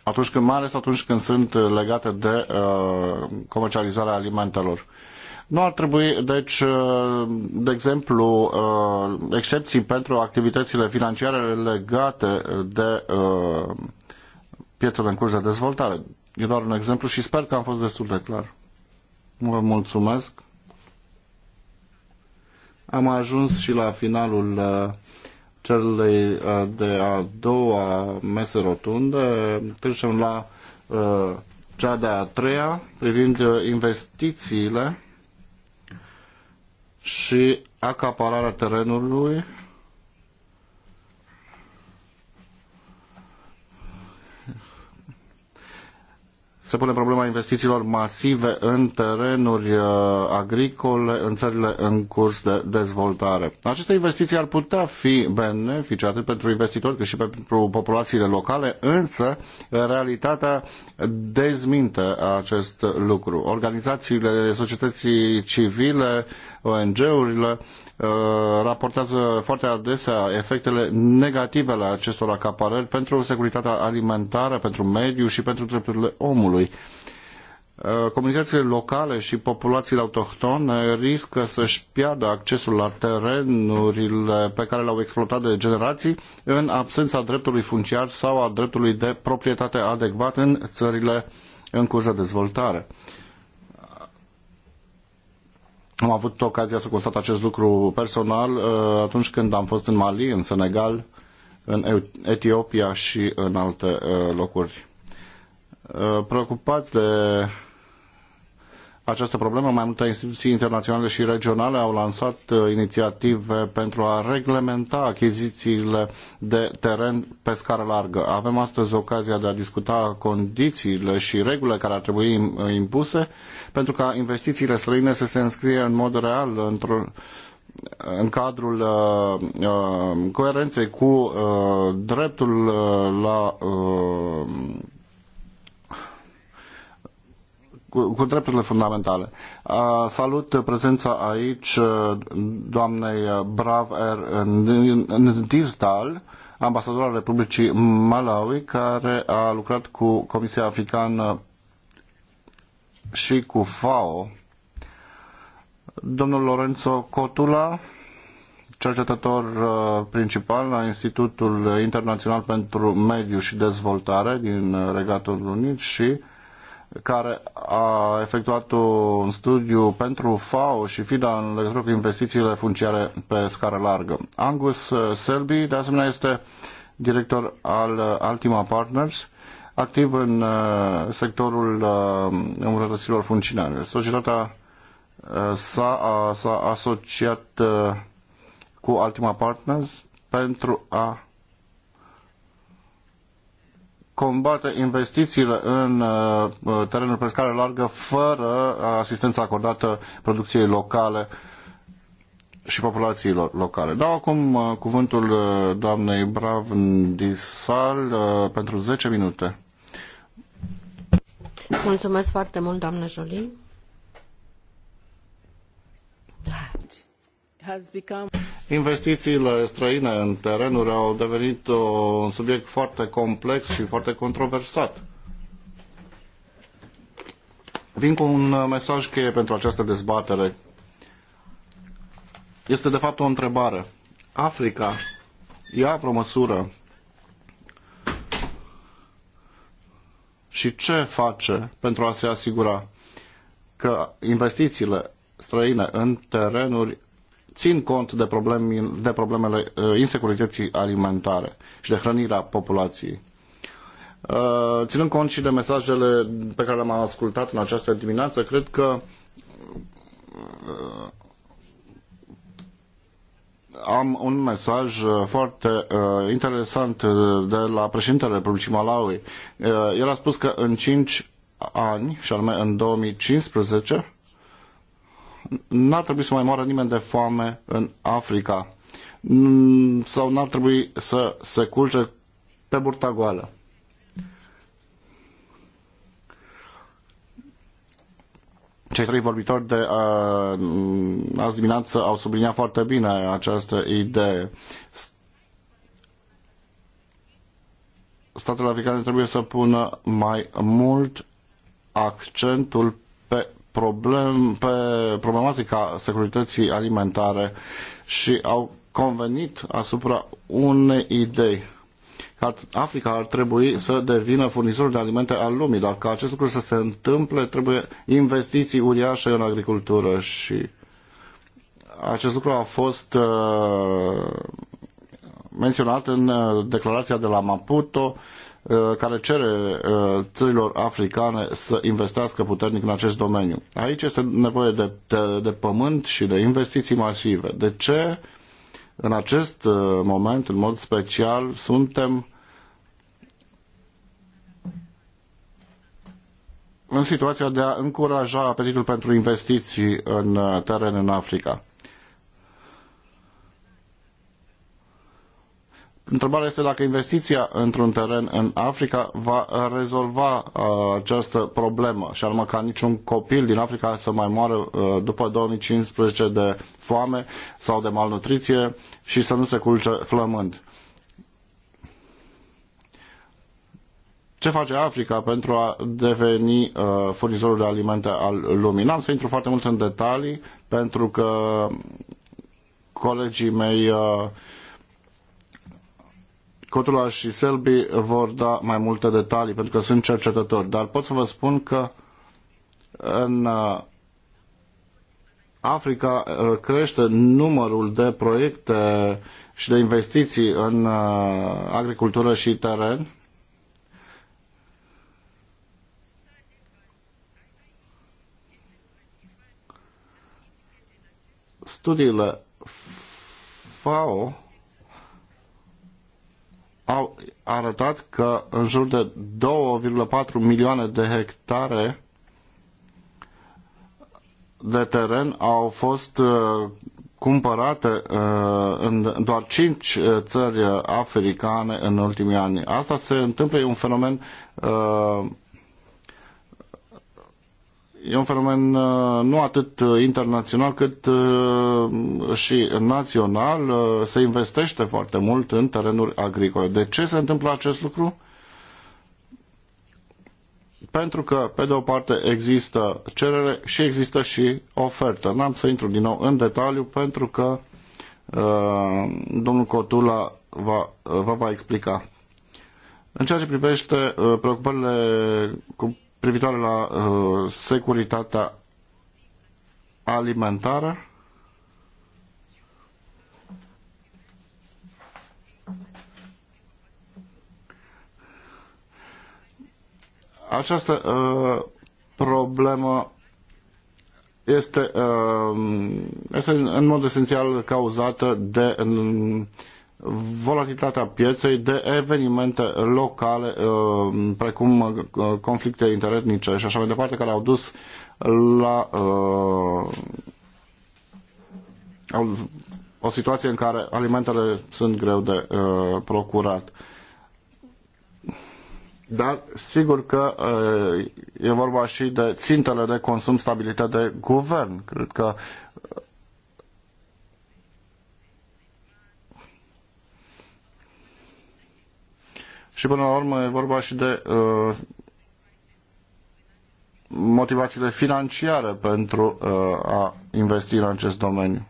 atunci când, mai ales atunci când sunt uh, legate de uh, comercializarea alimentelor. Nu ar trebui, deci, uh, de exemplu, uh, excepții pentru activitățile financiare legate de piețele în curs de dezvoltare. E doar un exemplu și sper că am fost destul de clar. Vă mulțumesc. Am ajuns și la finalul celei uh, de a doua mese rotundă, trecem la uh, cea de-a treia privind uh, investițiile și acapararea terenului se pune problema investițiilor masive în terenuri uh, agricole în țările în curs de dezvoltare. Aceste investiții ar putea fi benefice atât pentru investitori cât și pentru populațiile locale, însă uh, realitatea dezminte acest lucru. Organizațiile societății civile, ONG-urile Uh, raportează foarte adesea efectele negative ale acestor acaparări pentru securitatea alimentară, pentru mediu și pentru drepturile omului. Uh, comunitățile locale și populațiile autohtone riscă să-și piardă accesul la terenurile pe care le-au exploatat de generații în absența dreptului funciar sau a dreptului de proprietate adecvat în țările în curs de dezvoltare. Am avut ocazia să constat acest lucru personal uh, atunci când am fost în Mali, în Senegal, în Etiopia și în alte uh, locuri. Uh, preocupați de această problemă. Mai multe instituții internaționale și regionale au lansat uh, inițiative pentru a reglementa achizițiile de teren pe scară largă. Avem astăzi ocazia de a discuta condițiile și regulile care ar trebui uh, impuse pentru ca investițiile străine să se înscrie în mod real într-un în cadrul uh, uh, coerenței cu uh, dreptul uh, la uh, cu, drepturile fundamentale. Salut prezența aici doamnei Brav R. Er Ndizdal, ambasadora Republicii Malawi, care a lucrat cu Comisia Africană și cu FAO. Domnul Lorenzo Cotula, cercetător principal la Institutul Internațional pentru Mediu și Dezvoltare din Regatul Unit și care a efectuat un studiu pentru FAO și FIDA în legătură cu investițiile funciare pe scară largă. Angus uh, Selby, de asemenea, este director al uh, Altima Partners, activ în uh, sectorul îmbunătățirilor funcționale. Societatea s-a, asociat cu Altima Partners pentru a combate investițiile în uh, uh, terenul pe scară largă fără asistența acordată producției locale și populațiilor locale. Dau acum uh, cuvântul doamnei Bravndisal pentru 10 minute. Mulțumesc foarte mult, doamnă Jolie. Da. Investițiile străine în terenuri au devenit uh, un subiect foarte complex și foarte controversat. Vin cu un uh, mesaj cheie pentru această dezbatere. Este de fapt o întrebare. Africa ia vreo măsură și ce face pentru a se asigura că investițiile străine în terenuri țin cont de, de problemele uh, insecurității alimentare și de hrănirea populației. Uh, ținând cont și de mesajele pe care le-am ascultat în această dimineață, cred că uh, am un mesaj foarte uh, interesant de la președintele Republicii Malawi. Uh, el a spus că în 5 ani, și anume în 2015, n-ar trebui să mai moară nimeni de foame în Africa sau n-ar trebui să se culce pe burta goală. Cei trei vorbitori de uh, azi dimineață au subliniat foarte bine această idee. Statele africane trebuie să pună mai mult accentul problem, pe problematica securității alimentare și au convenit asupra unei idei că Africa ar trebui să devină furnizorul de alimente al lumii, dar ca acest lucru să se întâmple trebuie investiții uriașe în agricultură și acest lucru a fost uh, menționat în uh, declarația de la Maputo Uh, care cere uh, țărilor africane să investească puternic în acest domeniu. Aici este nevoie de, de, de pământ și de investiții masive. De ce în acest uh, moment, în mod special, suntem în situația de a încuraja apetitul pentru investiții în teren în Africa? Întrebarea este dacă investiția într-un teren în Africa va rezolva uh, această problemă și anume ca niciun copil din Africa să mai moară uh, după 2015 de foame sau de malnutriție și să nu se culce flămând. ce face Africa pentru a deveni uh, furnizorul de alimente al lumii. N-am să intru foarte mult în detalii pentru că colegii mei uh, Cotula și Selby vor da mai multe detalii pentru că sunt cercetători, dar pot să vă spun că în Africa crește numărul de proiecte și de investiții în agricultură și teren. Studiile FAO au arătat că în jur de 2,4 milioane de hectare de teren au fost uh, cumpărate uh, în doar 5 uh, țări africane în ultimii ani. Asta se întâmplă, e un fenomen E un fenomen uh, nu atât uh, internațional cât uh, și național. Se investește foarte mult în terenuri agricole. De ce se întâmplă acest lucru? Pentru că, pe de o parte, există cerere și există și ofertă. N-am să intru din nou în detaliu pentru că domnul Cotula va, vă va explica. În ceea ce privește preocupările cu privitoare la uh, securitatea alimentară. Această uh, problemă este, uh, este în mod esențial cauzată de uh, volatilitatea pieței de evenimente locale, uh, precum uh, conflicte interetnice și așa mai departe, care au dus la uh, o situație în care alimentele sunt greu de uh, procurat. Dar sigur că uh, e vorba și de țintele de consum stabilite de guvern. Cred că uh, Și până la urmă e vorba și de uh, motivațiile financiare pentru uh, a investi în acest domeniu.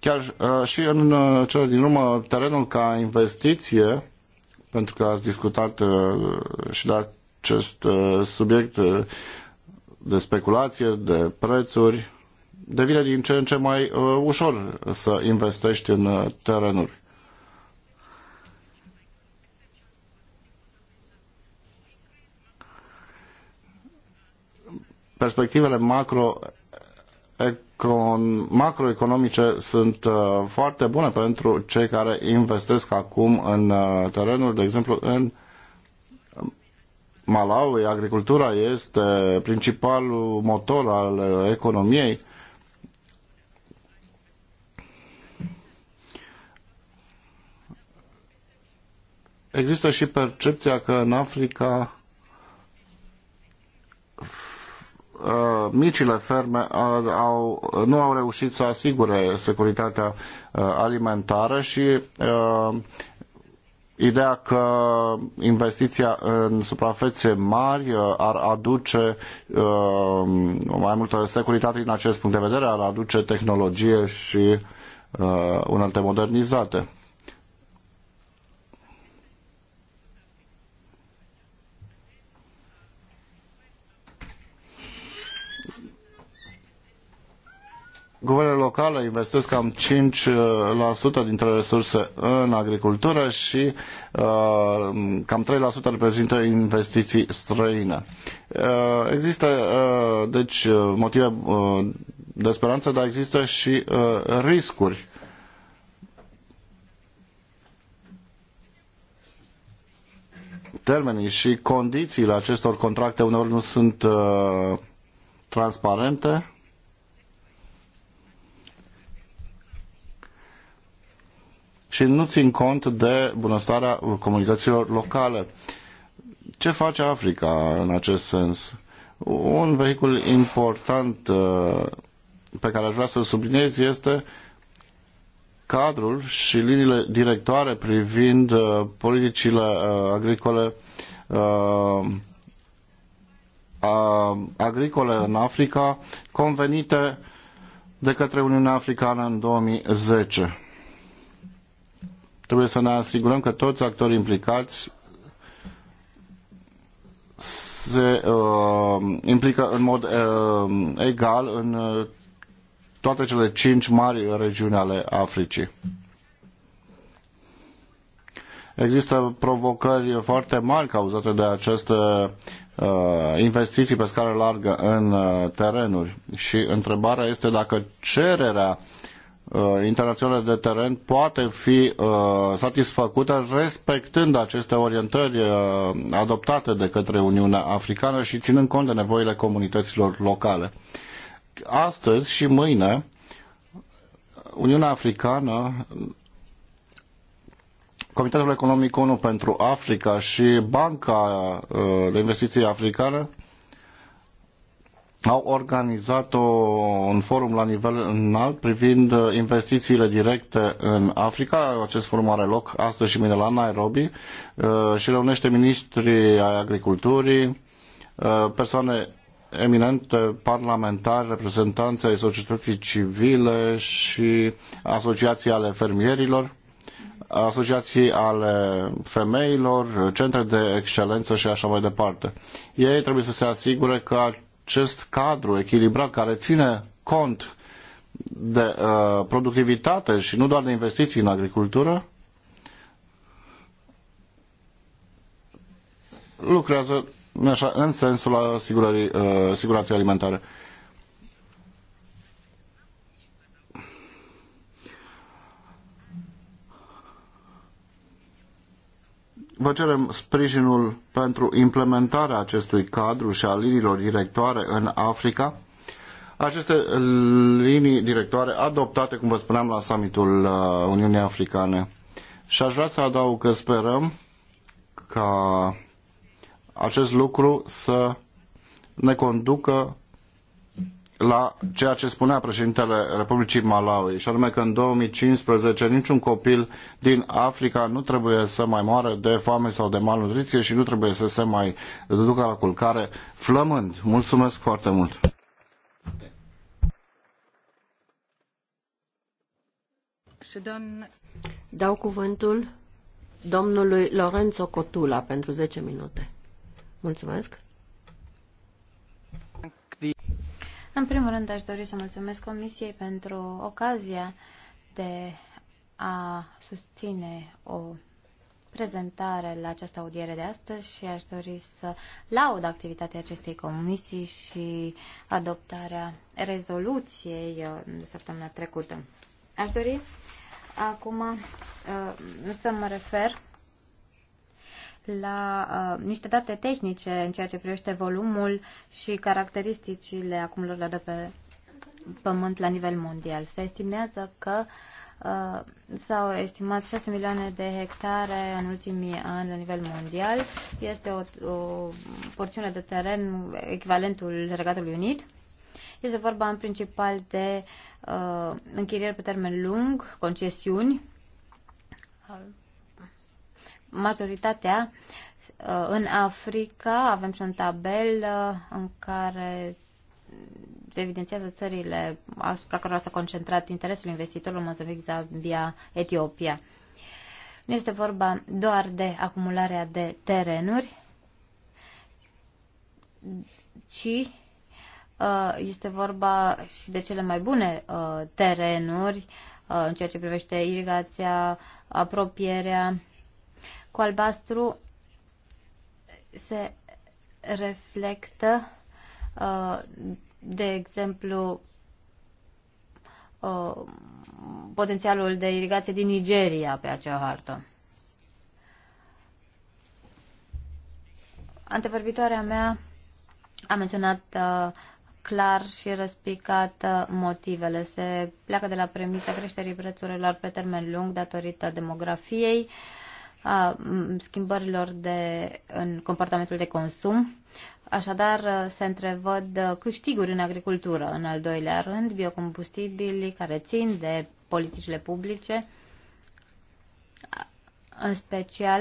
Chiar uh, și în uh, cele din urmă, terenul ca investiție, pentru că ați discutat uh, și de acest uh, subiect uh, de speculație, de prețuri, devine din ce în ce mai uh, ușor să investești în uh, terenuri. Perspectivele macro macroeconomice sunt uh, foarte bune pentru cei care investesc acum în terenuri, de exemplu în Malawi, agricultura este principalul motor al economiei există și percepția că în Africa uh, micile ferme au, nu au reușit să asigure securitatea uh, alimentară și uh, ideea că investiția în suprafețe mari ar aduce mai multă securitate din acest punct de vedere, ar aduce tehnologie și unelte modernizate. Guvernele locale investesc cam 5% uh, dintre resurse în agricultură și uh, cam 3% reprezintă investiții străine. Uh, există, deci, motive de speranță, dar există și riscuri. Termenii și condițiile acestor contracte uneori nu sunt uh, transparente și nu țin cont de bunăstarea comunităților locale. Ce face Africa în acest sens? Un vehicul important uh, pe care aș vrea să-l subliniez este cadrul și liniile directoare privind uh, politicile uh, agricole agricole în Africa convenite de către Uniunea Africană în 2010. Trebuie să ne asigurăm că toți actorii implicați se uh, implică în mod uh, egal în uh, toate cele cinci mari regiuni ale Africii. Există provocări foarte mari cauzate de aceste uh, investiții pe scară largă în uh, terenuri și întrebarea este dacă cererea Uh, internaționale de teren poate fi uh, satisfăcută respectând aceste orientări uh, adoptate de către Uniunea Africană și ținând cont de nevoile comunităților locale. Astăzi și mâine, Uniunea Africană, Comitetul Economic ONU pentru Africa și Banca de Investiții Africană au organizat o, un forum la nivel înalt privind uh, investițiile directe în Africa. Acest forum are loc astăzi și mine la Nairobi uh, și reunește ministrii ai agriculturii, uh, persoane eminente parlamentari, reprezentanți ai societății civile și asociații ale fermierilor, asociații ale femeilor, centre de excelență și așa mai departe. Ei trebuie să se asigure că acest cadru echilibrat care ține cont de uh, productivitate și nu doar de investiții în agricultură, lucrează așa, în sensul asigurării uh, siguranței alimentare. Vă cerem sprijinul pentru implementarea acestui cadru și a liniilor directoare în Africa. Aceste linii directoare adoptate, cum vă spuneam, la summitul uh, Uniunii Africane. Și aș vrea să adaug că sperăm ca acest lucru să ne conducă la ceea ce spunea președintele Republicii Malawi, și anume că în 2015 niciun copil din Africa nu trebuie să mai moară de foame sau de malnutriție și nu trebuie să se mai ducă la culcare flămând. Mulțumesc foarte mult! Dau cuvântul domnului Lorenzo Cotula pentru 10 minute. Mulțumesc! În primul rând, aș dori să mulțumesc Comisiei pentru ocazia de a susține o prezentare la această audiere de astăzi și aș dori să laud activitatea acestei comisii și adoptarea rezoluției uh, de săptămâna trecută. Aș dori acum uh, să mă refer la uh, niște date tehnice în ceea ce privește volumul și caracteristicile acumulărilor de pe pământ la nivel mondial. Se estimează că uh, s-au estimat 6 milioane de hectare în ultimii ani la nivel mondial. Este o, o porțiune de teren echivalentul Regatului Unit. Este vorba în principal de uh, închirieri pe termen lung, concesiuni, majoritatea uh, în Africa avem și un tabel uh, în care se evidențiază țările asupra cărora s-a concentrat interesul investitorilor Mozambic, Zambia, Etiopia. Nu este vorba doar de acumularea de terenuri, ci uh, este vorba și de cele mai bune terenuri în ceea ce privește irigația, apropierea cu albastru se reflectă, uh, de exemplu, uh, potențialul de irigație din Nigeria pe acea hartă. Antevorbitoarea mea a menționat uh, clar și răspicat motivele. Se pleacă de la premisa creșterii prețurilor pe termen lung datorită demografiei, uh, a schimbărilor de, în comportamentul de consum. Așadar, se întrevăd câștiguri în agricultură. În al doilea rând, biocombustibilii care țin de politicile publice, în special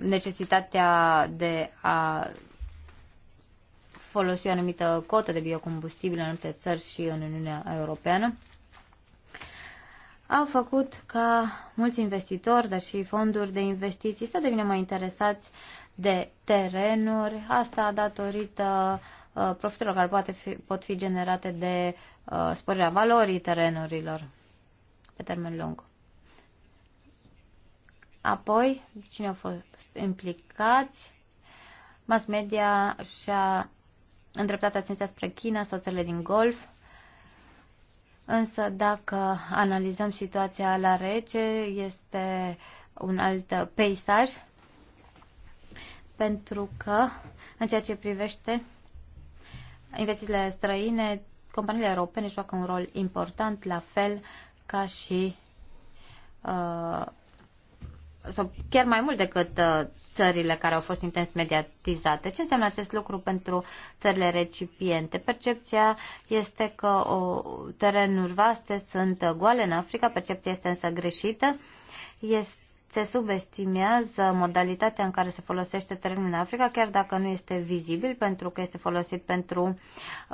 necesitatea de a folosi o anumită cotă de biocombustibil în alte țări și în Uniunea Europeană au făcut ca mulți investitori, dar și fonduri de investiții să devină mai interesați de terenuri, asta datorită uh, profitelor care poate fi, pot fi generate de uh, sporirea valorii terenurilor pe termen lung. Apoi, cine au fost implicați? Mass media și-a îndreptat atenția spre China, soțele din Golf, Însă dacă analizăm situația la rece, este un alt peisaj, pentru că în ceea ce privește investițiile străine, companiile europene joacă un rol important, la fel ca și uh, sau chiar mai mult decât uh, țările care au fost intens mediatizate. Ce înseamnă acest lucru pentru țările recipiente? Percepția este că o, terenuri vaste sunt goale în Africa, percepția este însă greșită. Este se subestimează modalitatea în care se folosește terenul în Africa, chiar dacă nu este vizibil, pentru că este folosit pentru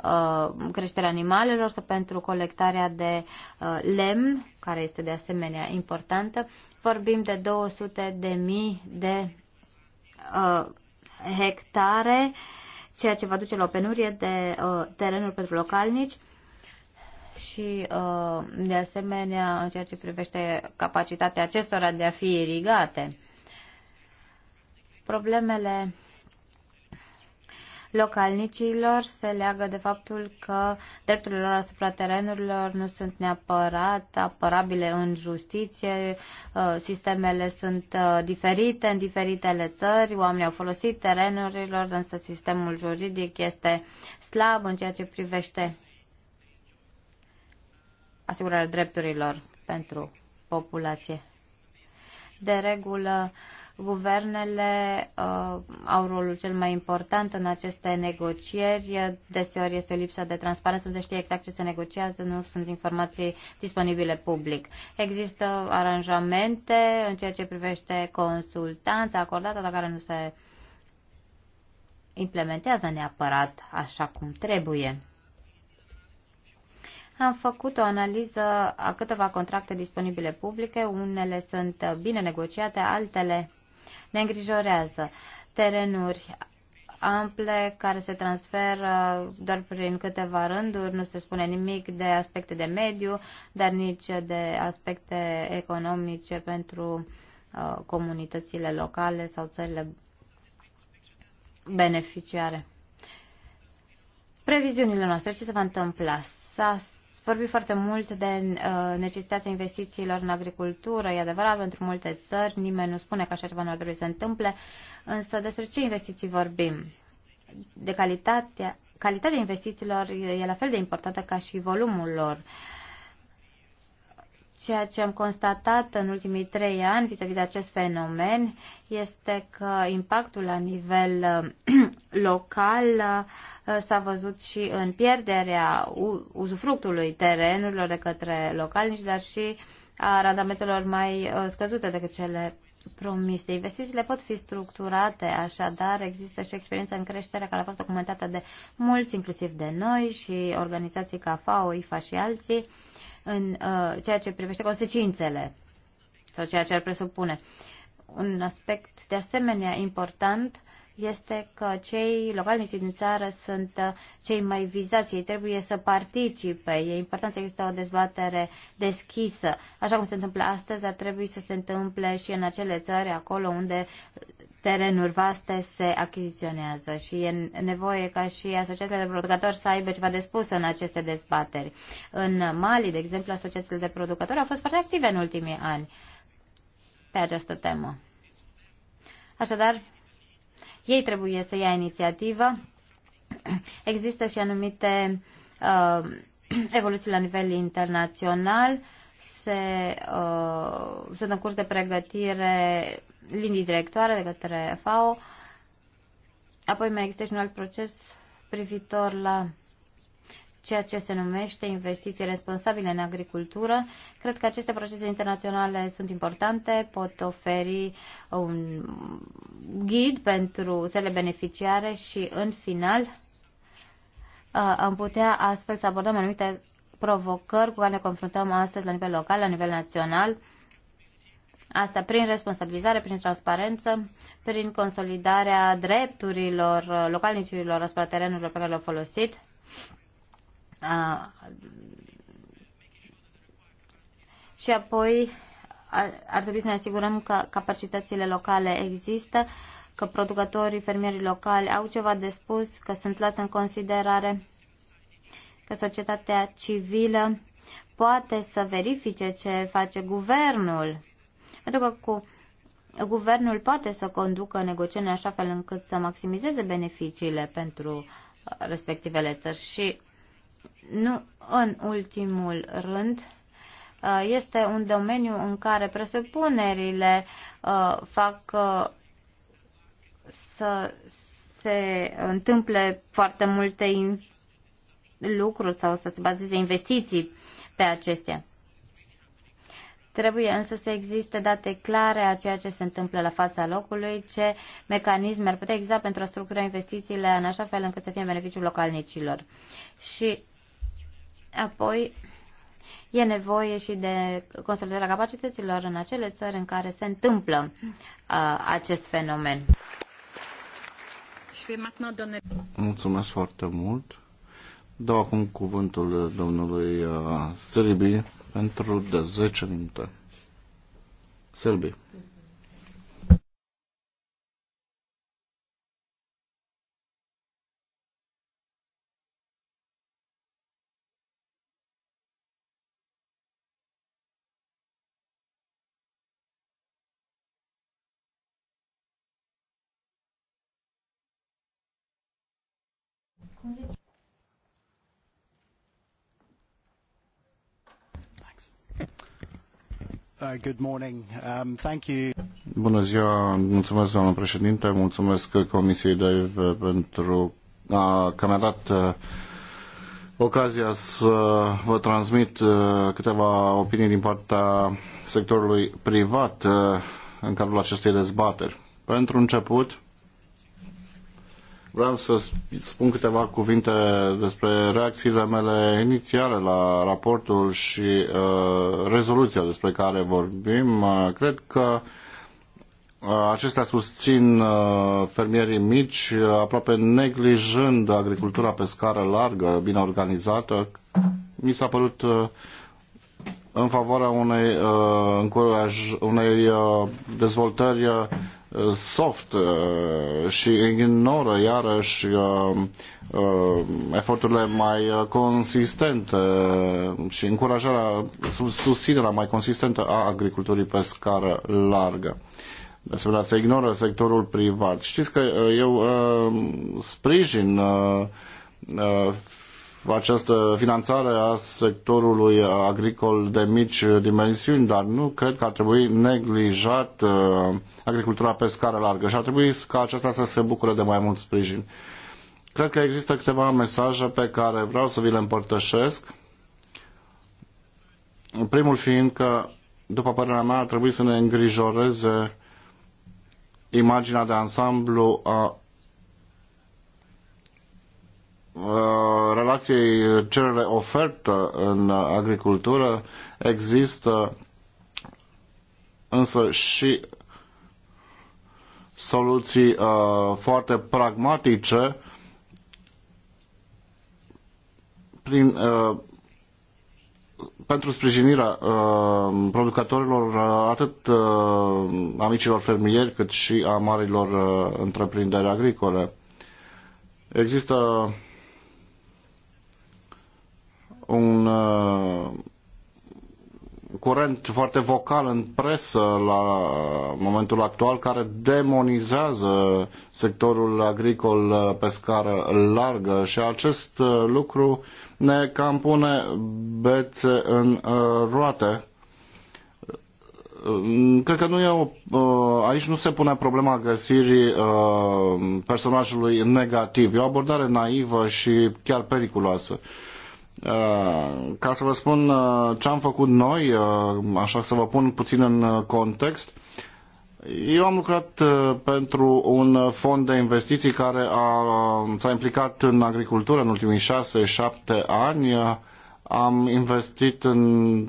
uh, creșterea animalelor sau pentru colectarea de uh, lemn, care este de asemenea importantă. Vorbim de 200 de mii de uh, hectare, ceea ce va duce la o penurie de uh, terenuri pentru localnici și, uh, de asemenea, în ceea ce privește capacitatea acestora de a fi irigate. Problemele localnicilor se leagă de faptul că drepturile lor asupra terenurilor nu sunt neapărat apărabile în justiție, uh, sistemele sunt uh, diferite în diferitele țări, oamenii au folosit terenurilor, însă sistemul juridic este slab în ceea ce privește asigurarea drepturilor pentru populație. De regulă, guvernele uh, au rolul cel mai important în aceste negocieri. Deseori este o lipsă de transparență, nu se știe exact ce se negociază, nu sunt informații disponibile public. Există aranjamente în ceea ce privește consultanța acordată, dar care nu se implementează neapărat așa cum trebuie. Am făcut o analiză a câteva contracte disponibile publice, unele sunt bine negociate, altele ne îngrijorează. Terenuri ample care se transferă doar prin câteva rânduri, nu se spune nimic de aspecte de mediu, dar nici de aspecte economice pentru uh, comunitățile locale sau țările beneficiare. Previziunile noastre, ce se va întâmpla? S-a vorbit foarte mult de uh, necesitatea investițiilor în agricultură. E adevărat, pentru multe țări nimeni nu spune că așa ceva nu ar trebui să întâmple, însă despre ce investiții vorbim? De calitatea, calitatea investițiilor e la fel de importantă ca și volumul lor. Uh, Ceea ce am constatat în ultimii trei ani vis-a-vis de acest fenomen este că impactul la nivel local uh, s-a văzut și în pierderea uzufructului terenurilor de către localnici, dar și a randamentelor mai uh, scăzute decât cele promise. Investițiile pot fi structurate, așadar există și o experiență în creștere care a fost documentată de mulți, inclusiv de noi și organizații ca FAO, IFA și alții în uh, ceea ce privește consecințele sau ceea ce ar presupune. Un aspect de asemenea important este că cei localnici din țară sunt uh, cei mai vizați, ei trebuie să participe. E important să există o dezbatere deschisă. Așa cum se întâmplă astăzi, ar trebui să se întâmple și în acele țări, acolo unde terenuri vaste se achiziționează și e nevoie ca și asociațiile de producători să aibă ceva de spus în aceste dezbateri. În Mali, de exemplu, asociațiile de producători au fost foarte active în ultimii ani pe această temă. Așadar, ei trebuie să ia inițiativă. Există și anumite uh, evoluții la nivel internațional uh, se, uh, sunt în curs de pregătire linii directoare de către FAO. Apoi mai există și un alt proces privitor la ceea ce se numește investiții responsabile în agricultură. Cred că aceste procese internaționale sunt importante, pot oferi un ghid pentru cele beneficiare și, în final, uh, am putea astfel să abordăm anumite provocări cu care ne confruntăm astăzi la nivel local, la nivel național. Asta prin responsabilizare, prin transparență, prin consolidarea drepturilor localnicilor asupra terenurilor pe care le-au folosit. și apoi ar trebui să ne asigurăm că capacitățile locale există, că producătorii, fermierii locali au ceva de spus, că sunt luați în considerare că societatea civilă poate să verifice ce face guvernul. Pentru că cu guvernul poate să conducă negocieri așa fel încât să maximizeze beneficiile pentru uh, respectivele țări și nu în ultimul rând uh, este un domeniu în care presupunerile uh, fac să se întâmple foarte multe lucruri sau să se bazeze investiții pe acestea. Trebuie însă să existe date clare a ceea ce se întâmplă la fața locului, ce mecanisme ar putea exista pentru a structura investițiile în așa fel încât să fie în beneficiul localnicilor. Și apoi e nevoie și de consolidarea capacităților în acele țări în care se întâmplă uh, acest fenomen. Mulțumesc foarte mult. Dau acum cuvântul domnului uh, Sârbi pentru de 10 minute. Sârbi. Thank you. Uh, good morning. Um, thank you. Bună ziua, mulțumesc doamnă președinte, mulțumesc Comisiei DAIV pentru a, că mi-a dat uh, ocazia să vă transmit uh, câteva opinii din partea sectorului privat în cadrul acestei dezbateri. Pentru început, vreau să spun câteva cuvinte despre reacțiile mele inițiale la raportul și uh, rezoluția despre care vorbim. Uh, cred că uh, acestea susțin uh, fermierii mici, uh, aproape neglijând agricultura pe scară largă, bine organizată. Mi s-a părut uh, în favoarea unei, uh, încuraj, unei uh, dezvoltări uh, Uh, soft uh, și ignoră iarăși uh, eforturile mai consistente și încurajarea, susținerea mai consistentă a agriculturii pe scară largă. De asemenea, se ignoră sectorul privat. Știți că eu sprijin această finanțare a sectorului agricol de mici dimensiuni, dar nu cred că ar trebui neglijat uh, agricultura pe scară largă și ar trebui ca aceasta să se bucure de mai mult sprijin. Cred că există câteva mesaje pe care vreau să vi le împărtășesc. Primul fiind că, după părerea mea, ar trebui să ne îngrijoreze imaginea de ansamblu a Uh, relației uh, cerere-ofertă în agricultură există însă și soluții uh, foarte pragmatice prin, uh, pentru sprijinirea uh, producătorilor uh, atât uh, a micilor fermieri cât și a marilor uh, întreprinderi agricole. Există un uh, curent foarte vocal în presă la momentul actual care demonizează sectorul agricol uh, pe scară largă și acest uh, lucru ne cam pune bețe în roate. Cred că nu e o, aici nu se pune problema găsirii personajului negativ. E o abordare naivă și chiar periculoasă. Uh, ca să vă spun uh, ce am făcut noi, uh, așa să vă pun puțin în context, eu am lucrat pentru un fond de investiții care a, s-a implicat în agricultură în ultimii 6-7 ani. Am investit în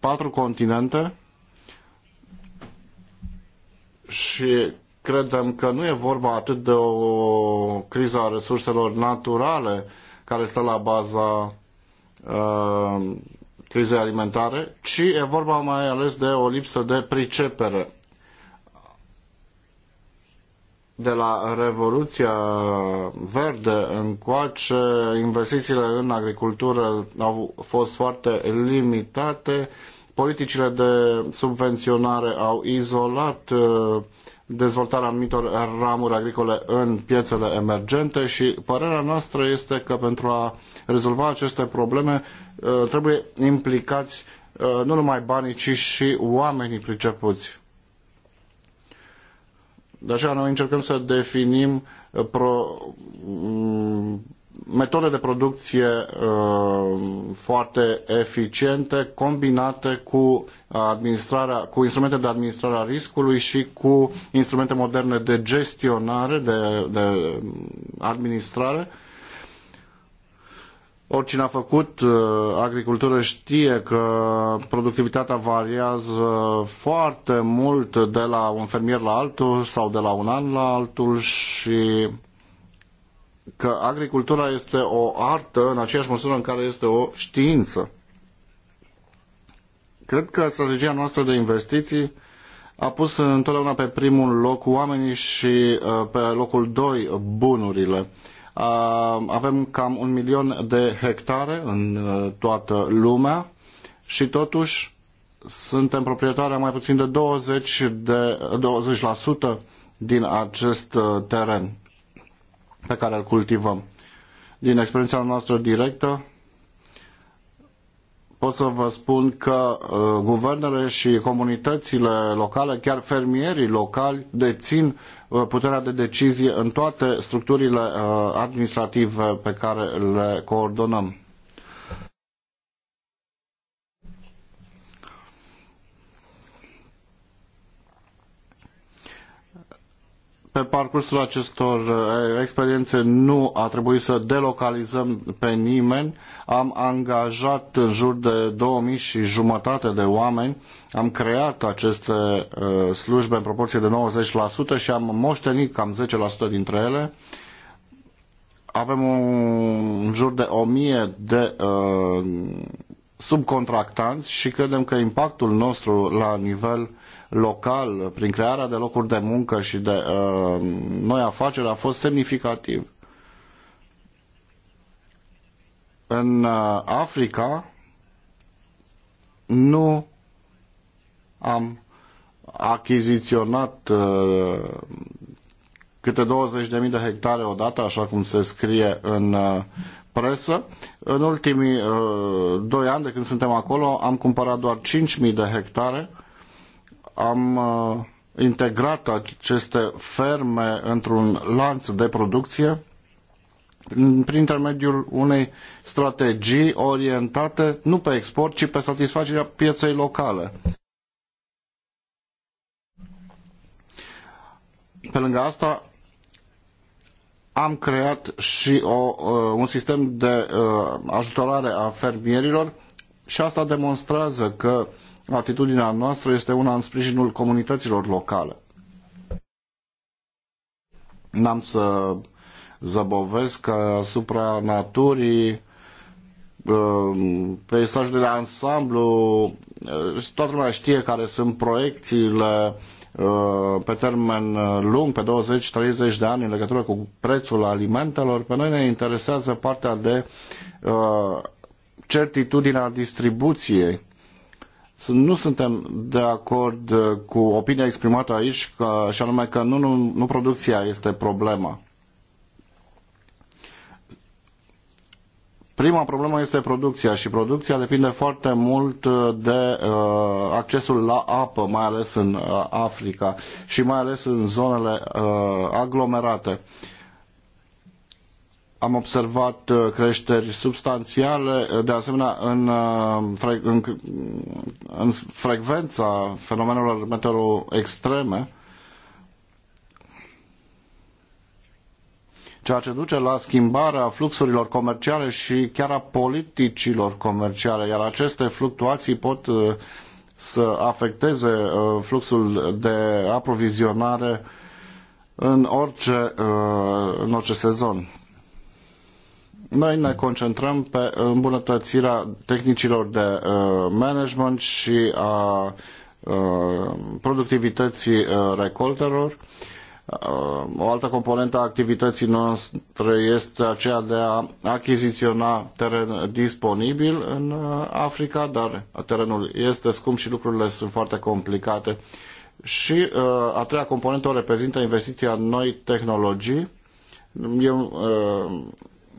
patru continente și credem că nu e vorba atât de o criză a resurselor naturale care stă la baza Uh, crize crizei alimentare, ci e vorba mai ales de o lipsă de pricepere. De la Revoluția Verde încoace, investițiile în agricultură au fost foarte limitate, politicile de subvenționare au izolat uh, dezvoltarea anumitor ramuri agricole în piețele emergente și părerea noastră este că pentru a rezolva aceste probleme uh, trebuie implicați uh, nu numai banii, ci și oamenii pricepuți. De aceea noi încercăm să definim uh, pro, mm, metode de producție uh, foarte eficiente, combinate cu, administrarea, cu instrumente de administrare a riscului și cu instrumente moderne de gestionare, de, de administrare. Oricine a făcut uh, agricultură știe că productivitatea variază foarte mult de la un fermier la altul sau de la un an la altul și că agricultura este o artă în aceeași măsură în care este o știință. Cred că strategia noastră de investiții a pus întotdeauna pe primul loc oamenii și uh, pe locul doi bunurile. Uh, avem cam un milion de hectare în uh, toată lumea și totuși suntem proprietari a mai puțin de 20%, de, 20 din acest teren pe care îl cultivăm. Din experiența noastră directă, pot să vă spun că uh, guvernele și comunitățile locale, chiar fermierii locali, dețin uh, puterea de decizie în toate structurile uh, administrative pe care le coordonăm. Pe parcursul acestor uh, experiențe nu a trebuit să delocalizăm pe nimeni. Am angajat în jur de 2000 și jumătate de oameni. Am creat aceste uh, slujbe în proporție de 90% și am moștenit cam 10% dintre ele avem un, în jur de 1000 de uh, subcontractanți și credem că impactul nostru la nivel local, prin crearea de locuri de muncă și de uh, noi afaceri a fost semnificativ. În uh, Africa nu am achiziționat uh, câte 20.000 de hectare odată, așa cum se scrie în uh, presă. În ultimii uh, doi ani de când suntem acolo am cumpărat doar 5.000 de hectare am uh, integrat aceste ferme într-un lanț de producție prin intermediul unei strategii orientate nu pe export, ci pe satisfacerea pieței locale. Pe lângă asta, am creat și o, uh, un sistem de uh, ajutorare a fermierilor și asta demonstrează că atitudinea noastră este una în sprijinul comunităților locale. N-am să zăbovesc asupra naturii, uh, peisajul de ansamblu, uh, toată lumea știe care sunt proiecțiile uh, pe termen lung, pe 20-30 de ani, în legătură cu prețul alimentelor, pe noi ne interesează partea de certitudinea distribuției nu suntem de acord uh, cu opinia exprimată aici, că, și anume că nu, nu, nu producția este problema. Prima problemă este producția și producția depinde foarte mult uh, de uh, accesul la apă, mai ales în uh, Africa și mai ales în zonele uh, aglomerate. Uh, am observat uh, creșteri substanțiale, uh, de asemenea în, uh, în, în frecvența fenomenelor meteo extreme, ceea ce duce la schimbarea fluxurilor comerciale și chiar a politicilor comerciale, iar aceste fluctuații pot să afecteze fluxul de aprovizionare în orice, în orice sezon. Noi ne concentrăm pe îmbunătățirea tehnicilor de uh, management și a uh, productivității uh, recoltelor. O altă componentă a activității noastre este aceea de a achiziționa teren disponibil în Africa, dar terenul este scump și lucrurile sunt foarte complicate. Și a treia componentă o reprezintă investiția în noi tehnologii. Eu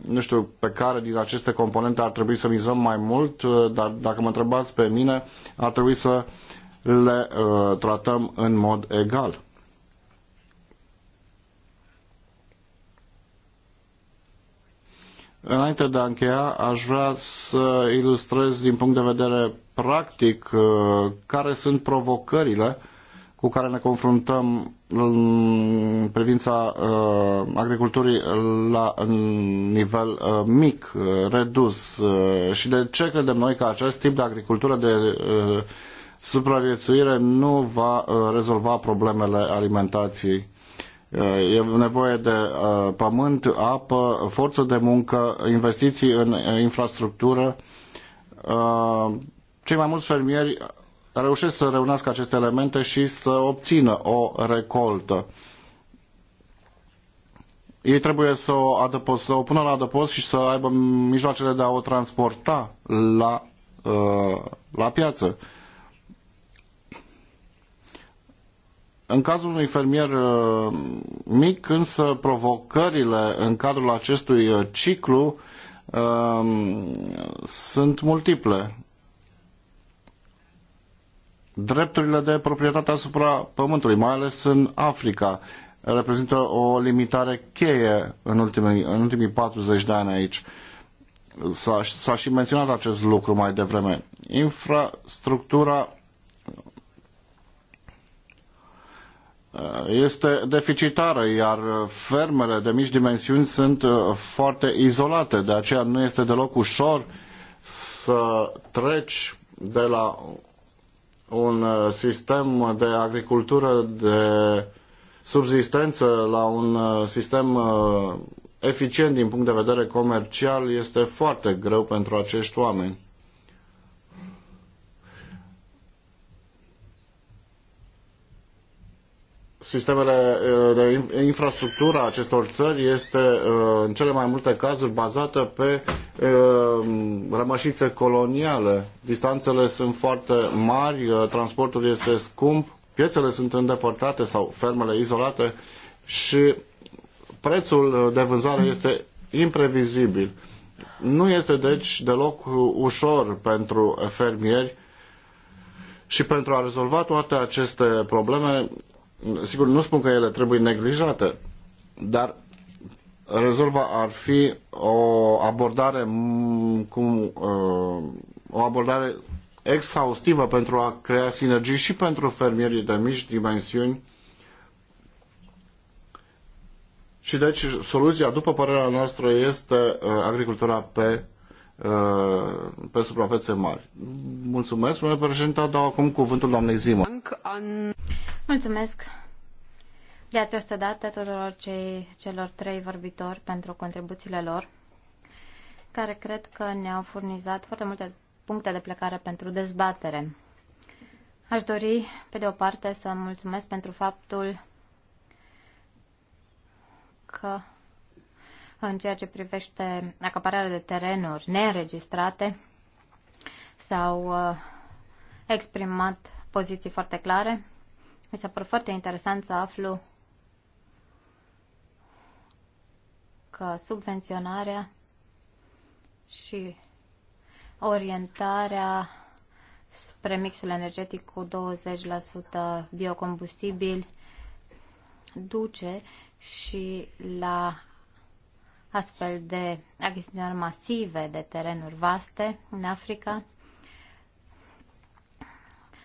nu știu, pe care din aceste componente ar trebui să mizăm mai mult, uh, dar dacă mă întrebați pe mine, ar trebui să le uh, tratăm în mod egal. Înainte de a încheia, aș vrea să ilustrez din punct de vedere practic uh, care sunt provocările uh, cu care ne confruntăm în privința uh, agriculturii la nivel uh, mic, uh, redus uh, și de ce credem noi că acest tip de agricultură de uh, supraviețuire nu va uh, rezolva problemele alimentației. Uh, e nevoie de uh, pământ, apă, forță de muncă, investiții în uh, infrastructură. Uh, cei mai mulți fermieri reușesc să reunească aceste elemente și să obțină o recoltă. Ei trebuie să o, adăpost, să o pună la adăpost și să aibă mijloacele de a o transporta la, uh, la piață. În cazul unui fermier uh, mic, însă, provocările în cadrul acestui uh, ciclu sunt multiple drepturile de proprietate asupra pământului, mai ales în Africa, reprezintă o limitare cheie în ultimii, în ultimii 40 de ani aici. S-a, s-a și menționat acest lucru mai devreme. Infrastructura uh, este deficitară, iar fermele de mici dimensiuni sunt uh, foarte izolate, de aceea nu este deloc ușor să treci de la un uh, sistem de agricultură de subsistență la un uh, sistem uh, eficient din punct de vedere comercial este foarte greu pentru acești oameni. sistemele uh, de infrastructură acestor țări este uh, în cele mai multe cazuri bazată pe uh, rămășițe coloniale. Distanțele sunt foarte mari, transportul este scump, piețele sunt îndepărtate sau fermele izolate și prețul de vânzare este imprevizibil. Nu este deci deloc ușor pentru fermieri și pentru a rezolva toate aceste probleme, Sigur, nu spun că ele trebuie neglijate, dar rezolva ar fi o abordare cum, uh, o abordare exhaustivă pentru a crea sinergii și pentru fermierii de mici dimensiuni. Și deci soluția, după părerea noastră, este uh, agricultura pe Uh, pe suprafețe mari. Mulțumesc, domnule președinte, dau acum cuvântul doamnei Zimă. Mulțumesc de această dată tuturor cei, celor trei vorbitori pentru contribuțiile lor, care cred că ne-au furnizat foarte multe puncte de plecare pentru dezbatere. Aș dori, pe de o parte, să mulțumesc pentru faptul că în ceea ce privește acapararea de terenuri neregistrate s-au uh, exprimat poziții foarte clare. Mi s-a părut foarte interesant să aflu că subvenționarea și orientarea spre mixul energetic cu 20% biocombustibili duce și la astfel de achiziționări masive de terenuri vaste în Africa.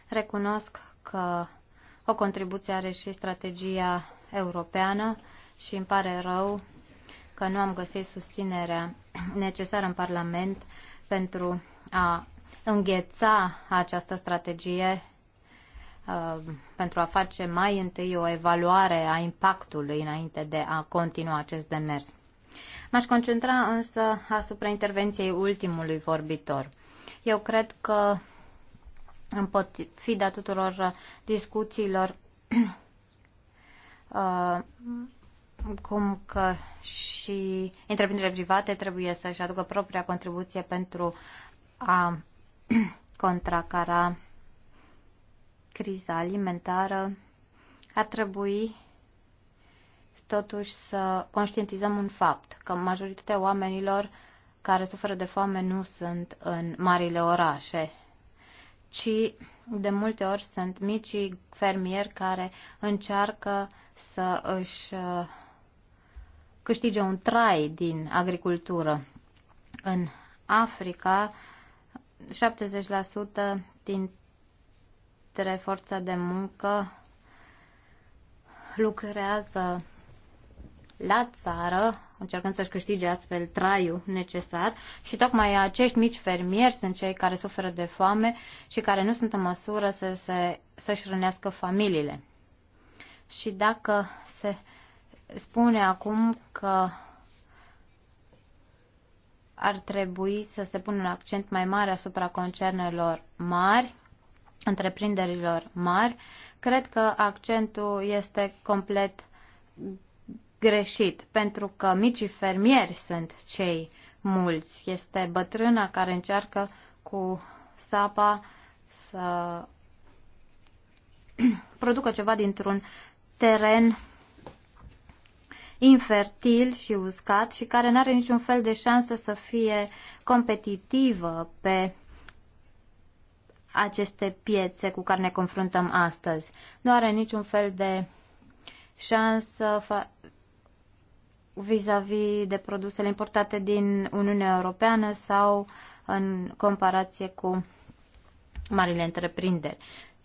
Recunosc că o contribuție are și strategia europeană și îmi pare rău că nu am găsit susținerea necesară în Parlament pentru a îngheța această strategie uh, pentru a face mai întâi o evaluare a impactului înainte de a continua acest demers. M-aș concentra însă asupra intervenției ultimului vorbitor. Eu cred că în pofida tuturor discuțiilor uh, cum că și întreprinderile private trebuie să-și aducă propria contribuție pentru a contracara criza alimentară, ar trebui totuși să conștientizăm un fapt, că majoritatea oamenilor care suferă de foame nu sunt în marile orașe, ci de multe ori sunt micii fermieri care încearcă să își uh, câștige un trai din agricultură. În Africa, 70% dintre forța de muncă lucrează la țară, încercând să-și câștige astfel traiul necesar și tocmai acești mici fermieri sunt cei care suferă de foame și care nu sunt în măsură să se, să-și familiile. Și dacă se spune acum că ar trebui să se pună un accent mai mare asupra concernelor mari, întreprinderilor mari, cred că accentul este complet greșit, pentru că micii fermieri sunt cei mulți. Este bătrâna care încearcă cu sapa să producă ceva dintr-un teren infertil și uscat și care nu are niciun fel de șansă să fie competitivă pe aceste piețe cu care ne confruntăm astăzi. Nu are niciun fel de șansă vis-a-vis -vis de produsele importate din Uniunea Europeană sau în comparație cu marile întreprinderi.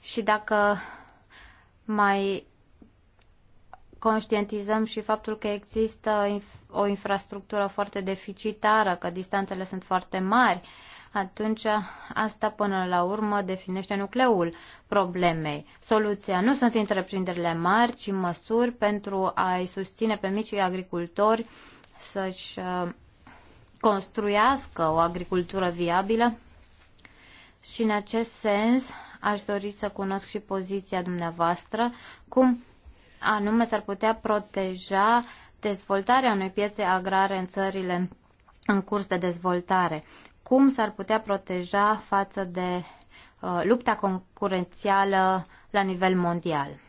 Și dacă mai conștientizăm și faptul că există o infrastructură foarte deficitară, că distanțele sunt foarte mari, uh, atunci asta până la urmă definește nucleul problemei. Soluția nu sunt întreprinderile mari, ci măsuri pentru a-i susține pe micii agricultori să-și uh, construiască o agricultură viabilă. Și în acest sens aș dori să cunosc și poziția dumneavoastră, cum anume s-ar putea proteja dezvoltarea unei piețe agrare în țările în curs de dezvoltare cum s-ar putea proteja față de uh, lupta concurențială la nivel mondial.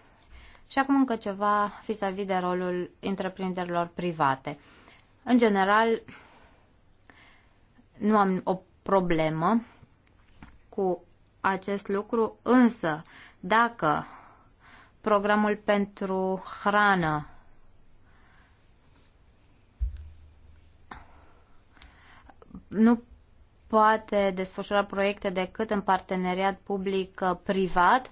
Și acum încă ceva vis-a-vis -vis de rolul întreprinderilor private. În general, nu am o problemă cu acest lucru, însă dacă programul pentru hrană nu poate desfășura proiecte decât în parteneriat public-privat,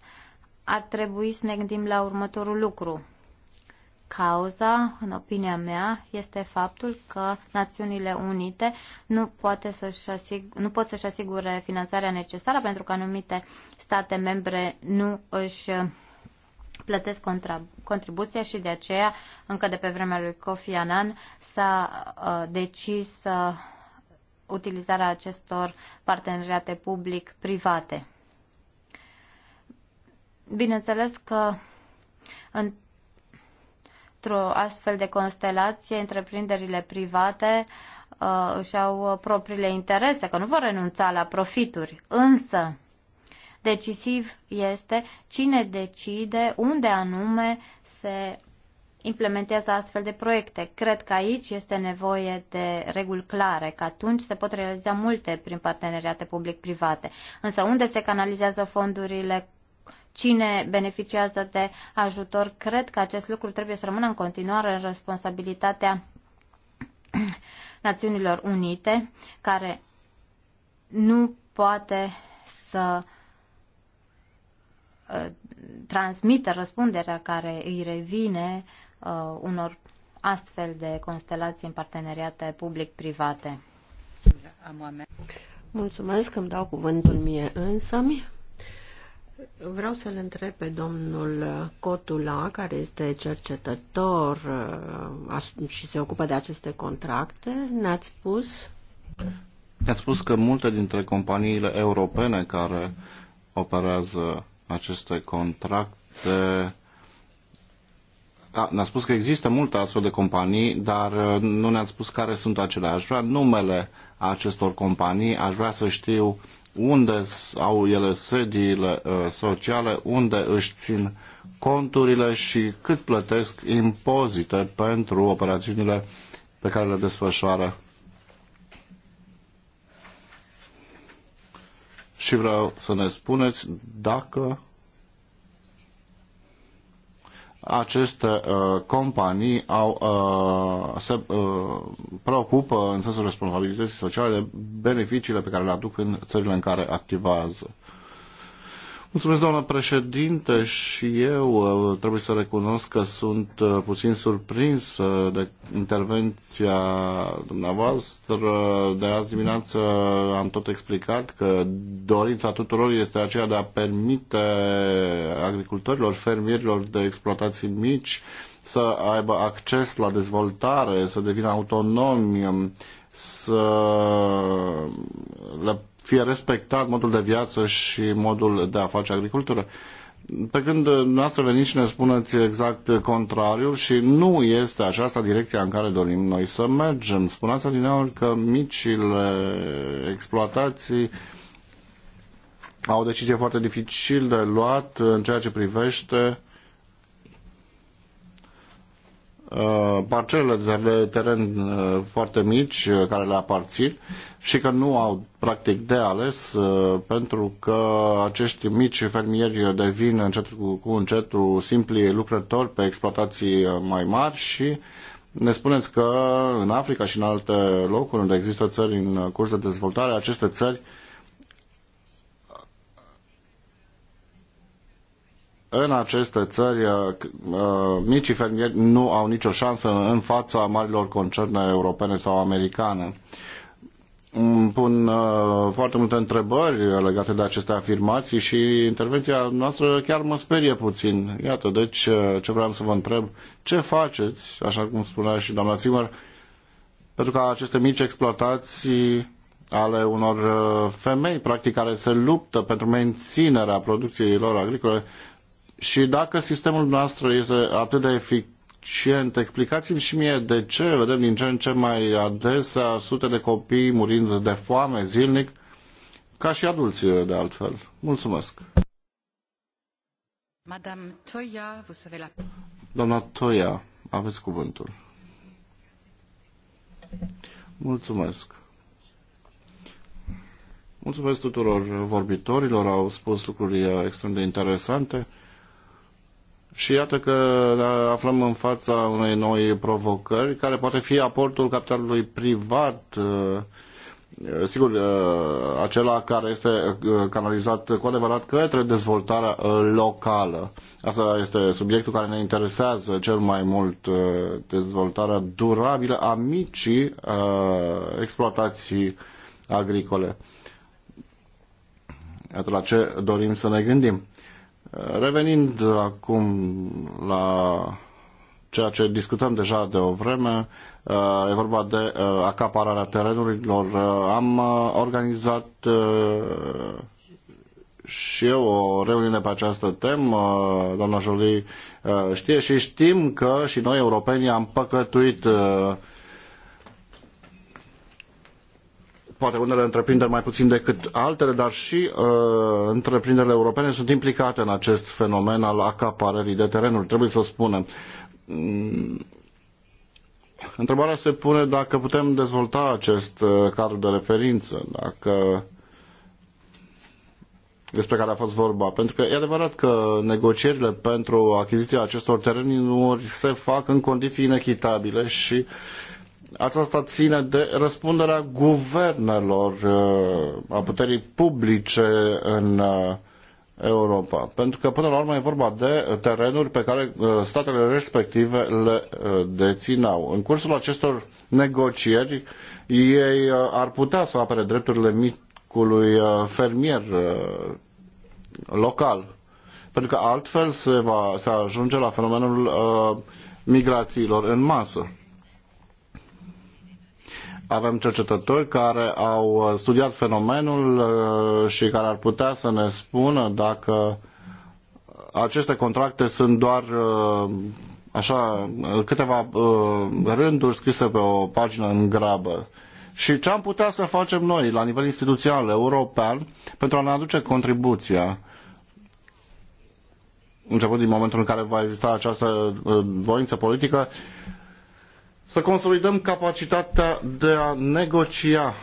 ar trebui să ne gândim la următorul lucru. Cauza, în opinia mea, este faptul că Națiunile Unite nu, poate să-și nu pot să-și asigure finanțarea necesară pentru că anumite state membre nu își uh, plătesc contra- contribuția și de aceea, încă de pe vremea lui Kofi Annan, s-a uh, decis uh, utilizarea acestor parteneriate public-private. Bineînțeles că într-o astfel de constelație, întreprinderile private uh, își au propriile interese, că nu vor renunța la profituri, însă decisiv este cine decide unde anume se implementează astfel de proiecte. Cred că aici este nevoie de reguli clare, că atunci se pot realiza multe prin parteneriate public-private. Însă unde se canalizează fondurile, cine beneficiază de ajutor, cred că acest lucru trebuie să rămână în continuare în responsabilitatea Națiunilor Unite, care nu poate să uh, transmită răspunderea care îi revine uh, unor astfel de constelații în parteneriate public-private. Mulțumesc, îmi dau cuvântul mie însămi. Vreau să-l întreb pe domnul Cotula, care este cercetător uh, și se ocupă de aceste contracte. Ne-ați spus? Ne-ați spus că multe dintre companiile europene care operează aceste contracte da, ne-a spus că există multe astfel de companii, dar uh, nu ne a spus care sunt acelea. Aș vrea numele acestor companii, aș vrea să știu unde au ele sediile uh, sociale, unde își țin conturile și cât plătesc impozite pentru operațiunile pe care le desfășoară. Și vreau să ne spuneți dacă aceste uh, companii au, uh, se uh, preocupă în sensul responsabilității sociale de beneficiile pe care le aduc în țările în care activează. Mulțumesc, doamnă președinte, și eu uh, trebuie să recunosc că sunt uh, puțin surprins uh, de intervenția dumneavoastră. De azi dimineață am tot explicat că dorința tuturor este aceea de a permite agricultorilor, fermierilor de exploatații mici să aibă acces la dezvoltare, să devină autonomi, să le fie respectat modul de viață și modul de a face agricultură. Pe când noastră veniți și ne spuneți exact contrariul și nu este aceasta direcția în care dorim noi să mergem. Spuneați adineori că micile exploatații au o decizie foarte dificil de luat în ceea ce privește Uh, parcelele de teren uh, foarte mici uh, care le aparțin și că nu au practic de ales pentru că acești mici fermieri devin încet cu, cu încetul simpli lucrători pe exploatații mai mari și ne spuneți că în Africa și în alte locuri unde există țări în curs de dezvoltare, aceste țări în aceste țări uh, uh, micii fermieri nu au nicio șansă în fața marilor concerne europene sau americane. Îmi pun uh, foarte multe întrebări legate de aceste afirmații și intervenția noastră chiar mă sperie puțin. Iată, deci ce vreau să vă întreb, ce faceți, așa cum spunea și doamna Zimmer, pentru ca aceste mici exploatații ale unor femei, practic, care se luptă pentru menținerea producției lor agricole, și dacă sistemul nostru este atât de eficient, explicați-mi și mie de ce vedem din ce în ce mai adesea sute de copii murind de foame zilnic, ca și adulții de altfel. Mulțumesc. Madame Toia, vous savez la... Doamna Toia, aveți cuvântul. Mulțumesc. Mulțumesc tuturor vorbitorilor, au spus lucruri uh, extrem de interesante. Și iată că ne da, aflăm în fața unei noi provocări, care poate fi aportul capitalului privat, uh, uh, sigur, uh, acela care este canalizat cu adevărat către dezvoltarea locală. Asta este subiectul care ne interesează cel mai mult, dezvoltarea durabilă a micii exploatații agricole. Iată la ce dorim să ne gândim. Revenind acum la ceea ce discutăm deja de o vreme, uh, e vorba de uh, acapararea terenurilor. Uh, am organizat și eu o reuniune pe această temă, doamna Jolie știe și știm că și noi europenii am păcătuit poate unele întreprinderi mai puțin decât altele, dar și uh, întreprinderile europene sunt implicate în acest fenomen al acaparării de terenuri, trebuie să o spunem. Mm. Întrebarea se pune dacă putem dezvolta acest uh, cadru de referință, dacă despre care a fost vorba. Pentru că e adevărat că negocierile pentru achiziția acestor terenuri se fac în condiții inechitabile și aceasta ține de răspunderea guvernelor, uh, a puterii publice în uh, Europa. Pentru că, până la urmă, e vorba de terenuri pe care uh, statele respective le deținau. În cursul acestor negocieri, ei ar putea să apere drepturile micului fermier local. Pentru că altfel se, va, se ajunge la fenomenul migrațiilor în masă. Avem cercetători care au uh, studiat fenomenul uh, și care ar putea să ne spună dacă aceste contracte sunt doar uh, așa câteva rânduri scrise pe o pagină în grabă. Și ce am putea să facem noi la nivel instituțional european pentru a ne aduce contribuția început din momentul în care va exista această voință politică să consolidăm capacitatea de a negocia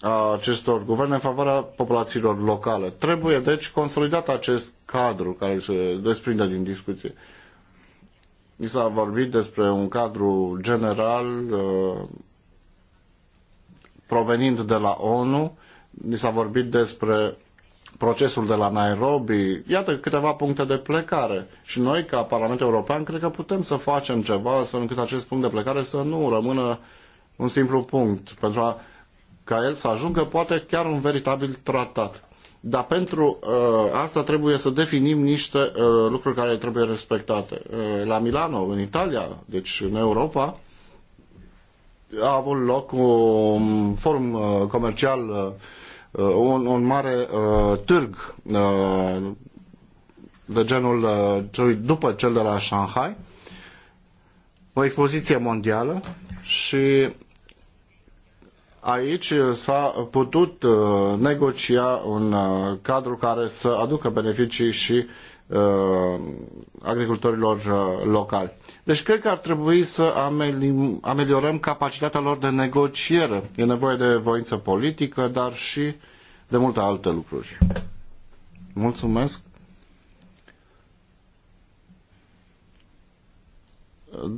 a acestor guverne în favoarea populațiilor locale. Trebuie, deci, consolidat acest cadru care se desprinde din discuție. Mi s-a vorbit despre un cadru general uh, provenind de la ONU, Ni s-a vorbit despre procesul de la Nairobi, iată câteva puncte de plecare. Și noi, ca Parlamentul European, cred că putem să facem ceva astfel încât acest punct de plecare să nu rămână un simplu punct, pentru a, ca el să ajungă poate chiar un veritabil tratat. Dar pentru uh, asta trebuie să definim niște uh, lucruri care trebuie respectate. Uh, la Milano, în Italia, deci în Europa, a avut loc un forum uh, comercial uh, Uh, un, un mare uh, târg uh, de genul celui după cel de la Shanghai, o expoziție mondială și aici s-a putut negocia un cadru care să aducă beneficii și Uh, agricultorilor uh, locali. Deci cred că ar trebui să ameliorăm capacitatea lor de negociere. E nevoie de voință politică, dar și de multe alte lucruri. Mulțumesc.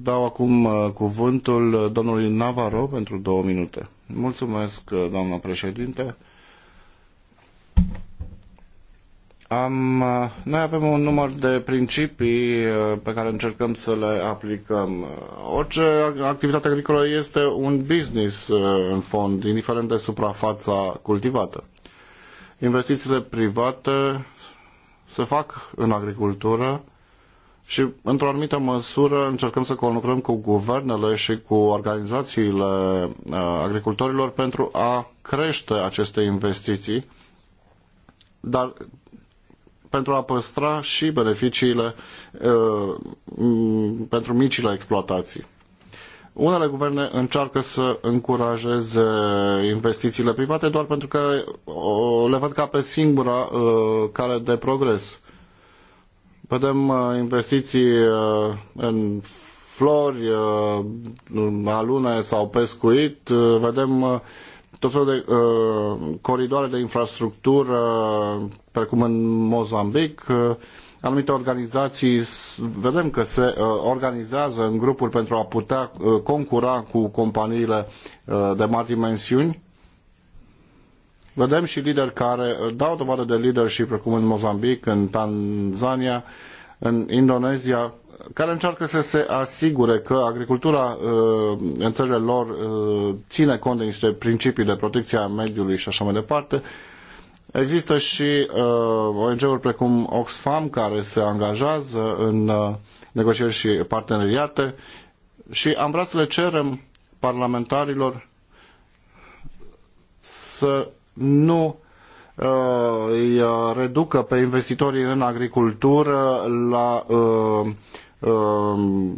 Dau acum uh, cuvântul domnului Navarro pentru două minute. Mulțumesc, doamna președinte. Am, uh, noi avem un număr de principii uh, pe care încercăm să le aplicăm. Orice activitate agricolă este un business uh, în fond, indiferent de suprafața cultivată. Investițiile private se fac în agricultură și, într-o anumită măsură, încercăm să conlucrăm cu guvernele și cu organizațiile agricultorilor pentru a crește aceste investiții dar pentru a păstra și beneficiile uh, pentru micile exploatații. Unele guverne încearcă să încurajeze investițiile private doar pentru că uh, le văd ca pe singura uh, care de progres. Vedem investiții în flori, alune sau pescuit, vedem tot felul de coridoare de infrastructură precum în Mozambic, uh, anumite organizații vedem că se uh, organizează în grupuri pentru a putea uh, concura cu companiile de mari dimensiuni. Vedem și lideri care dau dovadă de leadership, precum în Mozambic, în Tanzania, în Indonezia, care încearcă să se asigure că agricultura în țările lor ține cont de niște principii de protecție a mediului și așa mai departe. Există și uh, ONG-uri precum Oxfam care se angajează în uh, negocieri și parteneriate și am vrea să le cerem parlamentarilor să nu uh, îi uh, reducă pe investitorii în agricultură la uh, uh,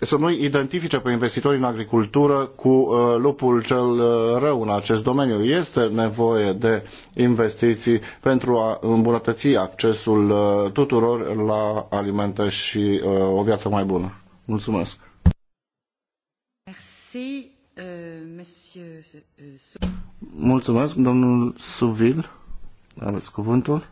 să nu identifice pe investitorii în agricultură cu uh, lupul cel uh, rău în acest domeniu. Este nevoie de investiții pentru a îmbunătăți accesul uh, tuturor la alimente și uh, o viață mai bună. Mulțumesc! Merci, euh, euh, Mulțumesc, domnul Suvil. Aveți cuvântul.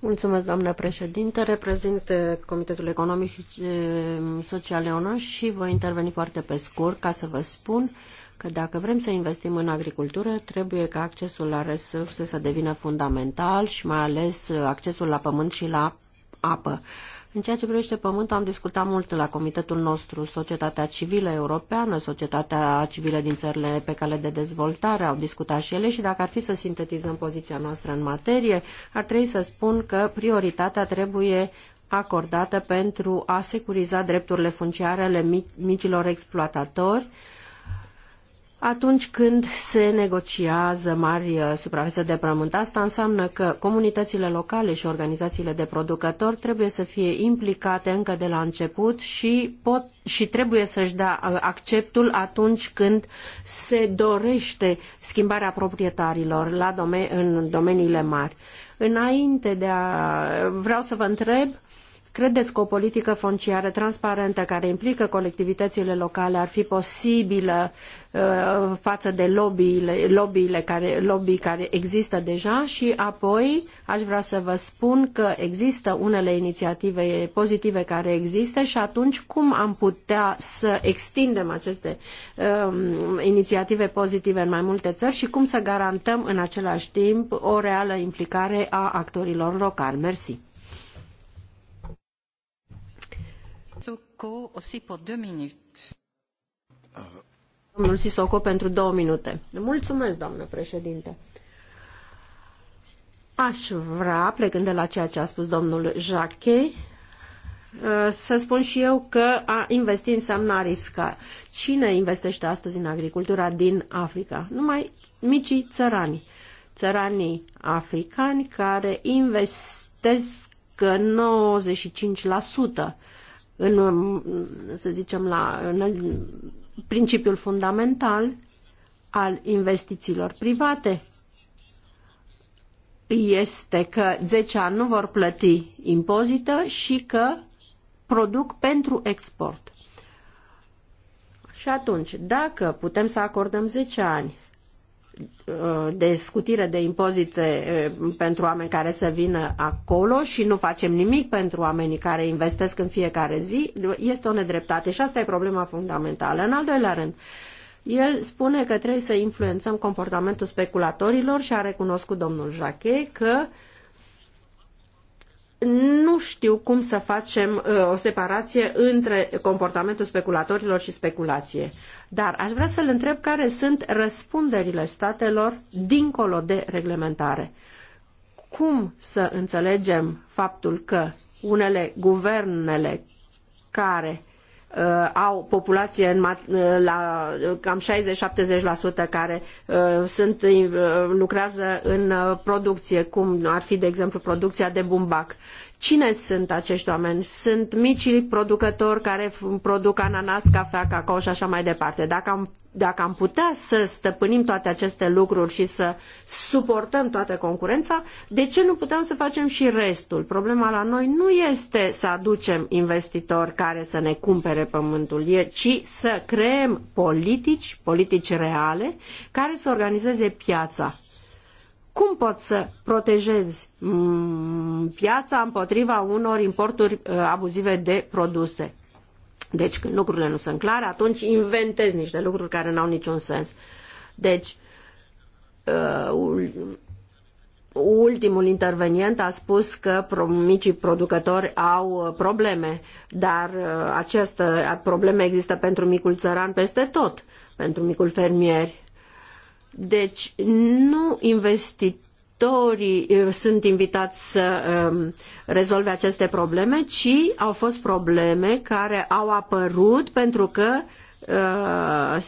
Mulțumesc, președinte. Reprezint eh, Comitetul Economic și eh, Social European și voi interveni foarte pe scurt ca să vă spun că dacă vrem să investim în agricultură, trebuie ca accesul la resurse să devină fundamental și mai ales eh, accesul la pământ și la apă. În ceea ce privește pământul, am discutat mult la comitetul nostru, societatea civilă europeană, societatea civilă din țările pe cale de dezvoltare, au discutat și ele și dacă ar fi să sintetizăm poziția noastră în materie, ar trebui să spun că prioritatea trebuie acordată pentru a securiza drepturile funciare ale micilor exploatatori, atunci când se negociază mari uh, suprafețe de prământ. Asta înseamnă că comunitățile locale și organizațiile de producători trebuie să fie implicate încă de la început și, pot, și trebuie să-și dea uh, acceptul atunci când se dorește schimbarea proprietarilor la dome- în domeniile mari. Înainte de a... vreau să vă întreb Credeți că o politică fonciară transparentă care implică colectivitățile locale ar fi posibilă uh, față de lobby-ile, lobby care, lobby care există deja? Și apoi aș vrea să vă spun că există unele inițiative pozitive care există și atunci cum am putea să extindem aceste um, inițiative pozitive în mai multe țări și cum să garantăm în același timp o reală implicare a actorilor locali. Mersi. Mulțumesc, doamnă președinte. Aș vrea, plecând de la ceea ce a spus domnul Jacquet, uh, să spun și eu că a investi înseamnă a risca. Cine investește astăzi în agricultura din Africa? Numai micii țărani. Țăranii africani care investesc 95% în, să zicem, la, în principiul fundamental al investițiilor private este că 10 ani nu vor plăti impozită și că produc pentru export. Și atunci, dacă putem să acordăm 10 ani Uh, de scutire de impozite uh, pentru oameni care să vină acolo și nu facem nimic pentru oamenii care investesc în fiecare zi, este o nedreptate și asta e problema fundamentală. În al doilea rând, el spune că trebuie să influențăm comportamentul speculatorilor și a recunoscut domnul Jacquet că uh, nu știu cum să facem uh, o separație între comportamentul speculatorilor și speculație. Dar aș vrea să-l întreb care sunt răspunderile statelor dincolo de reglementare. Cum să înțelegem faptul că unele guvernele care Uh, au populație în, uh, la uh, cam 60-70% care sunt, lucrează în producție, cum ar fi, de exemplu, producția de bumbac. Cine sunt acești oameni? Sunt micii producători care produc ananas, cafea, cacao și așa mai departe. Dacă am, dacă am putea să stăpânim toate aceste lucruri și să suportăm toată concurența, de ce nu putem să facem și restul? Problema la noi nu este să aducem investitori care să ne cumpere pământul, ci să creăm politici, politici reale, care să organizeze piața cum poți să protejezi mm, piața împotriva unor importuri uh, abuzive de produse. Deci când lucrurile nu sunt clare, atunci inventezi niște lucruri care nu au niciun sens. Deci, uh, ultimul intervenient a spus că micii producători au uh, probleme, dar aceste probleme există pentru micul țăran peste tot, pentru micul fermier deci nu investitorii eh, sunt invitați să ehm, rezolve aceste probleme, ci au fost probleme care au apărut pentru că eh,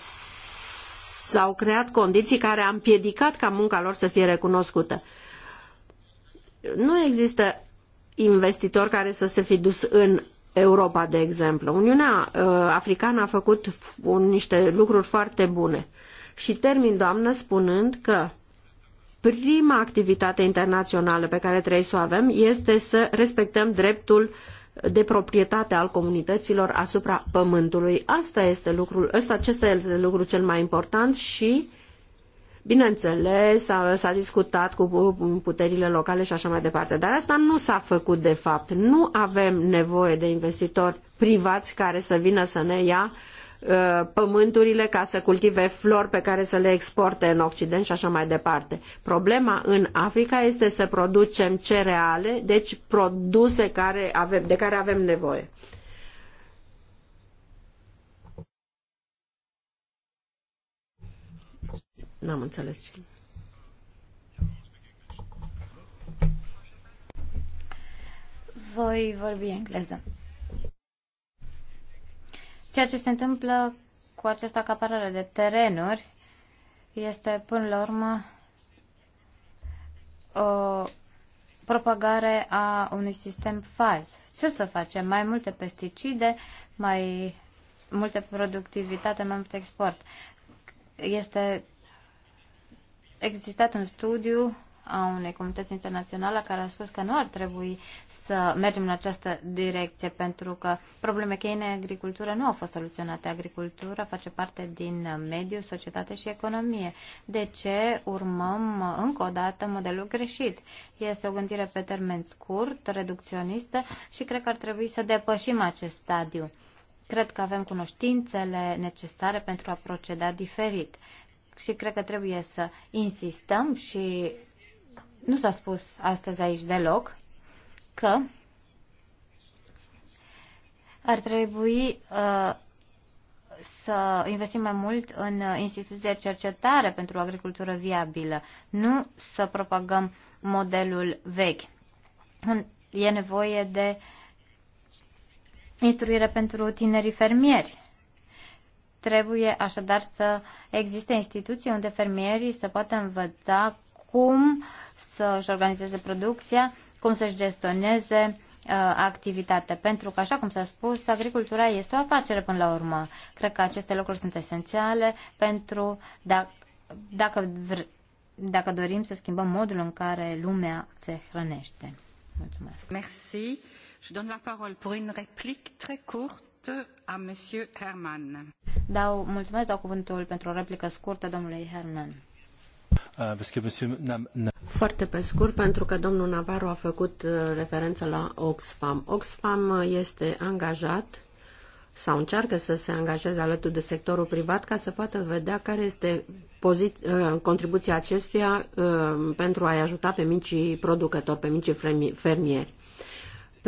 s-au creat condiții care au împiedicat ca munca lor să fie recunoscută. Nu există investitori care să se fi dus în Europa, de exemplu. Uniunea eh, Africană a făcut niște lucruri foarte bune. Și termin, doamnă, spunând că prima activitate internațională pe care trebuie să o avem este să respectăm dreptul de proprietate al comunităților asupra pământului. Asta este lucrul, asta, acesta este lucrul cel mai important și Bineînțeles, s-a discutat cu puterile locale și așa mai departe, dar asta nu s-a făcut de fapt. Nu avem nevoie de investitori privați care să vină să ne ia uh, Uh, pământurile ca să cultive flori pe care să le exporte în Occident și așa mai departe. Problema în Africa este să producem cereale, deci produse care avem, de care avem nevoie. N-am înțeles ce. Voi vorbi engleză. Ceea ce se întâmplă cu această acaparare de terenuri este, până la urmă, o propagare a unui sistem faz. Ce să facem? Mai multe pesticide, mai multe productivitate, mai mult export. Este existat un studiu a unei comunități internaționale care a spus că nu ar trebui să mergem în această direcție pentru că probleme cheie în agricultură nu au fost soluționate. Agricultura face parte din mediu, societate și economie. De ce urmăm încă o dată modelul greșit? Este o gândire pe termen scurt, reducționistă și cred că ar trebui să depășim acest stadiu. Cred că avem cunoștințele necesare pentru a proceda diferit și cred că trebuie să insistăm și nu s-a spus astăzi aici deloc că ar trebui uh, să investim mai mult în instituții de cercetare pentru o agricultură viabilă, nu să propagăm modelul vechi. E nevoie de instruire pentru tinerii fermieri. Trebuie așadar să existe instituții unde fermierii să poată învăța cum să-și organizeze producția, cum să-și gestioneze uh, activitate, pentru că, așa cum s-a spus, agricultura este o afacere până la urmă. Cred că aceste lucruri sunt esențiale pentru dacă, dacă, dacă dorim să schimbăm modul în care lumea se hrănește. Mulțumesc. Merci. Je donne la parole pour une réplique très courte à monsieur Herman. Dau, mulțumesc, dau cuvântul pentru o replică scurtă domnului Herman. Uh, Foarte pe scurt, pentru că domnul Navarro a făcut uh, referență la Oxfam. Oxfam uh, este angajat sau încearcă să se angajeze alături de sectorul privat ca să poată vedea care este contribuția acestuia pentru a-i ajuta pe micii producători, pe micii fermieri.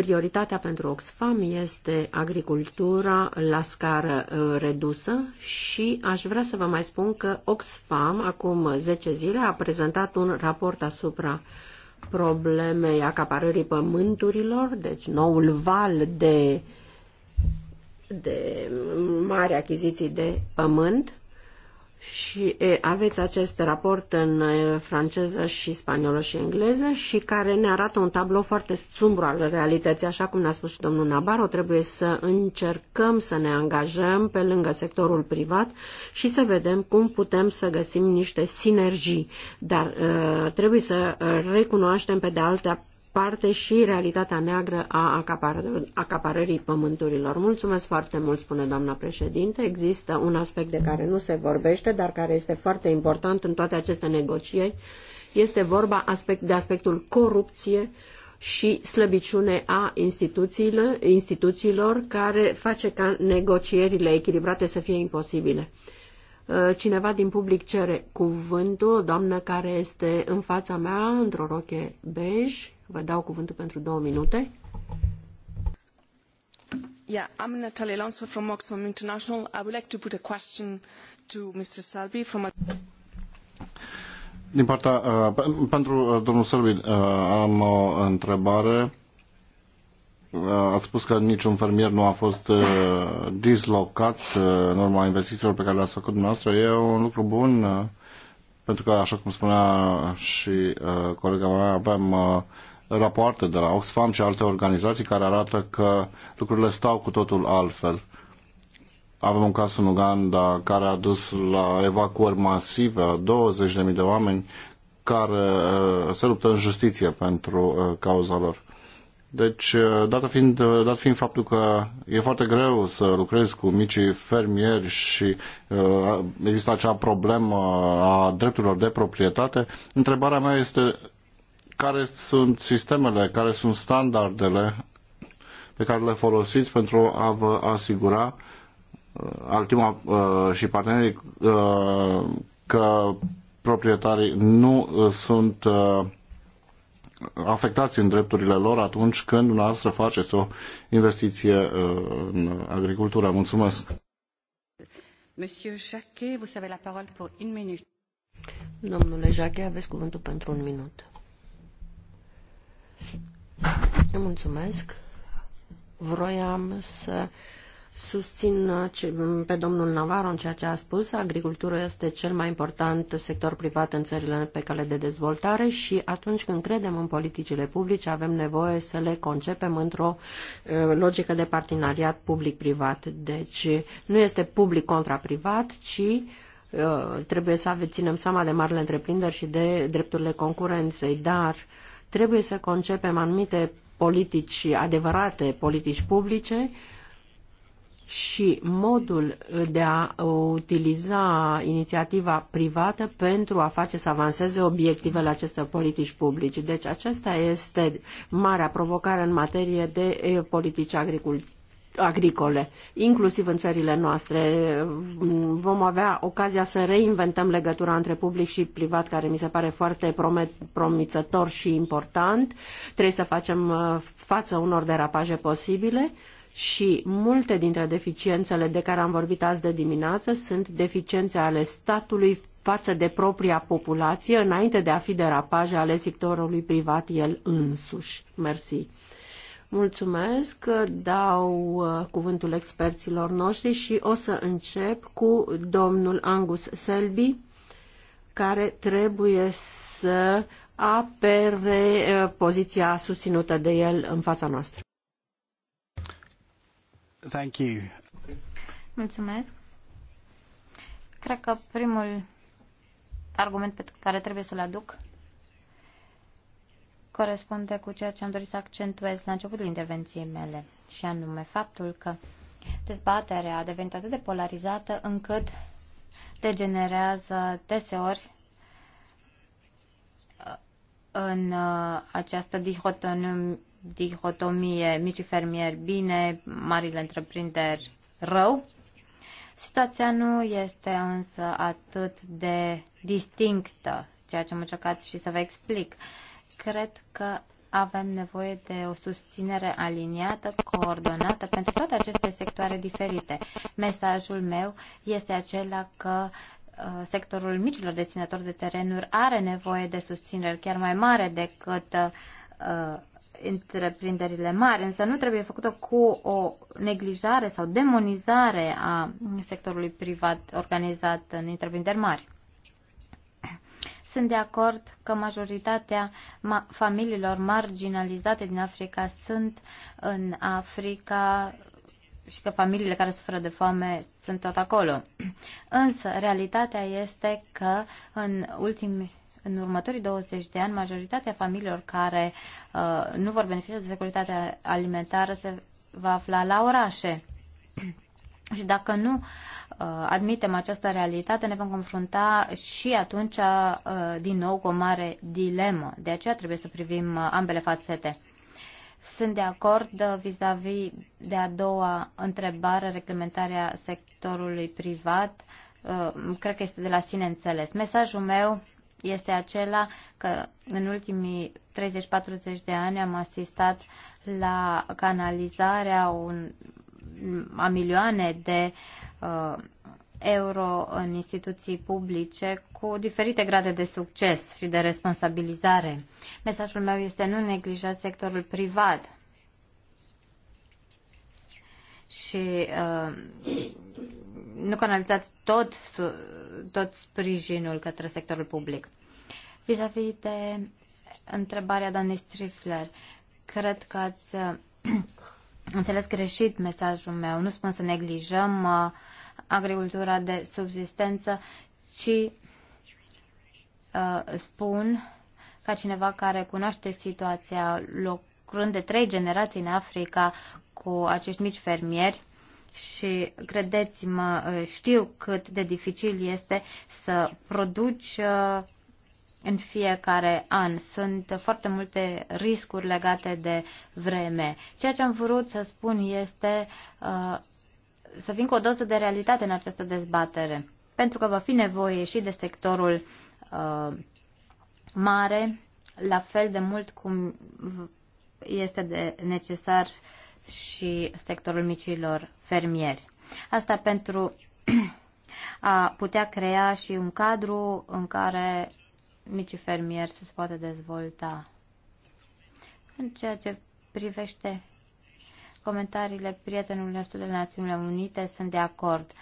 Prioritatea pentru Oxfam este agricultura la scară uh, redusă și aș vrea să vă mai spun că Oxfam acum 10 zile a prezentat un raport asupra problemei acaparării pământurilor, deci noul val de, de mari achiziții de pământ și e, aveți acest raport în franceză și spaniolă și engleză și care ne arată un tablou foarte sumbru al realității, așa cum ne-a spus și domnul Nabaro, trebuie să încercăm să ne angajăm pe lângă sectorul privat și să vedem cum putem să găsim niște sinergii, dar e, trebuie să recunoaștem pe de altă parte și realitatea neagră a acaparării pământurilor. Mulțumesc foarte mult, spune doamna președinte. Există un aspect de care nu se vorbește, dar care este foarte important în toate aceste negocieri. Este vorba aspect, de aspectul corupție și slăbiciune a instituțiilor, instituțiilor care face ca negocierile echilibrate să fie imposibile. Uh, cineva din public cere cuvântul, o doamnă care este în fața mea, într-o roche bej. Vă dau cuvântul pentru două minute. Yeah, I'm Natalia Alonso from Oxfam International. I would like to put a question to Mr. Salby from a... Din partea, uh, pentru uh, domnul Salvi uh, am o întrebare. Uh, ați spus că niciun fermier nu a fost uh, dislocat uh, în urma investițiilor pe care le-ați făcut dumneavoastră. E un lucru bun, uh, pentru că, așa cum spunea și uh, colega mea, avem uh, rapoarte de la Oxfam și alte organizații care arată că lucrurile stau cu totul altfel. Avem un caz în Uganda care a dus la evacuări masive a 20.000 de oameni care uh, se luptă în justiție pentru uh, cauza lor. Deci, uh, dată fiind, dat fiind faptul că e foarte greu să lucrezi cu micii fermieri și uh, există acea problemă a drepturilor de proprietate, întrebarea mea este care sunt sistemele, care sunt standardele pe care le folosiți pentru a vă asigura uh, Altima uh, și partenerii uh, că proprietarii nu sunt afectați în drepturile lor atunci când dumneavoastră faceți o investiție în agricultură. Mulțumesc! Monsieur Jacquet, vous avez la parole pour une minute. Domnule Jacquet, aveți cuvântul pentru un minut. Mulțumesc. Vroiam să susțin pe domnul Navarro în ceea ce a spus. Agricultura este cel mai important sector privat în țările pe cale de dezvoltare și atunci când credem în politicile publice avem nevoie să le concepem într-o eh, logică de parteneriat public-privat. Deci nu este public contra privat, ci eh, trebuie să ținem seama de marile întreprinderi și de drepturile concurenței, dar uh, Trebuie să concepem anumite politici adevărate, politici publice și modul de a utiliza inițiativa privată pentru a face să avanseze obiectivele acestor politici publici. Deci aceasta este marea provocare în materie de politici agricole agricole, inclusiv în țările noastre. Vom avea ocazia să reinventăm legătura între public și privat, care mi se pare foarte promițător și important. Trebuie să facem uh, față unor derapaje posibile și multe dintre deficiențele de care am vorbit azi de dimineață sunt deficiențe ale statului față de propria populație, înainte de a fi derapaje ale sectorului privat el însuși. Mersi. Mulțumesc, dau uh, cuvântul experților noștri și o să încep cu domnul Angus Selby, care trebuie să apere uh, poziția susținută de el în fața noastră. Thank you. Mulțumesc. Cred că primul argument pe care trebuie să-l aduc corespunde cu ceea ce am dorit să accentuez la începutul intervenției mele, și anume faptul că dezbaterea a devenit atât de polarizată încât degenerează deseori uh, în uh, această dihotomie, mici fermieri bine, marile întreprinderi rău. Situația nu este însă atât de distinctă, ceea ce am încercat și să vă explic. Uh, cred că avem nevoie de o susținere aliniată, coordonată pentru toate aceste sectoare diferite. Mesajul meu este acela că uh, sectorul micilor deținători de terenuri are nevoie de susținere chiar mai mare decât uh, întreprinderile mari, însă nu trebuie făcută cu o neglijare sau demonizare a sectorului privat organizat în întreprinderi mari. Sunt de acord că majoritatea ma- familiilor marginalizate din Africa sunt în Africa și că familiile care suferă de foame sunt tot acolo. Însă, realitatea este că în ultimii în următorii 20 de ani, majoritatea familiilor care uh, nu vor beneficia de securitatea alimentară se va afla la orașe. Și dacă nu uh, admitem această realitate, ne vom confrunta și atunci uh, din nou cu o mare dilemă. De aceea trebuie să privim uh, ambele fațete. Sunt de acord vis-a-vis -vis de a doua întrebare, reglementarea sectorului privat. Cred că este de la sine înțeles. Mesajul meu este acela că în ultimii 30-40 de ani am asistat la canalizarea un, a milioane de uh, euro în instituții publice cu diferite grade de succes și de responsabilizare. Mesajul meu este nu neglijați sectorul privat și uh, nu canalizați tot, tot sprijinul către sectorul public. Vis-a-vis -vis de întrebarea doamnei Strifler, cred că ați uh, înțeles greșit mesajul meu. Nu spun să neglijăm uh, agricultura de subsistență, ci uh, spun ca cineva care cunoaște situația lucrând de trei generații în Africa cu acești mici fermieri și credeți-mă, uh, știu cât de dificil este să produci uh, în fiecare an. Sunt foarte multe riscuri legate de vreme. Ceea ce am vrut să spun este uh, să vin cu o doză de realitate în această dezbatere, pentru că va fi nevoie și de sectorul uh, mare, la fel de mult cum este de necesar și sectorul micilor fermieri. Asta pentru a putea crea și un cadru în care micii fermieri să se poată dezvolta. În ceea ce privește comentariile prietenului nostru de Națiunile Unite, sunt de acord.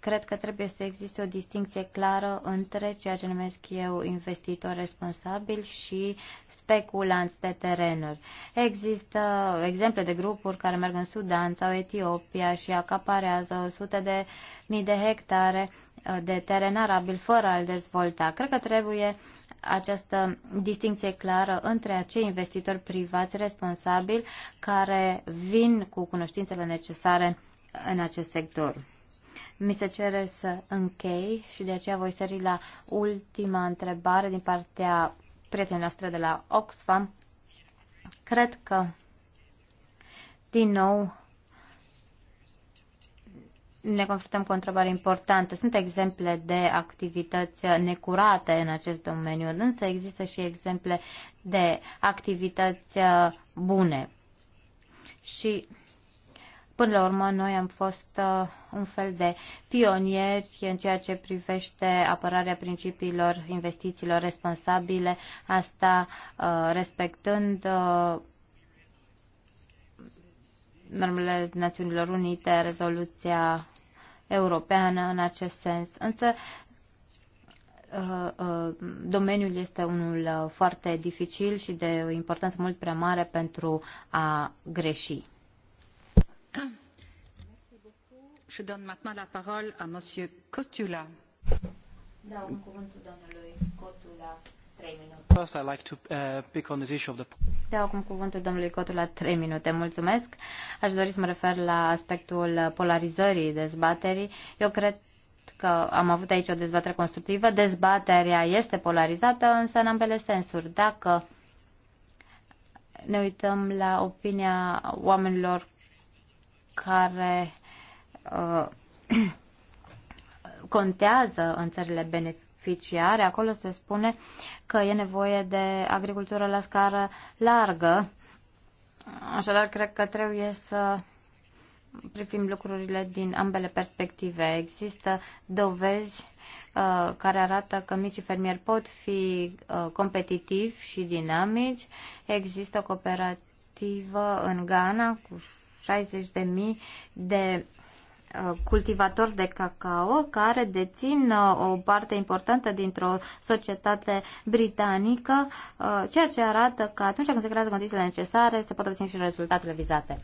Cred că trebuie să existe o distinție clară între ceea ce numesc eu investitor responsabil și speculanți de terenuri. Există exemple de grupuri care merg în Sudan sau Etiopia și acaparează sute de mii de hectare de teren arabil fără a-l dezvolta. Cred că trebuie această distinție clară între acei investitori privați responsabili care vin cu cunoștințele necesare în acest sector. Mi se cere să închei și de aceea voi sări la ultima întrebare din partea prietenii noastre de la Oxfam. Cred că, din nou, ne confruntăm cu o întrebare importantă. Sunt exemple de activități necurate în acest domeniu, însă există și exemple de activități uh, bune. Și Până la urmă, noi am fost uh, un fel de pionieri în ceea ce privește apărarea principiilor investițiilor responsabile, asta uh, respectând uh, normele Națiunilor Unite, rezoluția europeană în acest sens. Însă uh, uh, domeniul este unul uh, foarte dificil și de o importanță mult prea mare pentru a greși. Je donne maintenant la parole à monsieur Cotula. Da, un cuvântul domnului Cotula. Dau acum cuvântul domnului Cotu la trei minute. Mulțumesc. Aș dori să mă refer la aspectul polarizării dezbaterii. Eu cred că am avut aici o dezbatere constructivă. Dezbaterea este polarizată, însă în ambele sensuri. Dacă ne uităm la opinia oamenilor care uh, contează în țările beneficiare, beneficiare. Acolo se spune că e nevoie de agricultură la scară largă. Așadar, cred că trebuie să privim lucrurile din ambele perspective. Există dovezi uh, care arată că micii fermieri pot fi uh, competitivi și dinamici. Există o cooperativă în Ghana cu 60.000 de Uh, cultivatori de cacao care dețin uh, o parte importantă dintr-o societate britanică, uh, ceea ce arată că atunci când se creează condițiile necesare se pot obține și rezultatele vizate.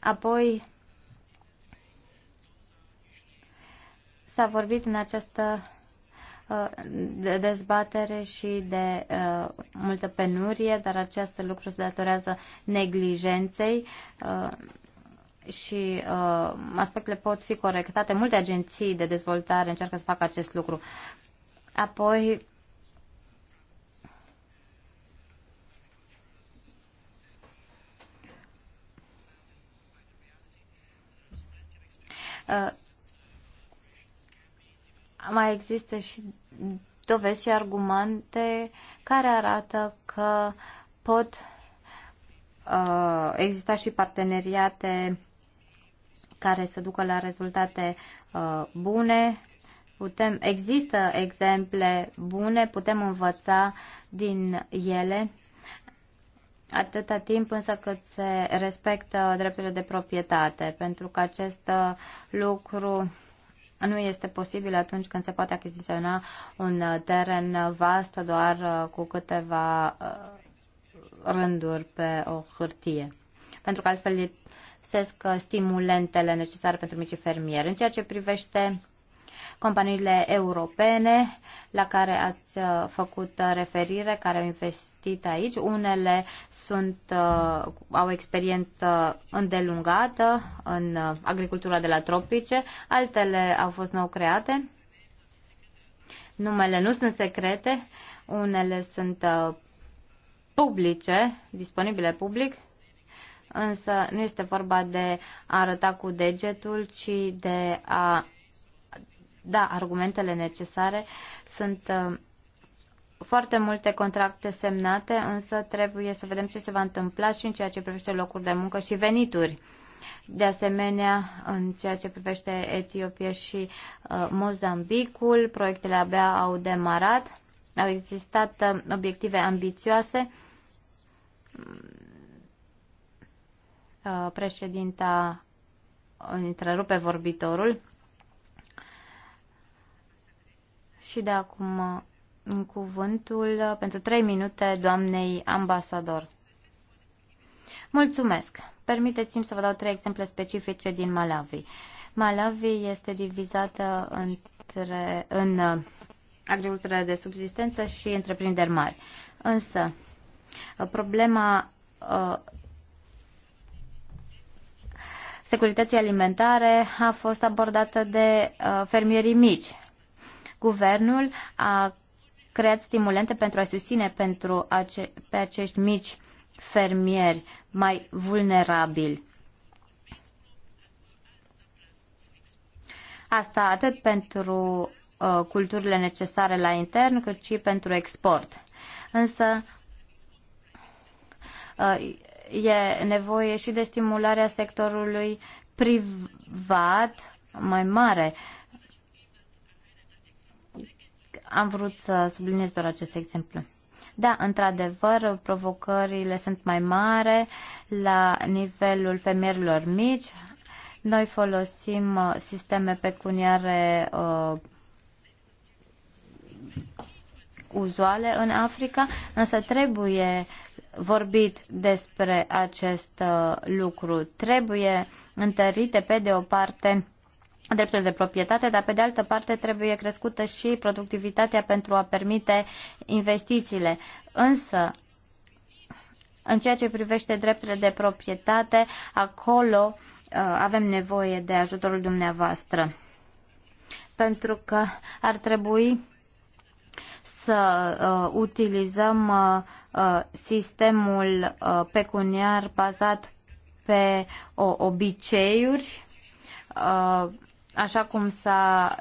Apoi s-a vorbit în această de dezbatere și de uh, multă penurie, dar acest lucru se datorează neglijenței. Uh, și uh, aspectele pot fi corectate. Multe agenții de dezvoltare încearcă să facă acest lucru. Apoi, uh, mai există și dovezi și argumente care arată că pot uh, exista și parteneriate care să ducă la rezultate uh, bune. Putem, există exemple bune, putem învăța din ele, atâta timp însă cât se respectă drepturile de proprietate, pentru că acest uh, lucru nu este posibil atunci când se poate achiziționa un uh, teren vast doar uh, cu câteva rânduri pe o hârtie. Pentru că altfel lipsesc uh, stimulentele necesare pentru micii fermieri. În ceea ce privește companiile europene la care ați uh, făcut uh, referire, care au investit aici. Unele sunt, au experiență îndelungată în agricultura de la tropice, altele au fost nou create. Numele nu sunt secrete, unele sunt publice, disponibile public însă nu este vorba de a arăta cu degetul, ci de a da argumentele necesare. Sunt uh, foarte multe contracte semnate, însă trebuie să vedem ce se va întâmpla și în ceea ce privește locuri de muncă și venituri. De asemenea, în ceea ce privește Etiopia și uh, Mozambicul, proiectele abia au demarat, au existat uh, obiective ambițioase Uh, președinta întrerupe vorbitorul. Și de acum uh, în cuvântul uh, pentru 3 minute doamnei ambasador. Mulțumesc! Permiteți-mi să vă dau trei exemple specifice din Malawi. Malawi este divizată între, în agricultura de subsistență și întreprinderi mari. Însă, problema securității alimentare a fost abordată de uh, fermierii mici. Guvernul a creat stimulente pentru a susține pentru ace- pe acești mici fermieri mai vulnerabili. Asta atât pentru uh, culturile necesare la intern, cât și pentru export. Însă, uh, e nevoie și de stimularea sectorului privat mai mare. Am vrut să subliniez doar acest exemplu. Da, într-adevăr, provocările sunt mai mari la nivelul femeilor mici. Noi folosim uh, sisteme pecuniare uh, uzuale în Africa, însă trebuie vorbit despre acest uh, lucru. Trebuie întărite, pe de o parte, drepturile de proprietate, dar pe de altă parte trebuie crescută și productivitatea pentru a permite investițiile. Însă, în ceea ce privește drepturile de proprietate, acolo uh, avem nevoie de ajutorul dumneavoastră. Pentru că ar trebui să uh, utilizăm uh, uh, sistemul uh, pecuniar bazat pe o, obiceiuri, uh, așa cum s-a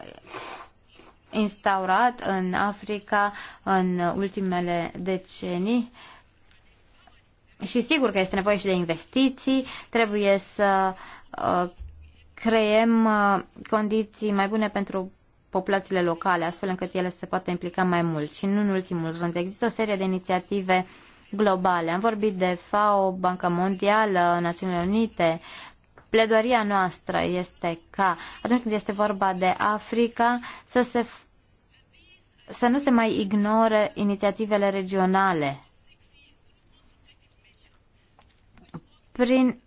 instaurat în Africa în ultimele decenii. Și sigur că este nevoie și de investiții, trebuie să uh, creăm uh, condiții mai bune pentru populațiile locale, astfel încât ele se poată implica mai mult. Și nu în ultimul rând, există o serie de inițiative globale. Am vorbit de FAO, Banca Mondială, Națiunile Unite. Pledoaria noastră este ca, atunci când este vorba de Africa, să, se, să nu se mai ignore inițiativele regionale. Prin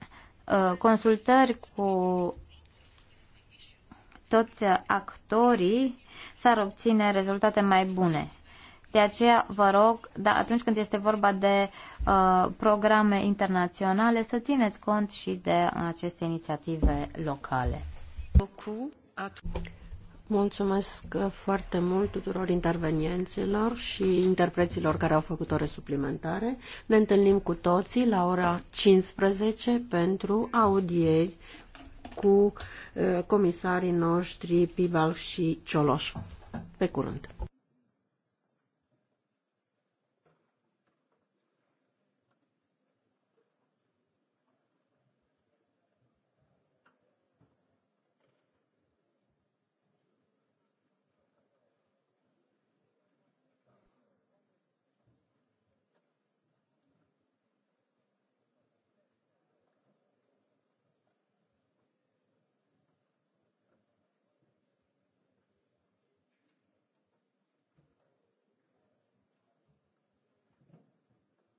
uh, consultări cu toți actorii s-ar obține rezultate mai bune. De aceea vă rog, da, atunci când este vorba de uh, programe internaționale, să țineți cont și de aceste inițiative locale. Mulțumesc foarte mult tuturor intervenienților și interpreților care au făcut ore suplimentare. Ne întâlnim cu toții la ora 15 pentru audieri cu comisarii noștri Pival și Cioloș. Pe curând!